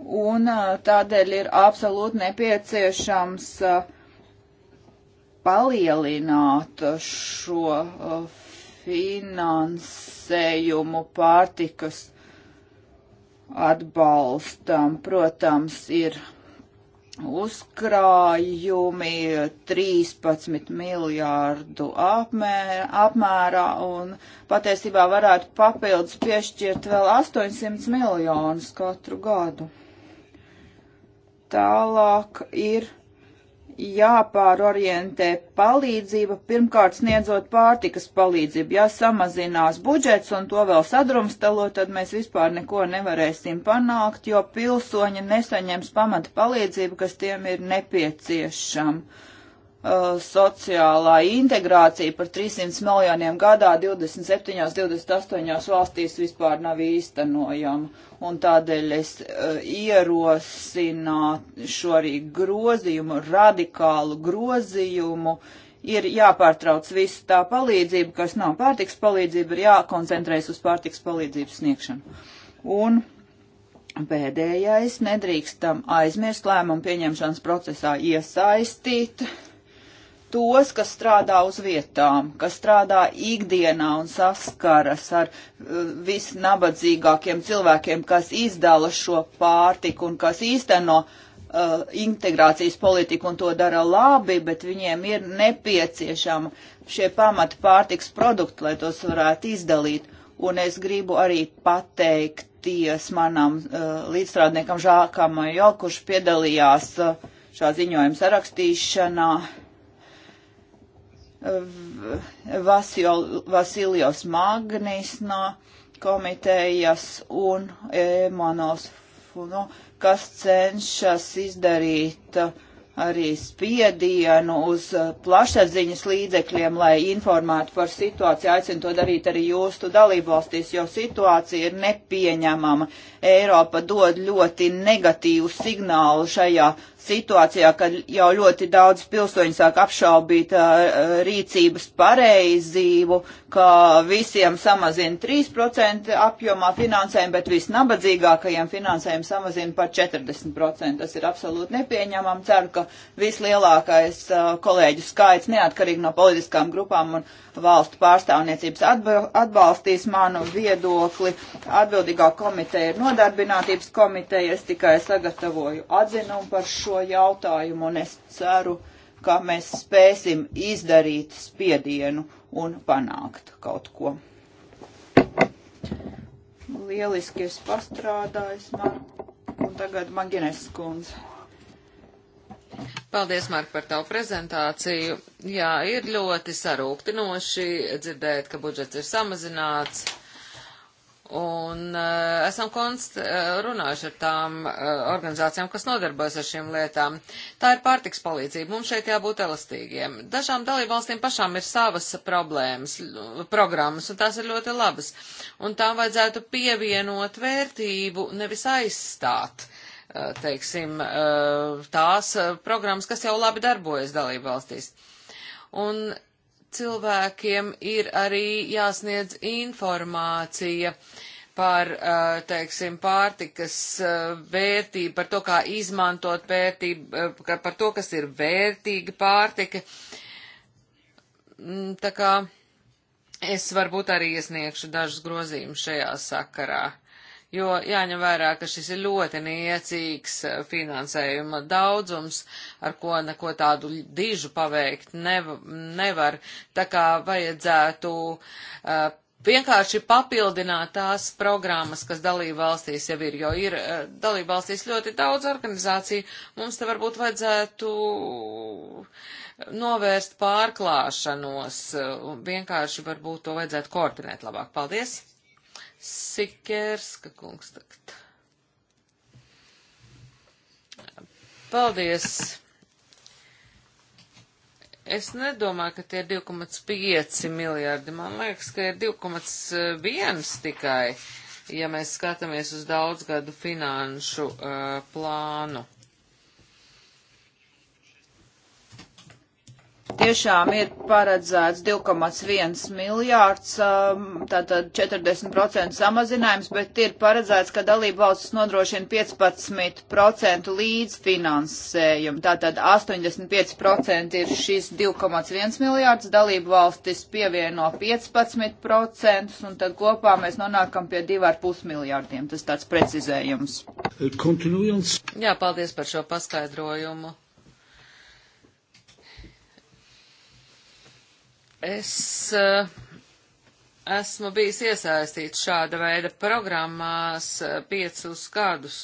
Un uh, tādēļ ir absolūti nepieciešams uh, palielināt šo uh, finansējumu pārtikas atbalstam. Protams, ir uzkrājumi 13 miljārdu apmēr, apmērā un patiesībā varētu papildus piešķirt vēl 800 miljonus katru gadu. Tālāk ir jāpārorientē palīdzība, pirmkārt sniedzot pārtikas palīdzību. Ja samazinās budžets un to vēl sadrumstalot, tad mēs vispār neko nevarēsim panākt, jo pilsoņi nesaņems pamata palīdzību, kas tiem ir nepieciešama. Uh, sociālā integrācija par 300 miljoniem gadā 27, 28 valstīs vispār nav īstenojama. Un tādēļ es uh, ierosinātu šo arī grozījumu, radikālu grozījumu. Ir jāpārtrauc visu tā palīdzību, kas nav pārtiks palīdzība, ir jākoncentrējas uz pārtiks palīdzības sniegšanu. Un pēdējais nedrīkstam aizmirst lēmumu pieņemšanas procesā iesaistīt uh, tos, kas strādā uz vietām, kas strādā ikdienā un saskaras ar uh, visnabadzīgākiem cilvēkiem, kas izdala šo pārtiku un kas īsteno uh, integrācijas politiku un to dara labi, bet viņiem ir nepieciešama šie pamata pārtiks produkti, lai tos varētu izdalīt. Un es gribu arī pateikties manam uh, līdzstrādniekam Žākam, jo kurš piedalījās uh, šā ziņojuma sarakstīšanā. Uh, Vasio, Vasilijos Magnis no komitejas un Emanos Funo, kas cenšas izdarīt uh, arī spiedienu uz uh, plašsaziņas līdzekļiem, lai informētu par situāciju. Aicinu to darīt arī jūsu dalībvalstīs, jo situācija ir nepieņemama. Eiropa dod ļoti negatīvu signālu šajā situācijā, kad jau ļoti daudz pilsoņu sāk apšaubīt uh, rīcības pareizību, ka visiem samazina 3% apjomā finansējumu, bet visnabadzīgākajiem finansējumu samazina par 40%. Tas ir absolūti nepieņemam. Ceru, ka vislielākais uh, kolēģu skaits neatkarīgi no politiskām grupām un valstu pārstāvniecības atbalstīs manu viedokli. Atbildīgā komiteja ir noteikti nodarbinātības komitejas tikai sagatavoju atzinumu par šo jautājumu, un es ceru, ka mēs spēsim izdarīt spiedienu un panākt kaut ko. Lieliski es pastrādāju, Mark, un tagad Magines kundze. Paldies, Mark, par tavu prezentāciju. Jā, ir ļoti sarūktinoši dzirdēt, ka budžets ir samazināts Un uh, esam konst, uh, runājuši ar tām uh, organizācijām, kas nodarbojas ar šīm lietām. Tā ir pārtiks palīdzība. Mums šeit jābūt elastīgiem. Dažām dalībvalstīm pašām ir savas problēmas, programmas, un tās ir ļoti labas. Un tām vajadzētu pievienot vērtību, nevis aizstāt, uh, teiksim, uh, tās uh, programmas, kas jau labi darbojas dalībvalstīs. Un cilvēkiem ir arī jāsniedz informācija par, eh, teiksim, pārtikas eh, vērtību, par to, kā izmantot vērtību, eh, par to, kas ir vērtīga pārtika. Mm, tā kā es varbūt arī iesniegšu dažus grozījumus šajā sakarā jo jāņem vērā, ka šis ir ļoti niecīgs eh, finansējuma daudzums, ar ko neko tādu dižu paveikt nevar. Tā kā vajadzētu uh, vienkārši papildināt tās programmas, kas dalība valstīs jau ir, jo ir eh, dalība valstīs ļoti daudz organizāciju, mums te varbūt vajadzētu novērst pārklāšanos, vienkārši varbūt to vajadzētu koordinēt labāk. Paldies! Sikerska kungs tagad. Paldies! Es nedomāju, ka tie ir 2,5 miljardi. Man liekas, ka ir 2,1 tikai, ja mēs skatāmies uz daudzgadu finanšu uh, plānu. tiešām ir paredzēts 2,1 miljārds, um, tātad 40% samazinājums, bet ir paredzēts, ka dalība valsts nodrošina 15% līdzfinansējumu. Tātad 85% ir šis 2,1 miljārds, dalība valstis pievieno 15% un tad kopā mēs nonākam pie 2,5 miljārdiem. Tas tāds precizējums. Uh, Jā, paldies par šo paskaidrojumu. Es uh, esmu bijis iesaistīts šāda veida programmās eh, piecus gadus.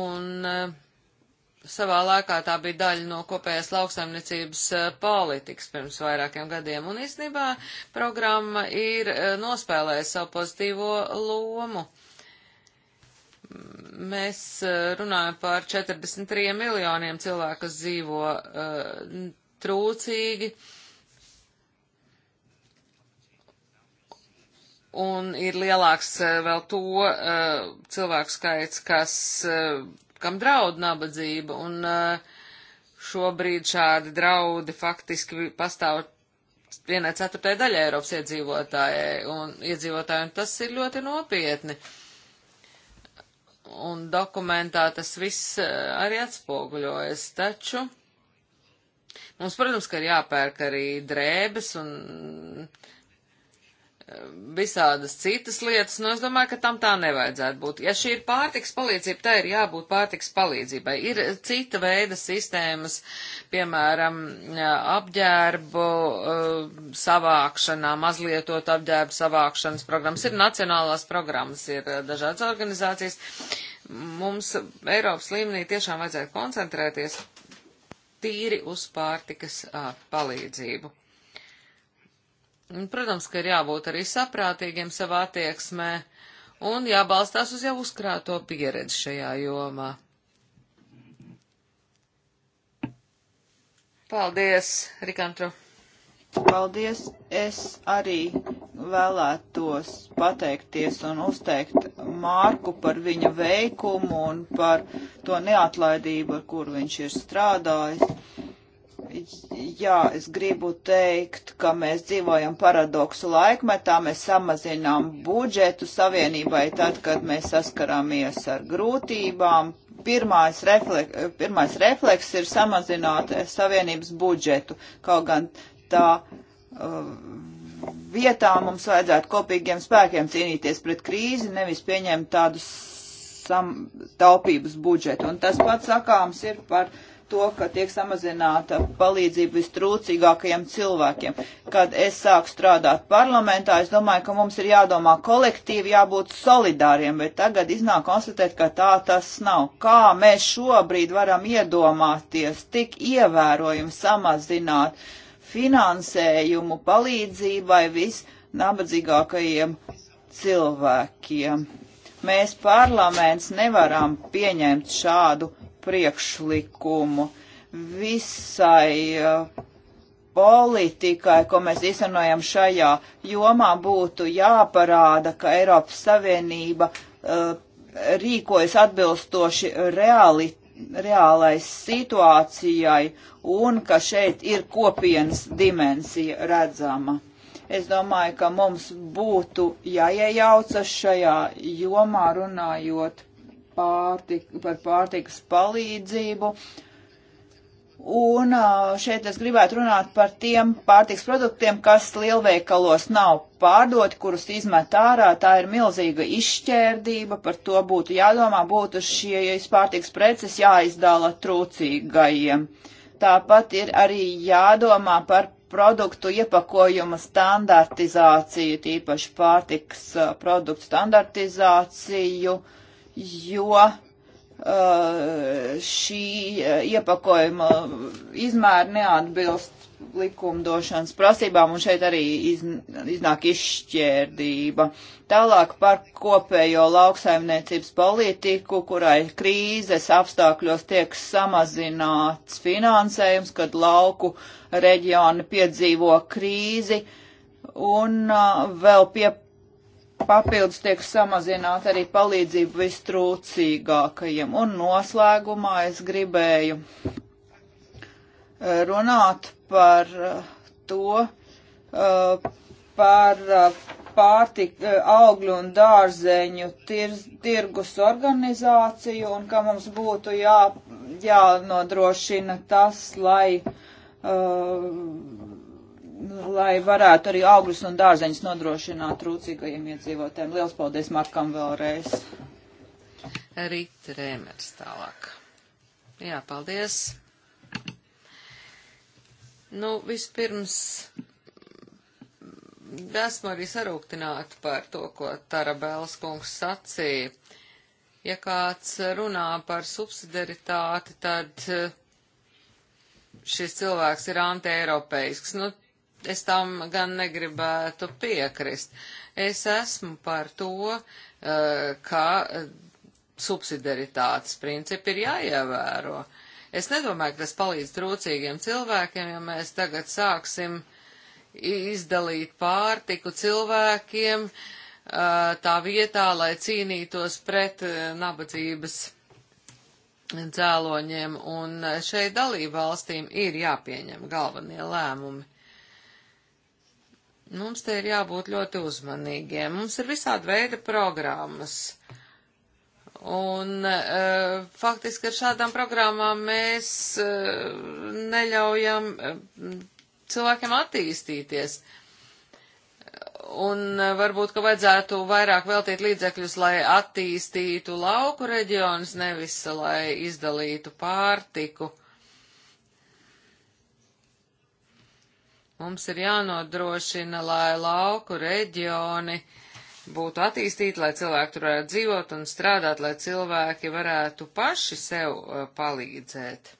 Un uh, savā laikā tā bija daļa no kopējās lauksaimniecības politikas pirms vairākiem gadiem, un īstenībā programma ir nospēlējusi savu pozitīvo lomu. Mēs runājam par 43 miljoniem cilvēku, kas dzīvo uh, trūcīgi. Uh, un ir lielāks eh, vēl to uh, cilvēku skaits, kas, uh, kam draud nabadzība, un uh, šobrīd šādi draudi faktiski pastāv vienai ceturtajai daļai Eiropas iedzīvotājai un iedzīvotājiem tas ir ļoti nopietni. Un dokumentā tas viss arī atspoguļojas, taču mums, protams, ka ir jāpērk arī drēbes un uh, visādas citas lietas, nu es domāju, ka tam tā nevajadzētu būt. Ja šī ir pārtiks palīdzība, tā ir jābūt pārtiks palīdzībai. Ir cita veida sistēmas, piemēram, apģērbu uh, savākšanā, mazlietot apģērbu savākšanas programmas, ir nacionālās programmas, ir uh, dažādas organizācijas. Mums Eiropas līmenī tiešām vajadzētu koncentrēties tīri uz pārtikas uh, palīdzību. Protams, ka ir jābūt arī saprātīgiem savā attieksmē un jābalstās uz jau uzkrāto pieredzi šajā jomā. Paldies, Rikantru! Paldies! Es arī vēlētos pateikties un uzteikt Mārku par viņa veikumu un par to neatlaidību, ar kur viņš ir strādājis jā, es gribu teikt, ka mēs dzīvojam paradoksu laikmetā, mēs samazinām budžetu savienībai tad, kad mēs saskarāmies ar grūtībām. Pirmais, reflek, pirmais refleks ir samazināt eh, savienības budžetu, kaut gan tā uh, vietā mums vajadzētu kopīgiem spēkiem cīnīties pret krīzi, nevis pieņemt tādus sam, taupības budžetu. Un tas pats sakāms ir par uh, to, ka tiek samazināta palīdzība vistrūcīgākajiem cilvēkiem. Kad es sāku strādāt parlamentā, es domāju, ka mums ir jādomā kolektīvi, jābūt solidāriem, bet tagad iznāk konstatēt, ka tā tas nav. Kā mēs šobrīd varam iedomāties tik ievērojami samazināt finansējumu palīdzībai visnabadzīgākajiem cilvēkiem? mēs parlaments nevaram pieņemt šādu priekšlikumu. Visai uh, politikai, ko mēs izsanojam šajā jomā, būtu jāparāda, ka Eiropas Savienība uh, rīkojas atbilstoši realitātei reālais situācijai un ka šeit ir kopienas dimensija redzama. Es domāju, ka mums būtu jāiejaucas šajā jomā runājot pārtika, par pārtikas palīdzību. Un šeit es gribētu runāt par tiem pārtiks produktiem, kas lielveikalos nav pārdoti, kurus izmet ārā. Tā ir milzīga izšķērdība, par to būtu jādomā, būtu šīs pārtiks preces jāizdala trūcīgajiem. Tāpat ir arī jādomā par produktu iepakojuma standartizāciju, tīpaši pārtiks produktu standartizāciju. Uh, jo eh, šī eh, iepakojuma izmēra neatbilst likumdošanas prasībām, un šeit arī iznāk izšķērdība. Tālāk par kopējo lauksaimniecības politiku, kurai krīzes apstākļos tiek samazināts finansējums, kad lauku reģioni piedzīvo krīzi, un eh, vēl pie Papildus tiek samazināta arī palīdzība vistrūcīgākajiem. Un noslēgumā es gribēju eh, runāt par eh, to, eh, par pārtika, augļu un dārzeņu tir, tirgus organizāciju un ka mums būtu jā, jānodrošina tas, lai uh, lai varētu arī augļus un dārzeņus nodrošināt trūcīgajiem iedzīvotēm. Liels paldies Markam vēlreiz. Rīt Rēmers tālāk. Jā, paldies. Nu, vispirms esmu arī sarūktināta par to, ko Tarabēls kungs sacīja. Ja kāds runā par subsidiaritāti, tad eh, šis cilvēks ir antieiropeisks. Nu, es tam gan negribētu piekrist. Es esmu par to, eh, ka subsidiaritātes principi ir jāievēro. Es nedomāju, ka tas palīdz trūcīgiem cilvēkiem, ja mēs tagad sāksim izdalīt pārtiku cilvēkiem eh, tā vietā, lai cīnītos pret eh, nabadzības cēloņiem, un šeit dalību valstīm ir jāpieņem galvenie lēmumi. Mums te ir jābūt ļoti uzmanīgiem. Mums ir visāda veida programmas. Un e, faktiski ar šādām programmām mēs e, neļaujam e, cilvēkiem attīstīties. Un e, varbūt, ka vajadzētu vairāk veltīt līdzekļus, lai attīstītu lauku reģionus, nevis lai izdalītu pārtiku. E, Mums ir jānodrošina, lai lauku reģioni būtu attīstīti, lai cilvēki tur varētu dzīvot un strādāt, lai cilvēki varētu paši sev uh, palīdzēt.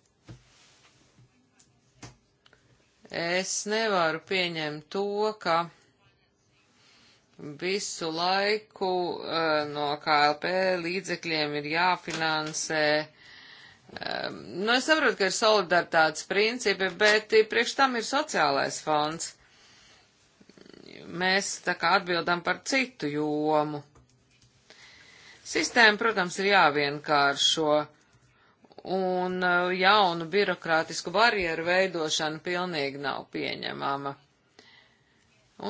Es nevaru pieņemt to, ka visu laiku uh, no KLP līdzekļiem ir jāfinansē Ehm, nu, es saprotu, ka ir solidaritātes principi, bet priekš tam ir sociālais fonds. Mēs tā kā atbildam par citu jomu. Sistēma, protams, ir jāvienkāršo, un eh, jaunu birokrātisku barjeru veidošana pilnīgi nav pieņemama.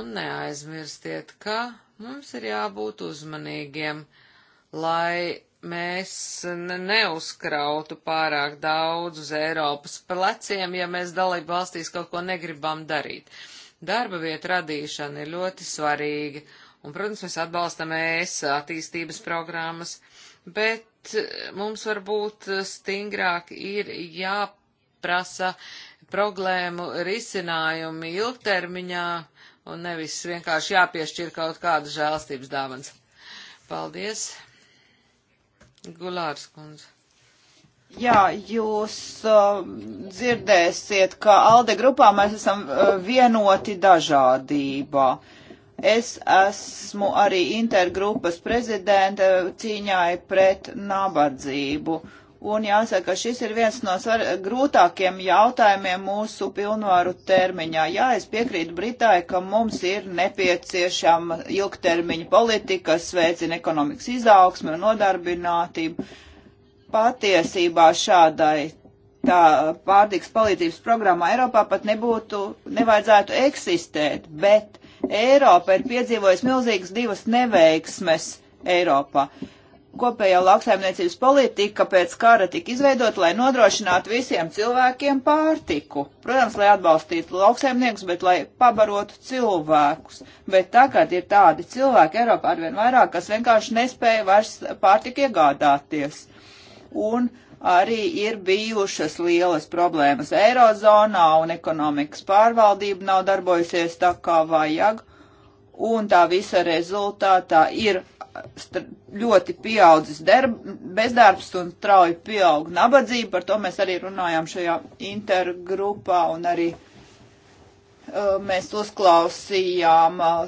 Un neaizmirstiet, ka mums ir jābūt uzmanīgiem, lai mēs neuzkrautu pārāk daudz uz Eiropas pleciem, ja mēs dalību valstīs kaut ko negribam darīt. Darba vietu radīšana ir ļoti svarīga, un, protams, mēs atbalstam ES attīstības programmas, bet eh, mums varbūt stingrāk ir jāprasa problēmu risinājumi ilgtermiņā, un nevis vienkārši jāpiešķir kaut kādas žēlstības dāvans. Paldies! Gulārs kundze. Jā, jūs uh, dzirdēsiet, ka ALDE grupā mēs esam uh, vienoti dažādībā. Es esmu arī intergrupas prezidente cīņai pret nabadzību. Uh, Un jāsaka, šis ir viens no svar, grūtākiem jautājumiem mūsu pilnvaru termiņā. Jā, es piekrītu Britāji, ka mums ir nepieciešama ilgtermiņa politika, kas veicina ekonomikas izaugsmi un nodarbinātību. Patiesībā šādai tā pārtiks palīdzības programmā Eiropā pat nebūtu, nevajadzētu eksistēt, bet Eiropa ir piedzīvojusi milzīgas divas neveiksmes Eiropā kopējā lauksaimniecības politika pēc kara tika izveidota, lai nodrošinātu visiem cilvēkiem pārtiku. Protams, lai atbalstītu lauksaimniekus, bet lai pabarotu cilvēkus. Bet tagad ir tādi cilvēki Eiropā arvien vairāk, kas vienkārši nespēja vairs pārtiku iegādāties. Un arī ir bijušas lielas problēmas Eirozonā un ekonomikas pārvaldība nav darbojusies tā kā vajag un tā visa rezultātā ir ļoti pieaudzis derb, bezdarbs un strauji pieaug nabadzība. Par to mēs arī runājām šajā intergrupā un arī uh, mēs uzklausījām uh,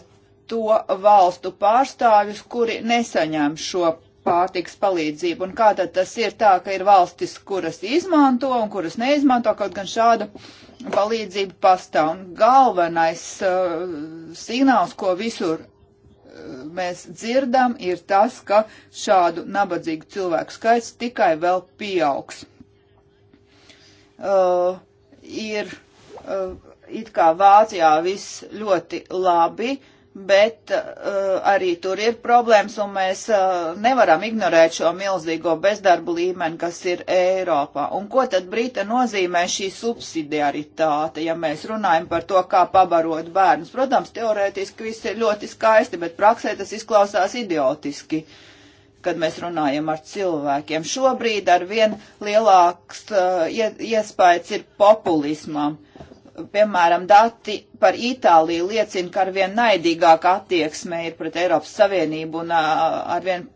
to valstu pārstāvjus, kuri nesaņem šo pārtiks palīdzību. Un kā tad tas ir tā, ka ir valstis, kuras izmanto un kuras neizmanto, kaut gan šāda uh, palīdzība pastāv. Un galvenais uh, signāls, ko visur uh, mēs dzirdam, ir tas, ka šādu nabadzīgu cilvēku skaits tikai vēl pieaugs. Uh, ir uh, it kā Vācijā viss ļoti labi, uh, bet uh, arī tur ir problēmas, un mēs uh, nevaram ignorēt šo milzīgo bezdarbu līmeni, kas ir Eiropā. Un ko tad Brita nozīmē šī subsidiaritāte, ja mēs runājam par to, kā pabarot bērnus? Protams, teorētiski viss ir ļoti skaisti, bet praksē tas izklausās idiotiski kad mēs runājam ar cilvēkiem. Šobrīd ar vien lielāks uh, iespējas ir populismam. Uh, Piemēram, dati par Itāliju liecina, ka arvien naidīgāka attieksme ir pret Eiropas Savienību un arvien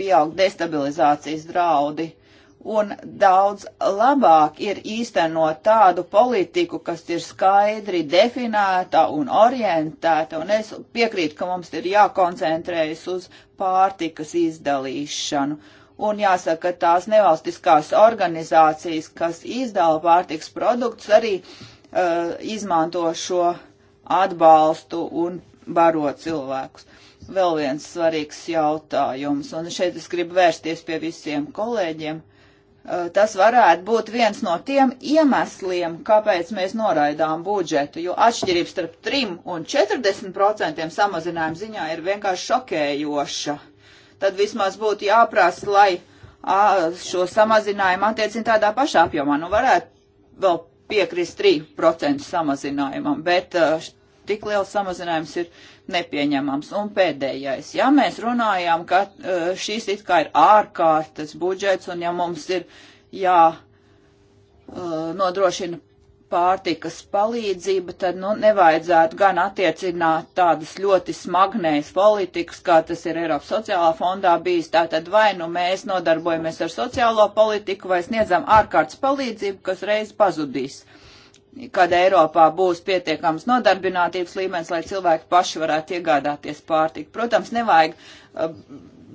pieaug destabilizācijas draudi un daudz labāk ir īstenot tādu politiku, kas ir skaidri definēta un orientēta, un es piekrītu, ka mums ir jākoncentrējas uz pārtikas izdalīšanu. Un jāsaka, ka tās nevalstiskās organizācijas, kas izdala pārtiks produktus, arī uh, Uh, izmanto šo atbalstu un baro cilvēkus. Vēl viens svarīgs jautājums, un šeit es gribu vērsties pie visiem kolēģiem. Uh, tas varētu būt viens no tiem iemesliem, kāpēc mēs noraidām budžetu, jo atšķirības starp 3 un 40 procentiem samazinājuma ziņā ir vienkārši šokējoša. Tad vismaz būtu jāprasa, lai šo samazinājumu attiecina tādā pašā apjomā. Nu, varētu vēl piekrist 3% samazinājumam, bet uh, tik liels samazinājums ir nepieņemams. Un pēdējais, ja mēs runājām, ka uh, šīs it kā ir ārkārtas budžets un ja mums ir jā uh, nodrošina pārtikas palīdzība, tad nu, nevajadzētu gan attiecināt tādas ļoti smagnējas politikas, kā tas ir Eiropas sociālā fondā bijis. Tātad vai nu mēs nodarbojamies ar sociālo politiku vai sniedzam ārkārtas palīdzību, kas reiz pazudīs. Kad Eiropā būs pietiekams nodarbinātības līmenis, lai cilvēki paši varētu iegādāties pārtiku. Protams, nevajag uh,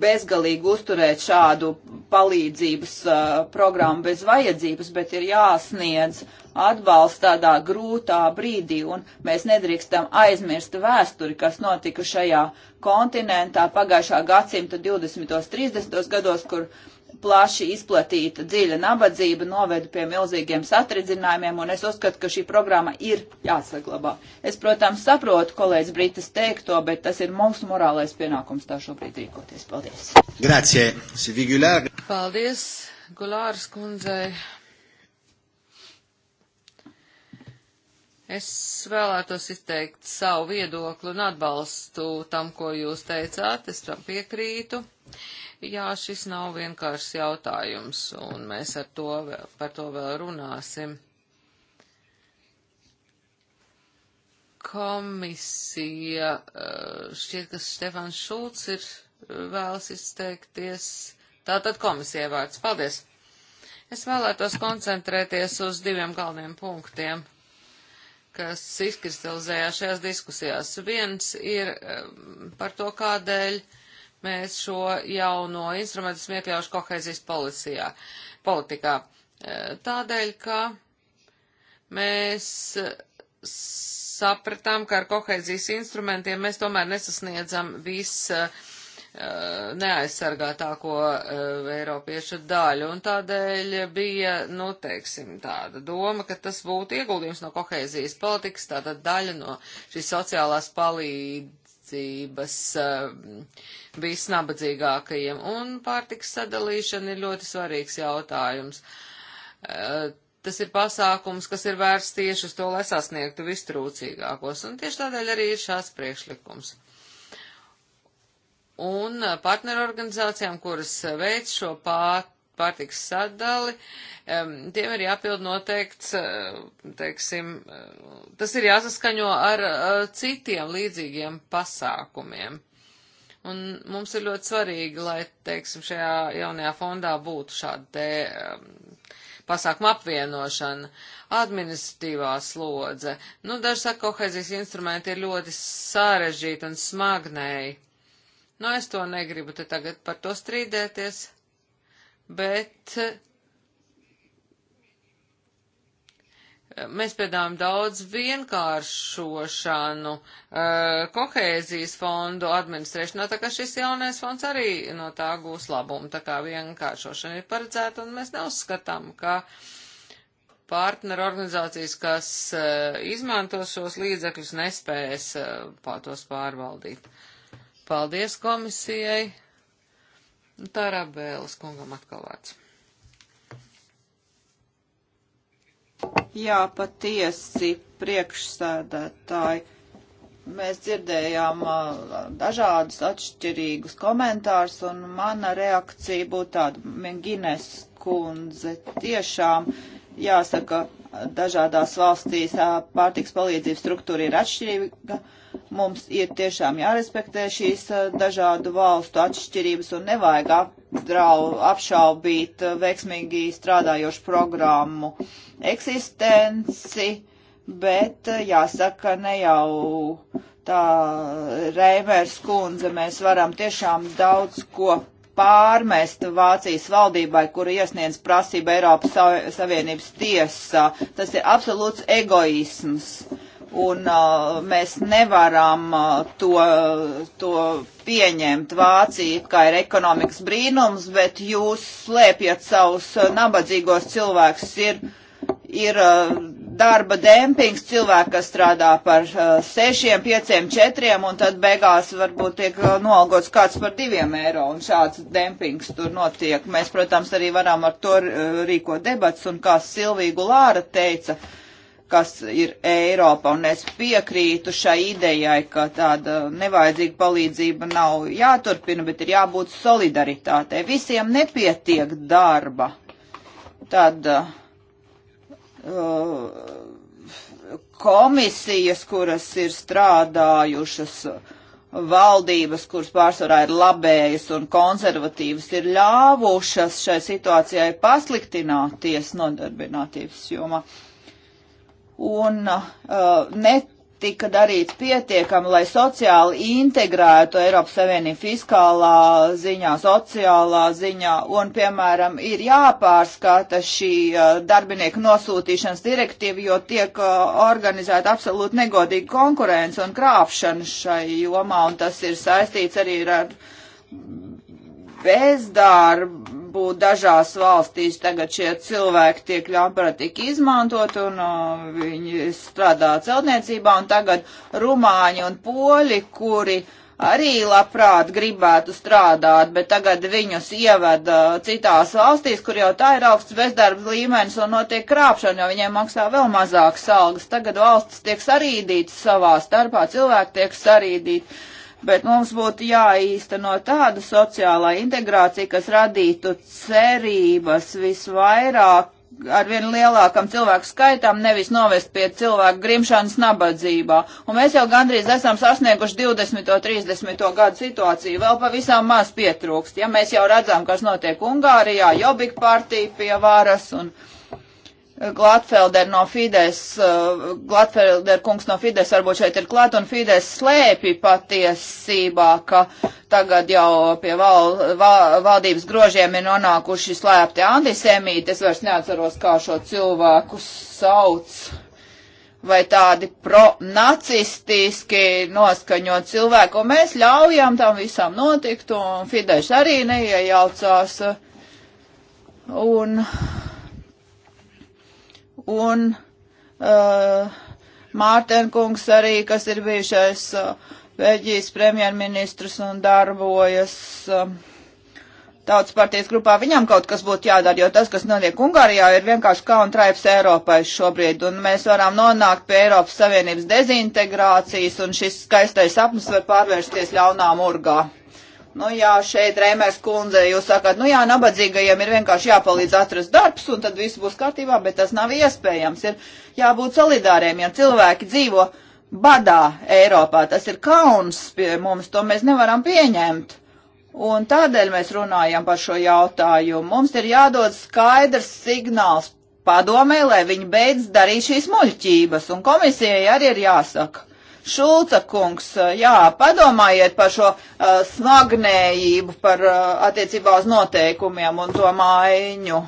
bezgalīgi uzturēt šādu palīdzības uh, programmu bez vajadzības, bet ir jāsniedz atbalsts tādā grūtā brīdī, un mēs nedrīkstam aizmirst vēsturi, kas notika šajā kontinentā pagājušā gadsimta 20. 30. gados, kur uh, plaši izplatīta dziļa nabadzība noveda pie milzīgiem satridzinājumiem, un es uzskatu, ka šī programma ir jāsaglabā. Es, protams, saprotu kolēģis Britas teikto, bet tas ir mūsu morālais pienākums tā šobrīd rīkoties. Paldies! Grazie, Silvi Gulār! Paldies, Gulārs kundzei! Es vēlētos izteikt savu viedokli un atbalstu tam, ko jūs teicāt, es tam piekrītu. Uh, Jā, šis nav vienkāršs jautājums, un mēs ar to, par to vēl runāsim. Komisija, eh, šķiet, ka Stefans Šulcs ir eh, vēlas izteikties. Tātad komisija vārds. Paldies! Es vēlētos koncentrēties uz diviem galveniem punktiem, kas izkristalizējās šajās diskusijās. Viens ir eh, par to, kādēļ uh, mēs šo jauno instrumentu esam iekļaujuši kohēzijas policijā, politikā. E, tādēļ, ka mēs e, sapratām, ka ar kohēzijas instrumentiem mēs tomēr nesasniedzam viss e, neaizsargātāko eiropiešu daļu, un tādēļ bija, nu, teiksim, tāda doma, ka tas būtu ieguldījums no kohēzijas politikas, tāda daļa no šīs sociālās palīdzības palīdzības visnabadzīgākajiem, eh, un pārtiks sadalīšana ir ļoti svarīgs jautājums. Eh, tas ir pasākums, kas ir vērsts tieši uz to, lai sasniegtu vistrūcīgākos, un tieši tādēļ arī ir šāds priekšlikums un eh, partnerorganizācijām, kuras veic šo pāt, pārtiks sadali, tiem ir jāpild noteikts, teiksim, tas ir jāsaskaņo ar eh, citiem līdzīgiem pasākumiem. Un mums ir ļoti svarīgi, lai, teiksim, šajā jaunajā fondā būtu šāda te pasākuma apvienošana, administratīvā slodze. Nu, daži saka, kohēzijas instrumenti ir ļoti sarežģīti un smagnēji. Nu, es to negribu te tagad par to strīdēties bet eh, mēs piedāvājam daudz vienkāršošanu uh, kohēzijas fondu administrēšanā, tā kā šis jaunais fonds arī no tā gūs labumu, tā kā vienkāršošana ir paredzēta, un mēs neuzskatām, ka partneru organizācijas, kas uh, eh, izmantos šos līdzekļus, nespējas uh, pār tos pārvaldīt. Paldies komisijai! Tarabēlas kungam atkal vārds. Jā, patiesi priekšsēdētāji. Mēs dzirdējām dažādus atšķirīgus komentārus, un mana reakcija būtu tāda, Gines kundze, tiešām jāsaka, dažādās valstīs pārtiks palīdzības struktūra ir atšķirīga. Mums ir tiešām jārespektē šīs dažādu valstu atšķirības un nevajag apdrau, apšaubīt veiksmīgi strādājošu programmu eksistenci bet eh, jāsaka, ne jau tā Reimers kundze, mēs varam tiešām daudz ko pārmest Vācijas valdībai, kur iesniedz prasību Eiropas Savienības tiesā. Tas ir absolūts egoisms. Un uh, mēs nevaram uh, to, to pieņemt. Vācija kā ir ekonomikas brīnums, bet jūs slēpjat savus nabadzīgos cilvēkus. Ir, ir uh, darba dempings, cilvēki, kas strādā par eh, sešiem, pieciem, četriem, un tad beigās varbūt tiek eh, nolgots kāds par diviem eiro, un šāds dempings tur notiek. Mēs, protams, arī varam ar to eh, rīko debats, un kā Silvija Gulāra teica, kas ir Eiropa, un es piekrītu šai idejai, ka tāda nevajadzīga palīdzība nav jāturpina, bet ir jābūt solidaritātei. Visiem nepietiek darba. Tad uh, Uh, komisijas, kuras ir strādājušas, valdības, kuras pārsvarā ir labējas un konservatīvas, ir ļāvušas šai situācijai pasliktināties nodarbinātības jomā. Un uh, ne tika darīts pietiekami, lai sociāli integrētu Eiropas Savienību fiskālā ziņā, sociālā ziņā, un, piemēram, ir jāpārskata šī uh, darbinieku nosūtīšanas direktīva, jo tiek uh, organizēta absolūti negodīga konkurence un krāpšana šai jomā, un tas ir saistīts arī ar bezdarbu varbūt dažās valstīs tagad šie cilvēki tiek ļaunprātīgi izmantot un uh, viņi strādā celtniecībā un tagad rumāņi un poļi, kuri arī labprāt gribētu strādāt, bet tagad viņus ieveda citās valstīs, kur jau tā ir augsts bezdarbs līmenis un notiek krāpšana, jo viņiem maksā vēl mazākas algas. Tagad valstis tiek sarīdītas savā starpā, cilvēki tiek sarīdīti bet mums būtu jāīsteno tāda sociālā integrācija, kas radītu cerības visvairāk ar vien lielākam cilvēku skaitam, nevis novest pie cilvēku grimšanas nabadzībā. Un mēs jau gandrīz esam sasnieguši 20. un 30. gadu situāciju, vēl pavisam maz pietrūkst. Ja mēs jau redzam, kas notiek Ungārijā, Jobik partija pie varas un. Uh, Glatfelder no Fides, eh, Glatfelder kungs no Fides varbūt šeit ir klāt, un Fides slēpi patiesībā, ka tagad jau pie val, val, valdības grožiem ir nonākuši slēpti antisemīti. Es vairs neatceros, kā šo cilvēku sauc. Vai tādi pronacistiski noskaņot cilvēku, un mēs ļaujam tam visam notikt, un Fidesz arī neiejaucās. Un un uh, Mārtenkungs arī, kas ir bijušais uh, Beļģijas premjerministrs un darbojas uh, tautas partijas grupā, viņam kaut kas būtu jādara, jo tas, kas notiek Ungārijā, ir vienkārši kauntraips Eiropai šobrīd, un mēs varam nonākt pie Eiropas Savienības dezintegrācijas, un šis skaistais sapnis var pārvērsties ļaunā murgā. Nu jā, šeit Rēmērs kundze, jūs sakat, nu jā, nabadzīgajiem ir vienkārši jāpalīdz atrast darbs, un tad viss būs kārtībā, bet tas nav iespējams. Ir jābūt solidāriem, ja cilvēki dzīvo badā Eiropā, tas ir kauns pie mums, to mēs nevaram pieņemt. Un tādēļ mēs runājam par šo jautājumu. Mums ir jādod skaidrs signāls padomē, lai viņi beidz darīt šīs muļķības, un komisijai arī ir jāsaka Šulca kungs, jā, padomājiet par šo uh, smagnējību, par uh, attiecībā uz noteikumiem un to maiņu.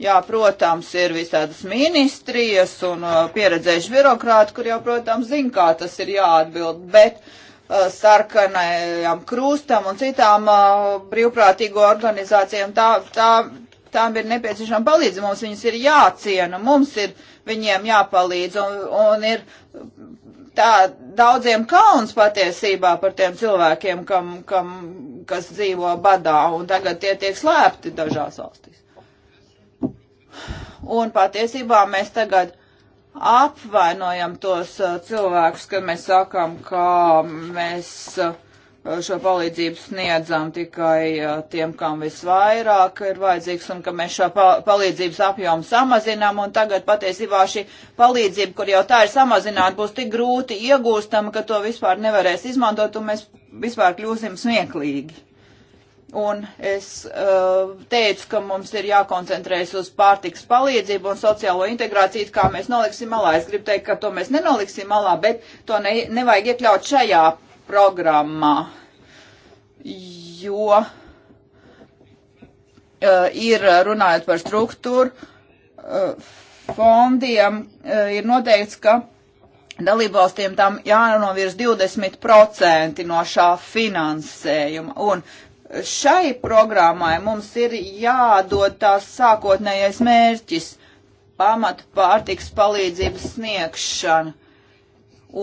Jā, protams, ir visādas ministrijas un uh, pieredzējuši birokrāti, kur jau, protams, zin, kā tas ir jāatbild, bet uh, sarkanajam krūstam un citām uh, brīvprātīgo organizācijām tā, tā, tām ir nepieciešama palīdzība. Mums viņas ir jāciena, mums ir viņiem jāpalīdz un, un ir tā daudziem kauns patiesībā par tiem cilvēkiem, kam, kam, kas dzīvo badā, un tagad tie tiek slēpti dažās valstīs. Un patiesībā mēs tagad apvainojam tos uh, cilvēkus, kad mēs sakām, ka mēs uh, Eh, šo palīdzību sniedzam tikai eh, tiem, kam visvairāk ir vajadzīgs, un ka mēs šo palīdzības apjomu samazinām, un tagad patiesībā šī palīdzība, kur jau tā ir samazināta, būs tik grūti iegūstama, ka to vispār nevarēs izmantot, un mēs vispār kļūsim smieklīgi. Un es uh, teicu, ka mums ir jākoncentrējas uz pārtiks palīdzību un sociālo integrāciju, kā mēs noliksim malā. Es gribu teikt, ka to mēs nenoliksim malā, bet to ne, nevajag iekļaut šajā programmā, jo uh, ir runājot par struktūru, uh, fondiem uh, ir noteikts, ka dalībvalstiem tam jānovirz 20% no šā finansējuma. Un šai programmai mums ir jādod tās sākotnējais mērķis - pamatu pārtiks palīdzības sniegšana.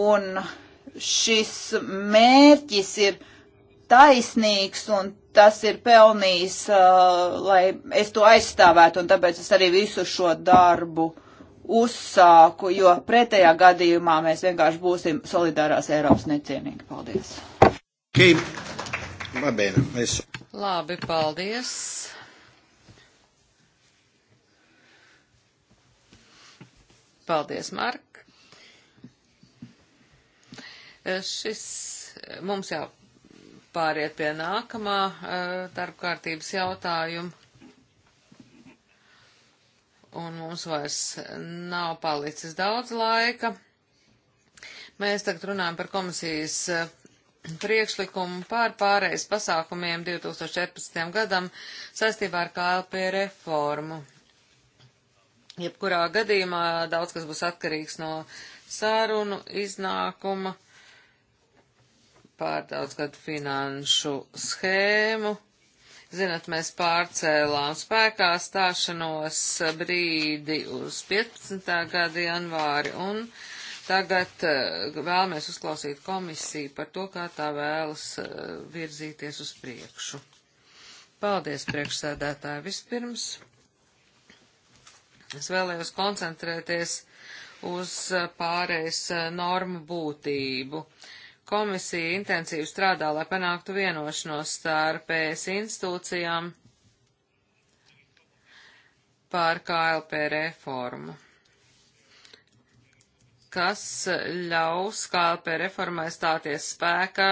Un uh, šis mērķis ir taisnīgs un tas ir pelnījis, uh, lai es to aizstāvētu, un tāpēc es arī visu šo darbu uzsāku, jo pretējā gadījumā mēs vienkārši būsim solidārās Eiropas necienīgi. Paldies! Okay. Mēs... Labi, paldies! Paldies, Mark! Eh, šis eh, mums jau pāriet pie nākamā eh, darba kārtības jautājuma. Un mums vairs nav palicis daudz laika. Mēs tagad runājam par komisijas priekšlikumu pār pārējais pasākumiem 2014. gadam saistībā ar KLP reformu. Jebkurā gadījumā daudz kas būs atkarīgs no sārunu iznākuma. Uh, par daudzgadu finanšu schēmu. Zinat, mēs pārcēlām spēkā stāšanos brīdi uz 15. gada janvāri un tagad eh, vēlamies uzklausīt komisiju par to, kā tā vēlas eh, virzīties uz priekšu. Paldies, priekšsēdētāji, vispirms. Es vēlējos koncentrēties uz eh, pārējais normu būtību. Uh, Komisija intensīvi strādā, lai panāktu vienošanos starp ES institūcijām par KLP reformu, kas ļaus KLP reformai stāties spēkā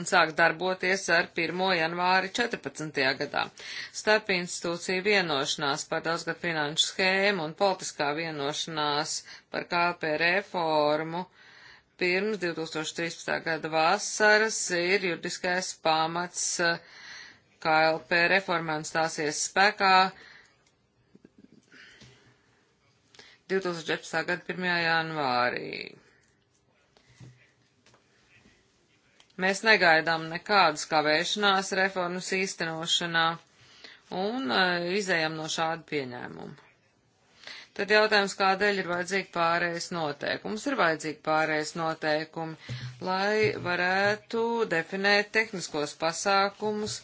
un sākt darboties ar 1. janvāri 14. gadā. Starp institūciju vienošanās par daudzgad finanšu schēmu un politiskā vienošanās par KLP reformu uh, pirms 2013. gada vasaras ir juridiskais pamats eh, KLP reformai un stāsies spēkā 2014. gada 1. janvārī. Mēs negaidām nekādas kavēšanās reformas īstenošanā un uh, izējām no šāda pieņēmuma. Tad jautājums, kādēļ ir vajadzīgi pārējais noteikumi? Mums ir vajadzīgi pārējais noteikumi, lai varētu definēt tehniskos pasākumus,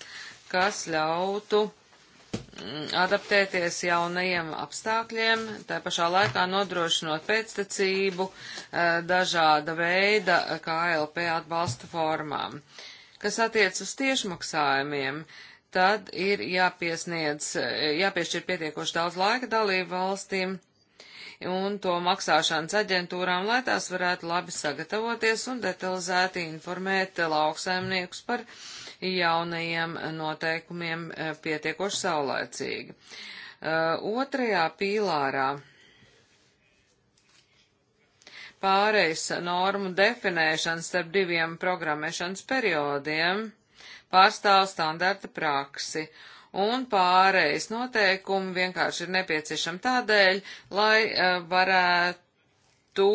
kas ļautu mm, adaptēties jaunajiem apstākļiem, tā pašā laikā nodrošinot pēctecību eh, dažāda veida KLP atbalsta formām. Kas attiec uz tiešmaksājumiem, uh, tad ir jāpiesniedz, jāpiešķir pietiekoši daudz laika dalību valstīm un to maksāšanas aģentūrām, lai tās varētu labi sagatavoties un detalizēti informēt lauksaimniekus par jaunajiem noteikumiem e, pietiekoši saulēcīgi. E, otrajā pīlārā pārejas normu definēšana starp diviem programmēšanas periodiem pārstāv standarta praksi, un pārējais noteikumi vienkārši ir nepieciešami tādēļ, lai uh, varētu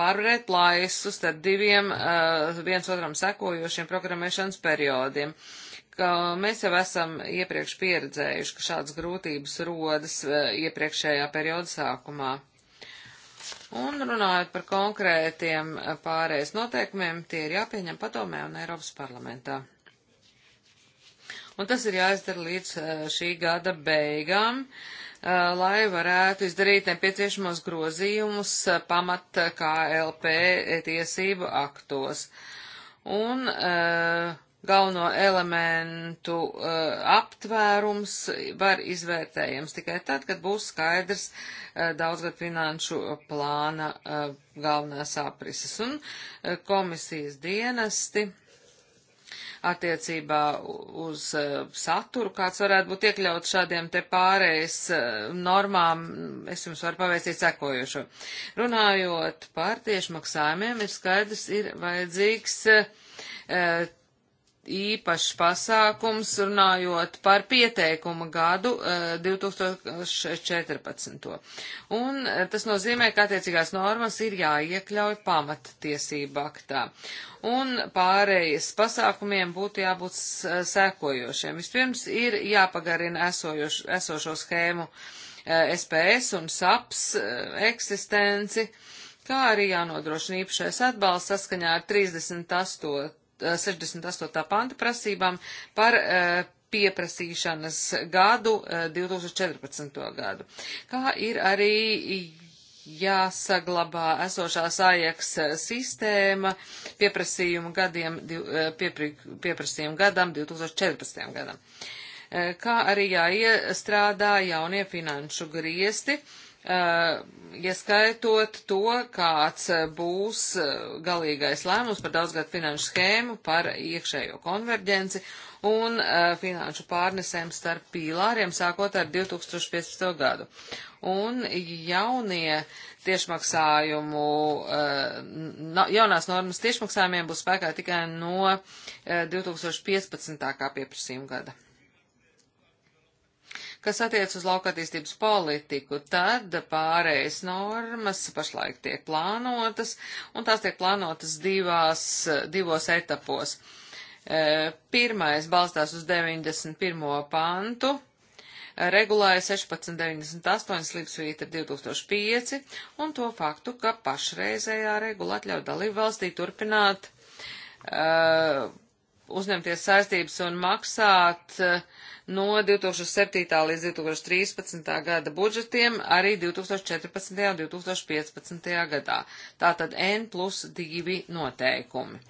pārvarēt plaisu starp diviem uh, viens otram sekojošiem programmēšanas periodiem. Ka mēs jau esam iepriekš pieredzējuši, ka šādas grūtības rodas uh, iepriekšējā perioda sākumā. Un runājot par konkrētiem pārējais noteikumiem, tie ir jāpieņem padomē un Eiropas parlamentā un tas ir jāizdara līdz šī gada beigām, lai varētu izdarīt nepieciešamos grozījumus pamat KLP tiesību aktos. Un galveno elementu aptvērums var izvērtējams tikai tad, kad būs skaidrs daudzgad finanšu plāna galvenās aprises un komisijas dienesti attiecībā uz eh, saturu, kāds varētu būt iekļauts šādiem te pārējais eh, normām, es jums varu pavēstīt sekojušo. Runājot par tiešmaksājumiem, ir skaidrs, ir vajadzīgs eh, īpašs pasākums runājot par pieteikuma gadu 2014. Eh, un eh, tas nozīmē, ka attiecīgās normas ir jāiekļauj pamatiesība aktā. Un pārējais pasākumiem būtu jābūt eh, sēkojošiem. Vispirms ir jāpagarina esojoš, esošo schēmu SPS un SAPS eksistenci kā arī jānodrošina īpašais atbalsts saskaņā ar 38. 68. Eh, panta prasībām par eh, pieprasīšanas gadu 2014. Eh, gadu. Kā ir arī jāsaglabā esošā sājeks sistēma pieprasījumu gadiem, pieprasījumu gadam 2014. gadam. Kā arī jāiestrādā jaunie finanšu griesti, uh, ieskaitot uh, ja to, kāds būs uh, galīgais lēmums par daudzgadu finanšu schēmu, par iekšējo konverģenci un uh, finanšu pārnesēm starp pīlāriem, sākot ar 2015. gadu. Un jaunie tiešmaksājumu, jaunās normas tiešmaksājumiem būs spēkā tikai no 2015. kā pieprasījuma gada. Kas attiec uz lauka attīstības politiku, tad pārējais normas pašlaik tiek plānotas, un tās tiek plānotas divās, divos etapos. E, pirmais balstās uz 91. pantu, regulēja 1698 līdzsvīta 2005, un to faktu, ka pašreizējā regula atļauj dalību valstī turpināt uh, uzņemties saistības un maksāt eh, no 2007. līdz 2013. gada budžetiem arī 2014. un 2015. gadā. Tātad N plus 2 noteikumi.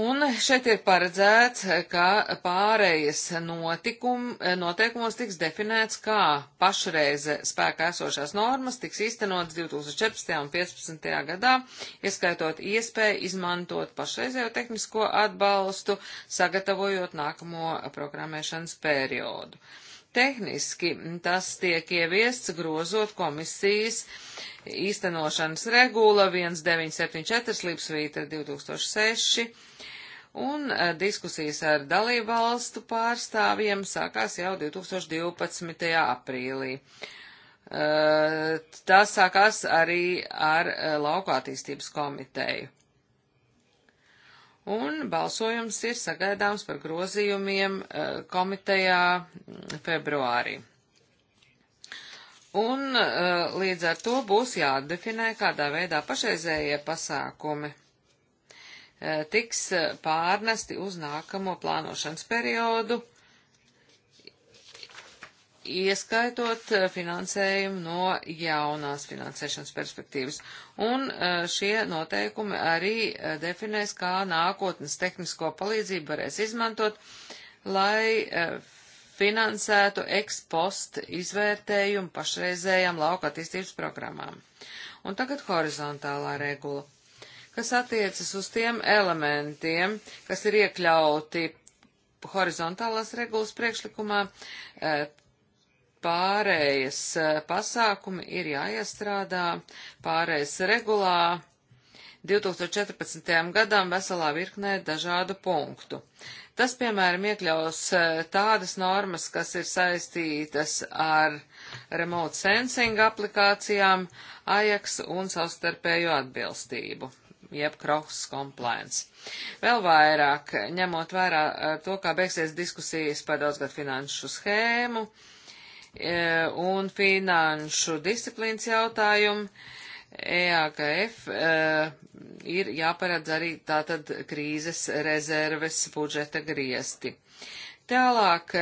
Un šeit ir paredzēts, ka pārējas notikum, noteikumos tiks definēts, kā pašreize spēkā esošās normas tiks īstenotas 2014. un 2015. gadā, ieskaitot iespēju izmantot pašreizējo tehnisko atbalstu, sagatavojot nākamo programmēšanas periodu. Tehniski tas tiek ieviests grozot komisijas īstenošanas regula 1974 līdz 2006 un e, diskusijas ar dalību valstu pārstāvjiem sākās jau 2012. aprīlī. E, Tās sākās arī ar e, lauku attīstības komiteju. Un balsojums ir sagaidāms par grozījumiem komitejā februārī. Un līdz ar to būs jādefinē, kādā veidā pašreizējie pasākumi Eh, tiks eh, pārnesti uz nākamo plānošanas periodu, ieskaitot eh, finansējumu no jaunās finansēšanas perspektīvas. Un šie noteikumi arī definēs, kā nākotnes tehnisko palīdzību varēs izmantot, lai finansētu ekspost izvērtējumu pašreizējām lauka attīstības programmām. Un tagad horizontālā regula kas attiecas uz tiem elementiem, kas ir iekļauti horizontālās regulas priekšlikumā. Eh, pārējas eh, pasākumi ir jāiestrādā, pārējas regulā 2014. gadam veselā virknē dažādu punktu. Tas, piemēram, iekļaus eh, tādas normas, kas ir saistītas ar remote sensing aplikācijām, AJAX un savstarpēju atbilstību jeb cross compliance. Vēl vairāk, ņemot vērā eh, to, kā beigsies diskusijas par daudzgad finanšu schēmu eh, un finanšu disciplīnas jautājumu, EAKF eh, ir jāparedz arī tātad krīzes rezerves budžeta griesti. Tālāk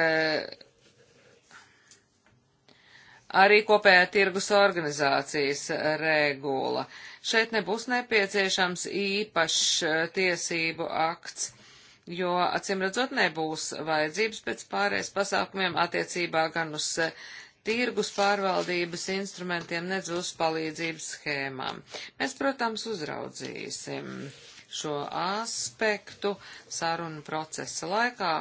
arī kopējā tirgus organizācijas regula. Šeit nebūs nepieciešams īpašs eh, tiesību akts, jo, acīm redzot, nebūs vajadzības pēc pārējais pasākumiem attiecībā gan uz eh, tirgus pārvaldības instrumentiem, nedz uz palīdzības schēmām. Mēs, protams, uzraudzīsim šo aspektu sarunu procesa laikā,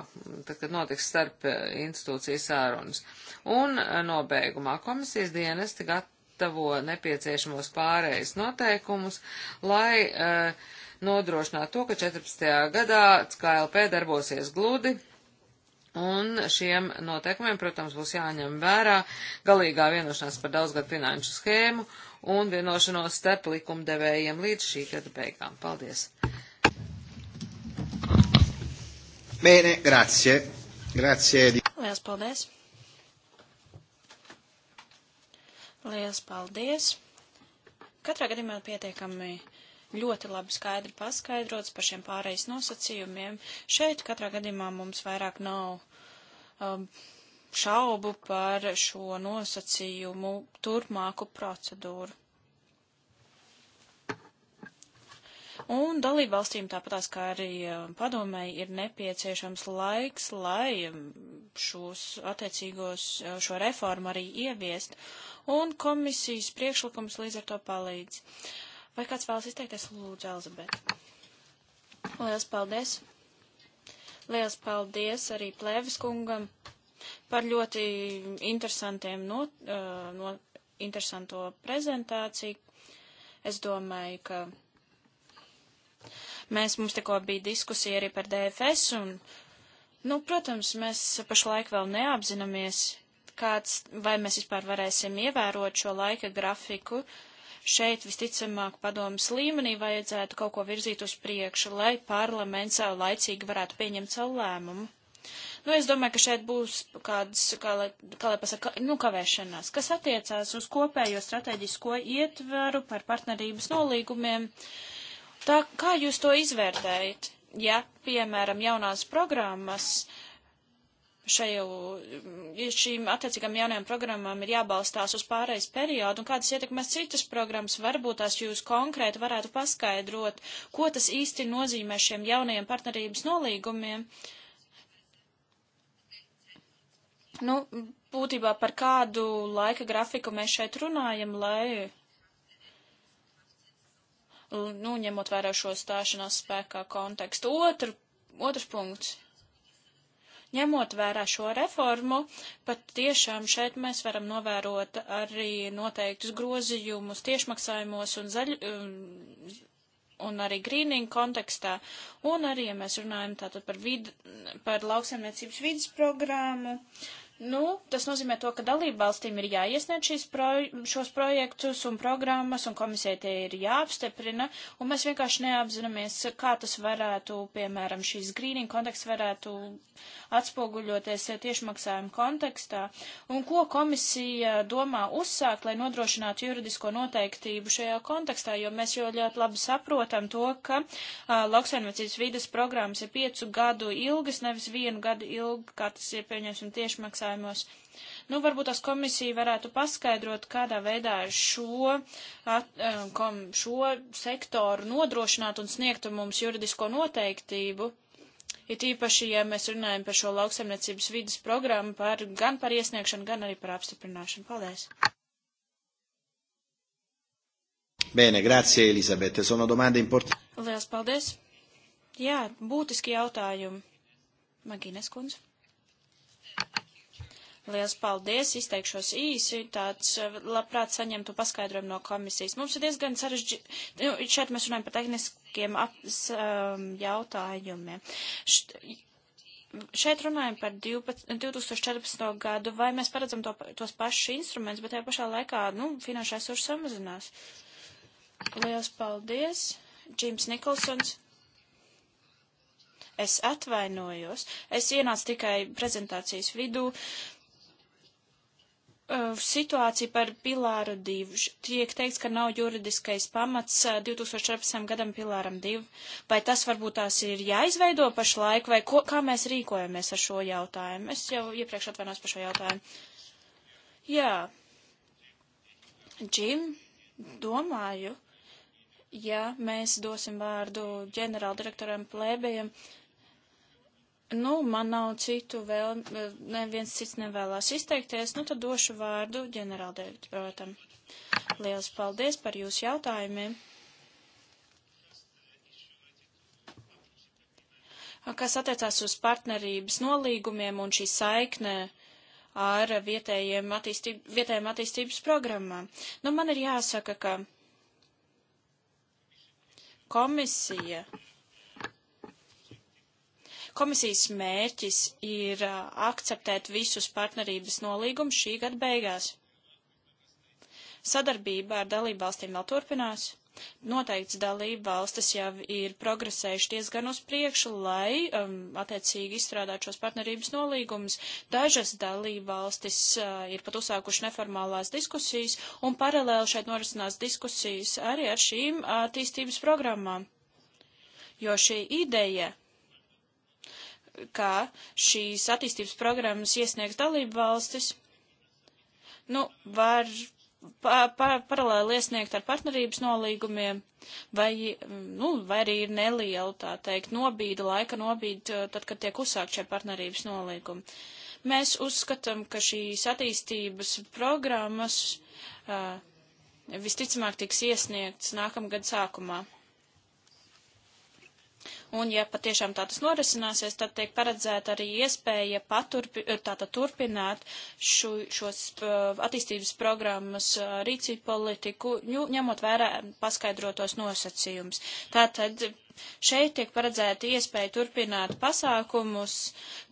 tad, kad notiks starp eh, institūcijas sarunas. Un eh, nobeigumā komisijas dienesti gatavo nepieciešamos pārējais noteikumus, lai uh, eh, nodrošināt to, ka 14. gadā KLP darbosies gludi, Un šiem noteikumiem, protams, būs jāņem vērā galīgā vienošanās par daudzgadu finanšu schēmu un vienošanos starp likumdevējiem līdz šī gada beigām. Paldies! Bene, grazie. Grazie. Lielas paldies. Lielas paldies. Katrā gadījumā pietiekami ļoti labi skaidri paskaidrots par šiem pārejas nosacījumiem. Šeit katrā gadījumā mums vairāk nav um, šaubu par šo nosacījumu turpmāku procedūru. Un dalībvalstīm tāpatās kā arī eh, padomēji ir nepieciešams laiks, lai mm, šos attiecīgos, eh, šo reformu arī ieviest, un komisijas priekšlikums līdz ar to palīdz. Vai kāds vēlas izteikties, lūdzu, Elzabet? Lielas paldies! Lielas paldies arī plēvis kungam par ļoti interesantiem no, uh, no interesanto prezentāciju. Es domāju, ka mēs mums tikko bija diskusija arī par DFS un, nu, protams, mēs pašlaik vēl neapzināmies, kāds, vai mēs vispār varēsim ievērot šo laika grafiku. Šeit visticamāk padomas līmenī vajadzētu kaut ko virzīt uz priekšu, lai parlaments laicīgi varētu pieņemt savu lēmumu. Nu, es domāju, ka šeit būs kādas, kā lai, kā lai pasaka, nu, kavēšanās, kas attiecās uz kopējo strateģisko ietveru par partnerības nolīgumiem. Tā, kā jūs to izvērtējat? Ja, piemēram, jaunās programmas šaju, šīm attiecīgām jaunajām programmām ir jābalstās uz pārējais periodu, un kādas ietekmēs citas programmas, varbūt tās jūs konkrēti varētu paskaidrot, ko tas īsti nozīmē šiem jaunajiem partnerības nolīgumiem. Uh, Nu, būtībā par kādu laika grafiku mēs šeit runājam, lai, nu, ņemot vērā šo stāšanās spēkā kontekstu. Otru, otrs punkts. Ņemot vērā šo reformu, pat tiešām šeit mēs varam novērot arī noteiktus grozījumus tiešmaksājumos un zaļ, um, un arī greening kontekstā, un arī, ja mēs runājam tātad par, vid, par lauksaimniecības vidas programmu, uh, Nu, tas nozīmē to, ka dalībvalstīm ir jāiesniedz šīs proj šos projektus un programmas, un komisija tie ir jāapstiprina, un mēs vienkārši neapzināmies, kā tas varētu, piemēram, šīs grīnīna konteksts varētu atspoguļoties tiešmaksājuma kontekstā, un ko komisija domā uzsākt, lai nodrošinātu juridisko noteiktību šajā kontekstā, jo mēs jau ļoti labi saprotam to, ka uh, lauksaimniecības vides programmas ir piecu gadu ilgas, nevis vienu gadu ilgi, kā tas ir, pieņemsim, tiešmaksājuma jautājumos. Nu, varbūt tas komisija varētu paskaidrot, kādā veidā šo, at, eh, kom, šo sektoru nodrošināt un sniegtu mums juridisko noteiktību. It īpaši, ja mēs runājam par šo lauksaimniecības vidas programmu, par, gan par iesniegšanu, gan arī par apstiprināšanu. Paldies! Bene, grazie Elisabete. Sono domande importanti. Lielas paldies. Jā, būtiski jautājumi. Magīnes kundze. Liels paldies, izteikšos īsi, tāds eh, labprāt saņemtu paskaidrojumu no komisijas. Mums ir diezgan sarežģīti, nu, šeit mēs runājam par tehniskiem aps, um, jautājumiem. Št, šeit runājam par 12, 2014. gadu, vai mēs paredzam to, tos pašus instrumentus, bet tajā pašā laikā, nu, finanšu resursi samazinās. Lielas paldies, Džims Nikolsons. Es atvainojos, es ienācu tikai prezentācijas vidū. Uh, Uh, situāciju par Pilāru 2. Tiek teikts, ka nav juridiskais pamats 2014. Uh, gadam Pilāram 2. Vai tas varbūt tās ir jāizveido pašlaik, vai ko, kā mēs rīkojamies ar šo jautājumu? Es jau iepriekš atvainos par šo jautājumu. Jā. Džim, domāju, ja mēs dosim vārdu ģenerāldirektoram plēbējiem, uh, Nu, man nav citu vēl, neviens cits nevēlās izteikties, nu tad došu vārdu ģenerāldirektoram. Lielas paldies par jūsu jautājumiem. Kas attiecās uz partnerības nolīgumiem un šī saiknē ar vietējiem, attīstīb, vietējiem attīstības programmām. Nu, man ir jāsaka, ka komisija Komisijas mērķis ir akceptēt visus partnerības nolīgumus šī gada beigās. Sadarbība ar dalību valstīm vēl turpinās. Noteikts dalību valstis jau ir progresējuši diezgan uz priekšu, lai um, attiecīgi izstrādātu šos partnerības nolīgumus. Dažas dalību valstis uh, ir pat uzsākuši neformālās diskusijas, un paralēli šeit norisinās diskusijas arī ar šīm attīstības programmām. Jo šī ideja kā šīs attīstības programmas iesniegs dalību valstis, nu, var pa, pa, paralēli iesniegt ar partnerības nolīgumiem, vai, nu, vai arī ir neliela, tā teikt, nobīda, laika nobīda, uh, tad, kad tiek uzsākt šie partnerības nolīgumi. Mēs uzskatām, ka šīs attīstības programmas uh, visticamāk tiks iesniegts nākamgad sākumā un ja patiešām tā tas norisināsies, tad tiek paredzēta arī iespēja paturpi, tātad turpināt šo, šos uh, attīstības programmas uh, rīcību politiku, ņemot vērā paskaidrotos nosacījumus. Tātad Šeit tiek paredzēta iespēja turpināt pasākumus,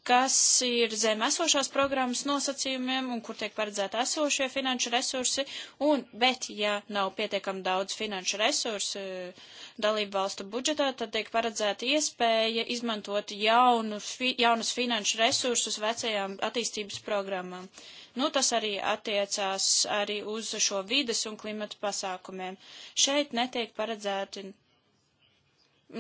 kas ir zem esošās programmas nosacījumiem un kur tiek paredzēta esošie finanšu resursi, un, bet, ja nav pietiekam daudz finanšu resursu uh, dalību valstu budžetā, tad tiek paredzēta iespēja izmantot jaunus, fi, jaunus finanšu resursus vecajām attīstības programmām. Nu, tas arī attiecās arī uz šo vides un klimata pasākumiem. Šeit netiek paredzēti.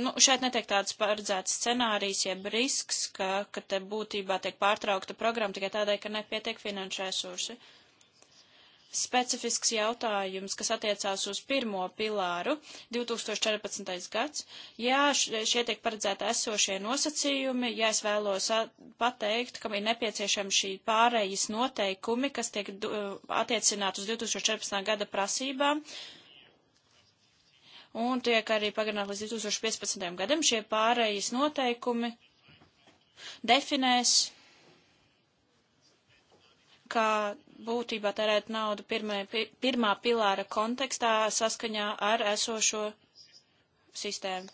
Nu, šeit netiek tāds paredzēts scenārijs, jeb risks, ka, ka te būtībā tiek pārtraukta programma tikai tādēļ, ka nepietiek finanšu resursi. Uh, specifisks jautājums, kas attiecās uz pirmo pilāru 2014. gads. Jā, šie tiek paredzēti esošie nosacījumi, ja es vēlos pateikt, kam ir nepieciešama šī pārējas noteikumi, kas tiek uh, attiecināt uz 2014. gada prasībām un tiek arī pagarināt līdz 2015. gadam šie pārējais noteikumi definēs, kā būtībā tērēt naudu pirmai, pirmā pilāra kontekstā saskaņā ar esošo sistēmu.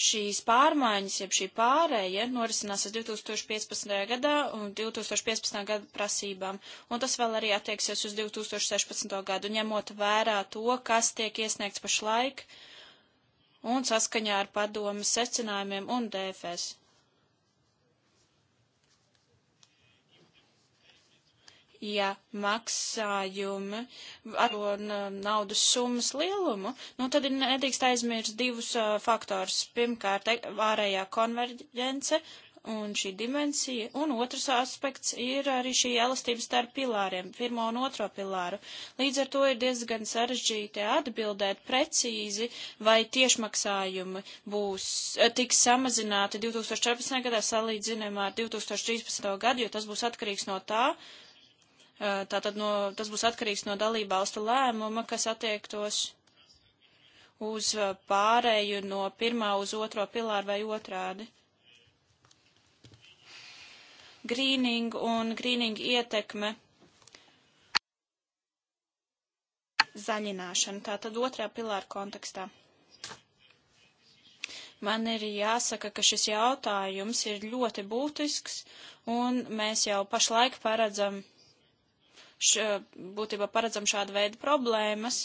Šīs pārmaiņas, jeb šī pārēja, norisinās 2015. gadā un 2015. gada prasībām, un tas vēl arī attieksies uz 2016. gadu, ņemot vērā to, kas tiek iesniegts pašlaik un saskaņā ar padomu secinājumiem un DFS. ja maksājumi ar naudas summas lielumu, nu tad ir nedrīkst aizmirst divus uh, faktors. Pirmkārt, e, ārējā konverģence. Un šī dimensija, un otrs aspekts ir arī šī elastība starp pilāriem, pirmo un otro pilāru. Līdz ar to ir diezgan sarežģīti atbildēt precīzi, vai tiešmaksājumi būs, tiks samazināti 2014. gadā salīdzinājumā ar 2013. gadu, jo tas būs atkarīgs no tā, uh, Tātad no, tas būs atkarīgs no dalībvalstu lēmuma, kas attiektos uz pārēju no pirmā uz otro pilāru vai otrādi. Grīning un grīning ietekme. Zaļināšana, tātad otrā pilāra kontekstā. Man ir jāsaka, ka šis jautājums ir ļoti būtisks, un mēs jau pašlaik paredzam š, būtībā paredzam šādu veidu problēmas.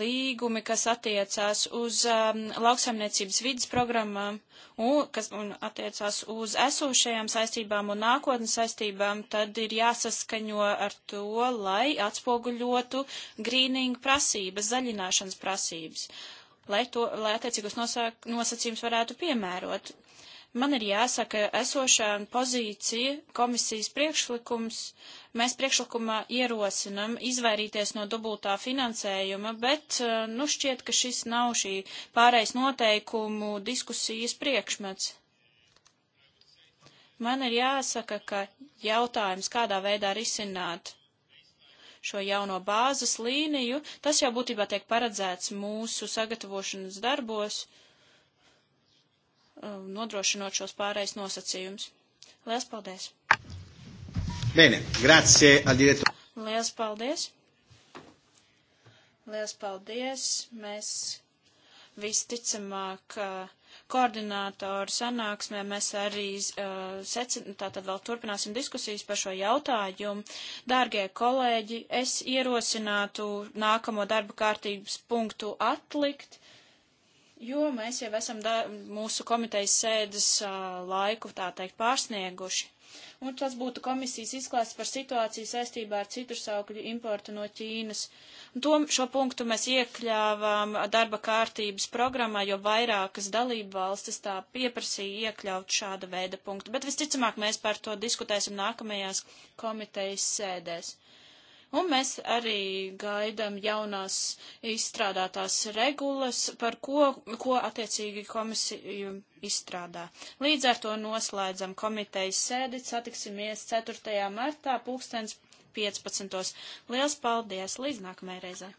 Līgumi, kas attiecās uz um, lauksaimniecības vidas programmām un, kas, un attiecās uz esošajām saistībām un nākotnes saistībām, tad ir jāsaskaņo ar to, lai atspoguļotu grīningu prasības, zaļināšanas prasības. Uh, lai, to, lai attiecīgos nosacījums varētu piemērot. Man ir jāsaka esošā pozīcija, komisijas priekšlikums. Mēs priekšlikumā ierosinam izvairīties no dubultā finansējuma, bet eh, nu šķiet, ka šis nav šī pārējais noteikumu diskusijas priekšmets. Man ir jāsaka, ka jautājums, kādā veidā risināt šo jauno bāzes līniju, tas jau būtībā tiek paredzēts mūsu sagatavošanas darbos. Uh, Um, nodrošinot šos pārējais nosacījumus. Lielas paldies! Bene, grazie al direttore. Lielas paldies! Lielas paldies! Mēs visticamāk uh, koordinātoru sanāksmē mēs arī uh, secin, tātad vēl turpināsim diskusijas par šo jautājumu. Dārgie kolēģi, es ierosinātu nākamo darba kārtības punktu atlikt jo mēs jau esam da, mūsu komitejas sēdes uh, laiku, tā teikt, pārsnieguši. Un tas būtu komisijas izklāsts par situāciju saistībā ar citrusaugļu importu no Ķīnas. Un to, šo punktu mēs iekļāvām darba kārtības programmā, jo vairākas dalība valstis tā pieprasīja iekļaut šāda veida punktu. Bet visticamāk mēs par to diskutēsim nākamajās komitejas sēdēs. Un mēs arī gaidam jaunās izstrādātās regulas, par ko, ko attiecīgi komisija izstrādā. Līdz ar to noslēdzam komitejas sēdi, satiksimies 4. martā, pulkstens 15. Liels paldies! Līdz nākamajai reizei!